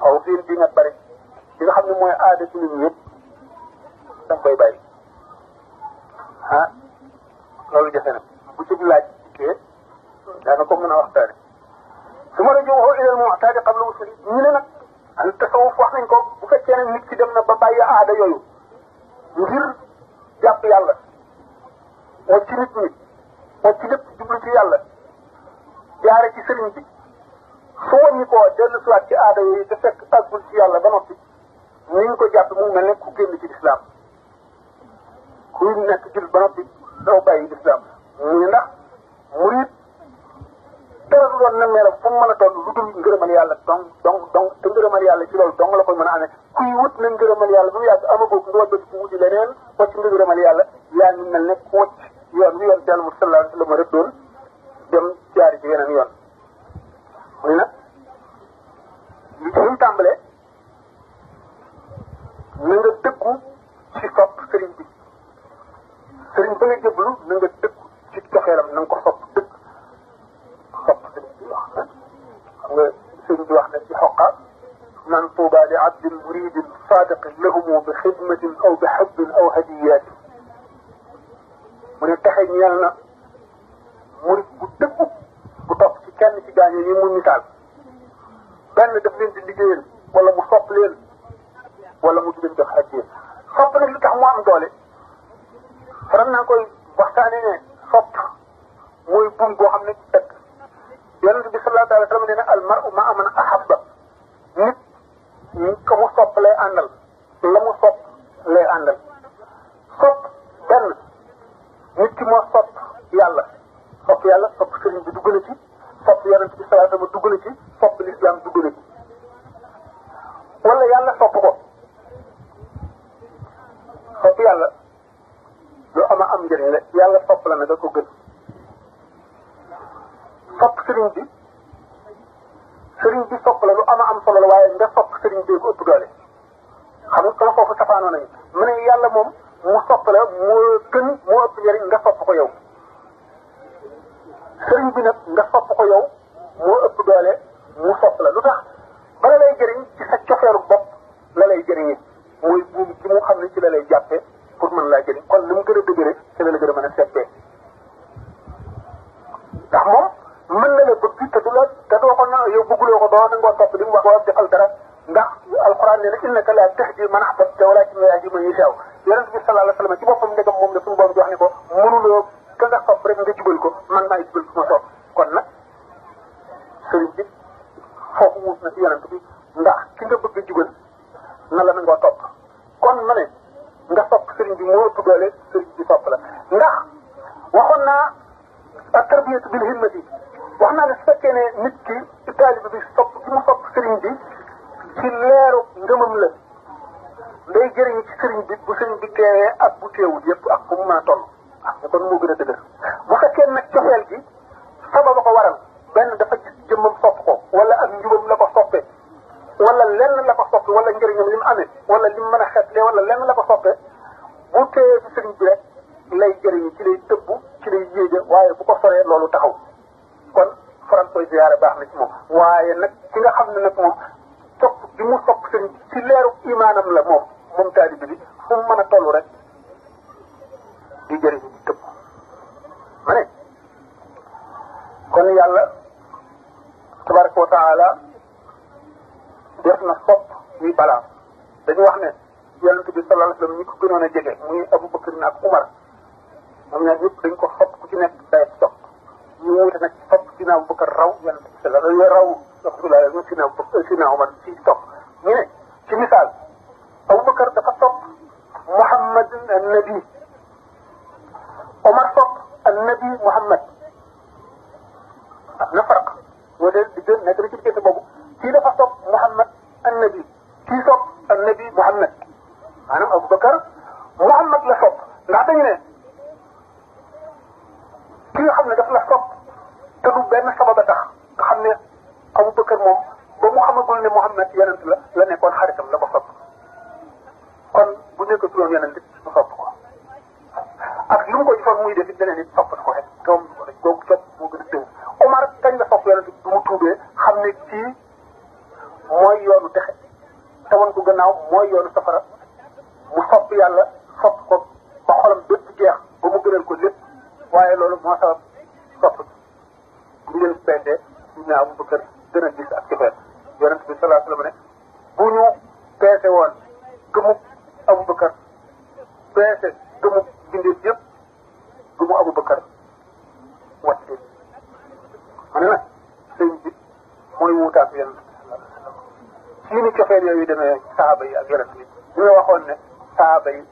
xaw fiir bi nga bari li nga xam ne mooy aada ci nit ñi yëpp da koy bàyyi ah loolu jafe na bu ci laaj dikkee daana ko mën a waxtaane su ma la joxoo ilal mu'taadi qabla usuli ñu ne nag bu fekkee ne nit ki dem na ba bàyyi aada yooyu ngir yàlla wacc lépp jublu ci yàlla jaare ci sëriñ bi su wàññi koo dellu ci aada yooyu te yàlla ba noppi niñ ko jàpp mu mel ne ku génn ci ba noppi daw teewlu doon na meeram fu mu a toll lu dul ngërëmal yàlla dong dong dong te ngërëmal yàlla ci loolu dong la koy mën a amee kuy wut na ngërëmal yàlla ba mu yàgg amagoo nga wàññi ko wuti leneen wàcc ngërëmal yàlla yaa ngi mel ne ku wàcc yoon wi yoon teel mu sallallahu alayhi wa sallam rëddoon dem jaari ci yeneen yoon. muy nag li ñu tàmbalee na nga dëkku ci sopp sëriñ bi sëriñ ba nga jëblu na nga dëkku ci coxeelam na nga ko sopp sopp sëriñ bi wax na xam nga sëriñ bi wax na ci xoqaam naan tuuba li abdin muridin saadiqin lahumu bi xidmatin aw bi xabbin aw hadiyatin mu ne taxe ñeel na murid bu dëggu bu topp ci kenn ci gaañe yi mu misaal benn daf leen di liggéeyal wala mu sopp leen wala mu di leen jox addiya sopp nag li tax mu am doole faral naa koy waxtaane ne sopp mooy buum boo xam ne ci dëkk yonent bi sallallahu alayhi wa sallam nee na al mar'u ma'a ahabba nit ka mu sopp lay àndal la mu sopp lay àndal sopp benn nit ki moo sopp yàlla sopp yàlla sopp sëriñ bi dugg na ci sopp yonent bi sallallahu alayhi wa sallam na ci sopp lislaam dugg na ci wala yàlla sopp ko sopp yàlla lu ama am njëriñ la yàlla sopp la na nga ko gën sopp sëriñ bi sëriñ bi sopp la lu ama am solo la waaye nga sopp sëriñ bi ko ëpp doole xam nga kon foofu safaanoo nañu mu ne yàlla moom mu sopp la moo gën moo ëpp njëriñ nga sopp ko yow sëriñ bi nag nga sopp ko yow moo ëpp doole mu sopp la lu tax bala lay jëriñ ci sa cofeeru bopp la lay jëriñi mooy buum ci mu xam ne ci la lay jàppe pour mën laa jëriñ kon li mu gën a dëgëre ci la gën a mën a seetee ndax moom mën na la bëgg te du la te doo ko ko doo nangoo topp li mu wax wala defal dara ndax alquran nee na innaka laa tahdi man ahbabta walaakinna llaaha yahdi man yashaa yonent bi sallallaahu alayhi wa sallam ci boppam ndegam moom la suñu borom di wax ko mënuloo ka nga sopp rek nga jubal ko man ma sopp na ci yonent bi nga bëgg topp kon ma ne nga sopp sëriñ bi moo ëpp doole sëriñ bi sopp la ndax waxoon naa at wax naa ne su fekkee ne nit ki ci taalibe bi sopp ci mu sopp sëriñ bi ci leeru ngëmam la day jëriñ ci sëriñ bi bu sëriñ bi teewee ak bu teewul yëpp ak bu mu mën a toll ah kon moo gën a dëgër bu fekkee nag cofeel gi sababa ko waral benn dafa gis jëmmam sopp ko wala ak njubam la ko soppe wala lenn la ko soppe wala njëriñam li mu amee a xeetlee wala lenn la ko soppe bu teewee ci sëriñ bi rek lay jëriñ ci lay tëbb ci lay yéege waaye bu ko soree loolu taxaw kon faram koy ziyaara baax na ci moom waaye nag ki nga xam ne nag moom sopp bi mu sopp sëriñ leeru imaanam la moom moom taalibi bi fu mu mën a toll rek di jëriñ tëb ma kon yàlla tabaraka wa taala def na sopp ñuy balance dañu wax ne yonent bi sallallahu alayhi wasallam ñi ko gënoon a jege muy Abu Bakr ak Umar ñoom ñaar ñëpp dañ ko sopp ku ci nekk day sopp ñooñu nag topp Sina Abubakar raw yonent bi sala la raw Sina Sina Omar ci topp ñu ne ci misaal Abubakar dafa topp Muhammad annabi Omar topp annabi Muhammad am na farq moo de di gën nekk na ci diggante boobu Muhammad annabi kii Muhammad la topp ndax dañu ki nga xam ne daf la sopp te du benn sabab a tax nga xam ne Abu Bakar moom ba mu xamagul ne Muhammad yonent la la nekkoon xaritam la ko sopp kon bu nekkatuloon yonent it mu sopp ko ak lu mu ko defoon muy def beneen it sopp na ko rek doom sopp moo gën a dëw Omar kañ la sopp yonent bi mu tuubee xam ne kii mooy yoonu texe te woon ko gannaaw mooy yoonu safara mu sopp yàlla sopp ko ba xolam bépp jeex ba mu gënal ko lépp waaye loolu moo sabab topp li leen peete Seydina Abubakar gën a gis ak cofeel yonent bi salaa sallam ne bu ñu peese woon gëmub Abubakar peese gëmub bindeef yëpp gëmu Abubakar wàcce ma ne nag sëñ bi mooy yonent bi ni cofeel yooyu demee saxaaba yi ak yonent bi ñu la waxoon ne saxaaba yi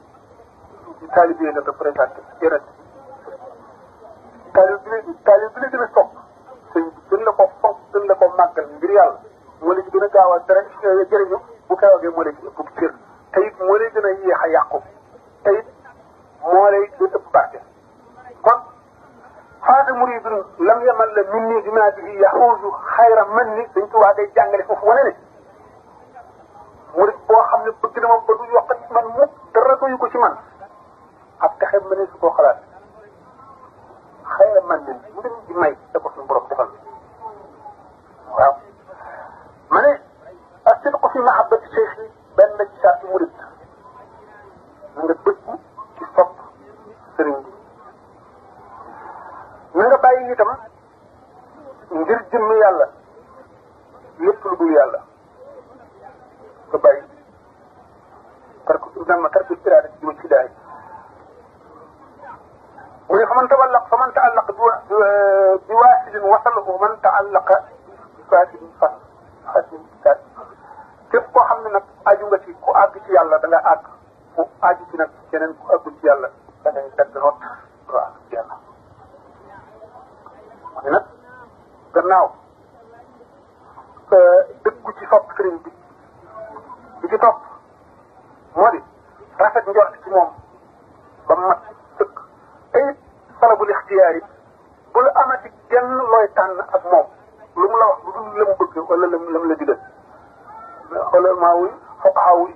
taalibe yi la yonent taalib bi la taalib bi la a sopp sëñ la ko fonk gën la ko màggal ngir yàlla moo la gën a gaaw a dara jëriñu bu kaawagee moo la ci ëpp mu te it moo lay gën a yéex a yàqu te it moo lay gën ëpp barke kon xaata muridun lam yaman la min nii bi naa bi yaxuuju xayra man ni dañ ko wax day jàngale foofu wane ne murid boo xam ne bëgg na moom ba mu dara doyu ko ci man ab taxe mënees su koo xalaat xëy na man leen ndëm ji may da ko suñu borom defal waaw ma ne astin ko fi mahabbati cheikh yi benn ci sarti murit na nga dëkku ci sopp sëriñ bi na ngir jëmm yàlla lépp lu dul yàlla nga bàyyi parce que dama tarku iraada ji ma ci mu ne fa man tawallaq fa man taallaq bi waasidin wasal wa eh, man taallaqa bi waasidin fas fasin fas képp koo xam ne nag aju nga ci ku àgg ci yàlla da nga àgg ku aju ci nag keneen ku àggul ci yàlla da ngay dagg noot waaw ci yàlla mu ne nag gannaaw eh, dëggu ci sopp sëriñ bi di ci topp moo di rafet njort ci moom ba mat talabul ixtiyaar yi bul amati genn looy tànn ak moom lu mu la wax lu dul la mu bëgg wala la mu la digal xoolamaa wuy foqaa wuy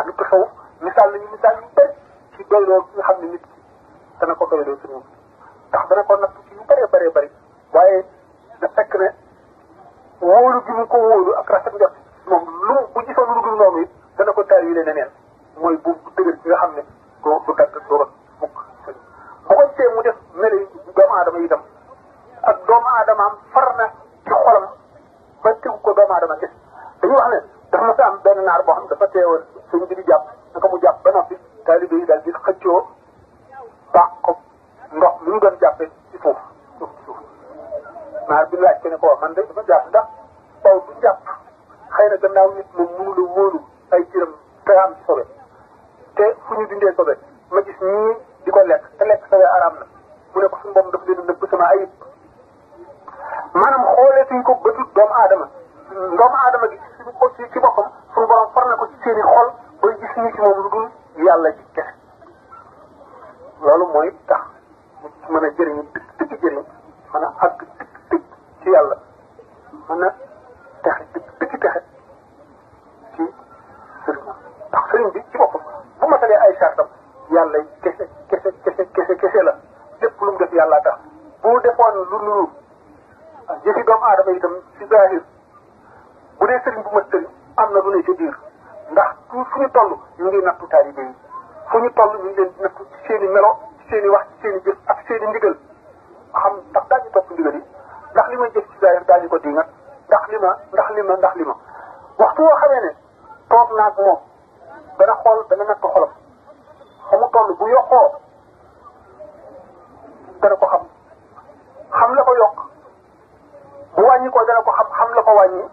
ak ko sow misaal lañu misaal yu bëri ci doyloo xam ne nit ki dana ko doyloo ci moom ndax dana waaye da fekk ne wóolu gi mu ko wóolu ak rafet njot moom lu bu gisoon lu dul noonu it dana ko taal yi le neneen mooy bu dëgër bi nga xam ne doo du dagg sottee mu def mel yi doomu aadama yi itam ak doomu aadamaam far na ci xolam ba tegu ko doomu aadama gis ne a am benn naar boo xam dafa teewoon suñ bi di jàpp naka mu jàpp ba noppi taalibe ko ndox mi mu doon jàppee ci suuf suuf bi laaj ko ne ko man de dafa jàpp ndax baw du jàpp xëy na gannaaw nit moom mënu la wóolu ay jërëm te am sobe te fu ñu dindee sobe ma gis di ko lekk te lekk sa wee araam na mu ne ko suñu bopp daf leen a nëbb sama ayib maanaam xoolee suñ ko bëtu doomu aadama doomu aadama gi suñu ko ci boppam suñu far na ko ci seeni xol ba gis ñu ci moom lu dul yàlla ji kese loolu mooy tax mu mën a jëriñu dëgg dëgg jëriñ texe ci sëriñ ndax sëriñ bi ci boppam bu matalee ay sartam yàlla kese kese kese kese la lépp lu mu def yàlla tax bu defoon lu nuru jëfi doomu aadama itam si zahir bu dee sëriñ bu mat sëriñ am na lu ne ci biir ndax tout fu ñu toll ñu ngi nattu taalibe yi fu ñu toll ñu ngi leen nattu ci seen melo ci seen wax ci seen jëf ak seen i ndigal xam ndax daañu topp ndigal yi ndax li ma jëf ci ko dingat ndax li ma ndax li ma ndax li ma waxtu woo xamee ne toog naag moom dana xool dana natt xolam fa mu toll bu yokkoo dana ko xam xam la ko yokk bu wàññi ko dana ko xam xam la ko wàññi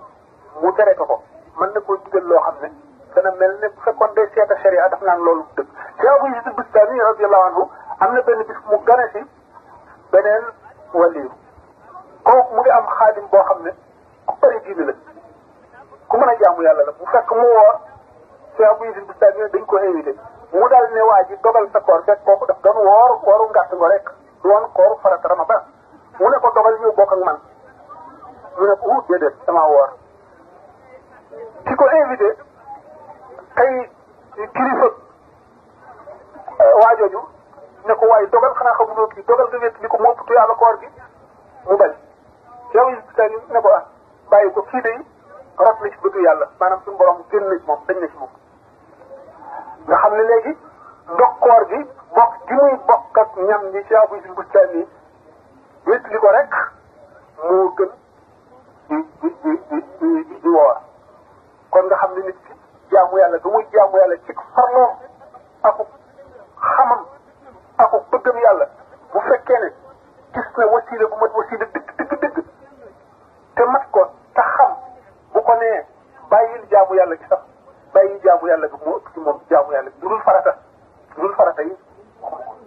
mu tere ko ko mën na koo digal loo xam ne dana mel ne bu fekkoon day seeta sharia daf naan loolu dëgg Cheikh Abu Yazid Bustami radiyallahu anhu am na benn bis mu gane si beneen waliyu kooku mu ngi am xaadim boo xam ne ku bëri diine la mën a jaamu yàlla la bu fekk mu dañ ko invité mu dal ne waa ji dogal sa koor fekk kooku daf doon woor wooru ngàtt nga rek woon kooru farata ramadan mu ne ko dogal ñu bokk ak man mu ne ko wut déedéet dama woor ki ko invité tey kilifa euh, waajooju ne ko waaye dogal xanaa xamuloo kii dogal nga wéet li ko mopp tu yàlla koor gi mu bañ yow ne ko ah bàyyi ko kii day rot na ci bëtu yàlla maanaam nga xam ne léegi ndokkoor gi bokk gi muy bokk ak ñam ñi ci abu yi wétli ko rek moo gën di di di di kon nga xam ne nit ki jaamu yàlla du muy jaamu yàlla ci farloom aku xamam aku bëggam yàlla bu fekkee ne gis na wasiila bu mat wasiila dëgg dëgg dëgg te mat ko te xam bu ko nee bàyyil jaamu yàlla gi sax bàyyi jaamu yàlla bi moo ëpp ci moom jaamu yàlla bi dul farata dul farata yi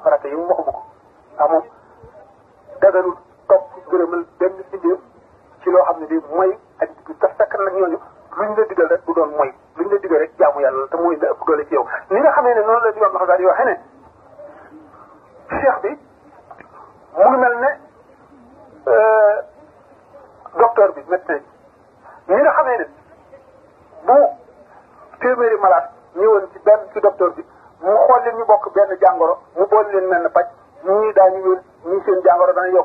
farata yi waxuma ko ndax moom daganul topp gërëmal benn bindéef ci loo xam ne bi mooy ak digg te fekk nag ñooñu luñ la digal rek du doon mooy luñ la digal rek jaamu yàlla la te mooy la ëpp doole ci yow ni nga xamee ne noonu la diwam naxa daal waxee ne cheikh bi mu ngi mel ne euh, docteur bi médecin bi ni nga xamee ne bu téeméeri malaat ñëwoon ci benn ci docteur bi mu xool leen ñu bokk benn jàngoro mu boole leen mel ne paj ñii daañu wér ñii seen jàngoro dana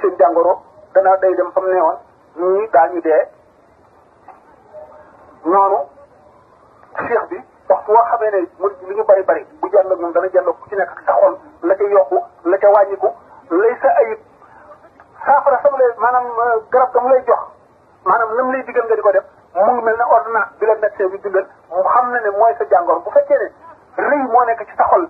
seen jàngoro dana day dem fa mu newoon ñii daañu dee noonu cheikh bi waxtu woo xamee ne mu ñu bari bari bu jàll ak dana jàll ci nekk sa xol la ca yokku la ca wàññiku lay sa ayib saafara sam lay maanaam euh, garab ga lay jox maanaam lam lay digal nga di ko def mu ngi mel ne ordonnance bi la médecin bi bindal mu xam na ne mooy sa jàngoro bu fekkee ne rëy moo nekk ci sa xol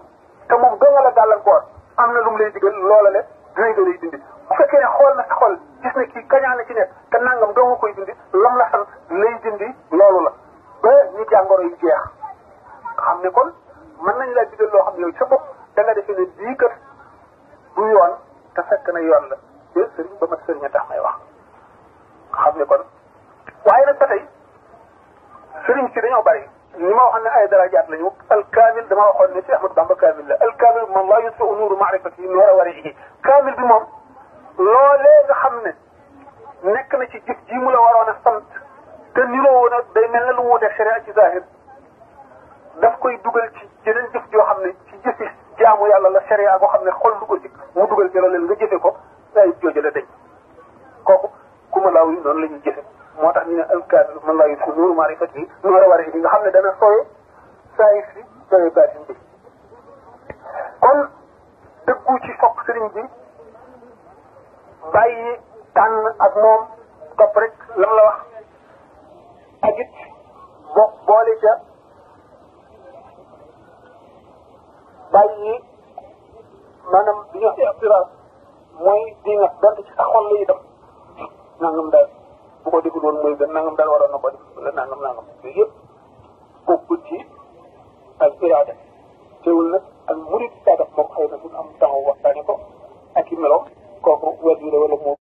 te moom doo nga la gàllankoor am na lu mu lay digal loola le rëy da lay dindi bu fekkee ne xool na sa xol gis na kii kañaan na ci nekk te nangam doo koy dindi lam la sant lay dindi loolu la ba ñu jàngoro yi jeex xam ne kon mën nañ laa digal loo xam ne yow sa bopp da nga defee ne bii kat du yoon te fekk na yoon la te sëriñ ba a tax may wax xam ne tey sëriñ si dañoo bari ñi ma waxoon na ay darajaat lañu alkaamil dama waxoon ne si Ahmad Bamba kaamil la alkaamil bi moom laa yusfa nuuru maarifati noora warihi kaamil bi moom loolee nga xam ne nekk na ci jëf ji mu la waroon a sant te niroo woon a day mel ne lu wuute sharia ci zahir daf koy dugal ci yeneen joo xam ne ci jëfi jaamu yàlla la sharia boo xam ne xol du ko ci mu dugal ci loolu nga jëfe ko ayib jooju la dañ kooku ku ma laaw yi noonu la ñuy jëfe moo tax ñu ne un cadre mën laa yusuf nuuru xam ne dana sooy saayir si sooy baatin bi kon dëggu ci foog sëriñ bi bàyyi tànn ak moom topp lam la wax ak it boole ca bàyyi maanaam bi ñu wax mooy di nga ci sa xol la itam nangam daal bu ko deful woon mooy da nangam daal waroon na ko def la nangam nangam yooyu yëpp ci al iraada teewul nag al murid saadax moom na bu am taxaw waxtaane ko ak i melo kooku wér gu wala moo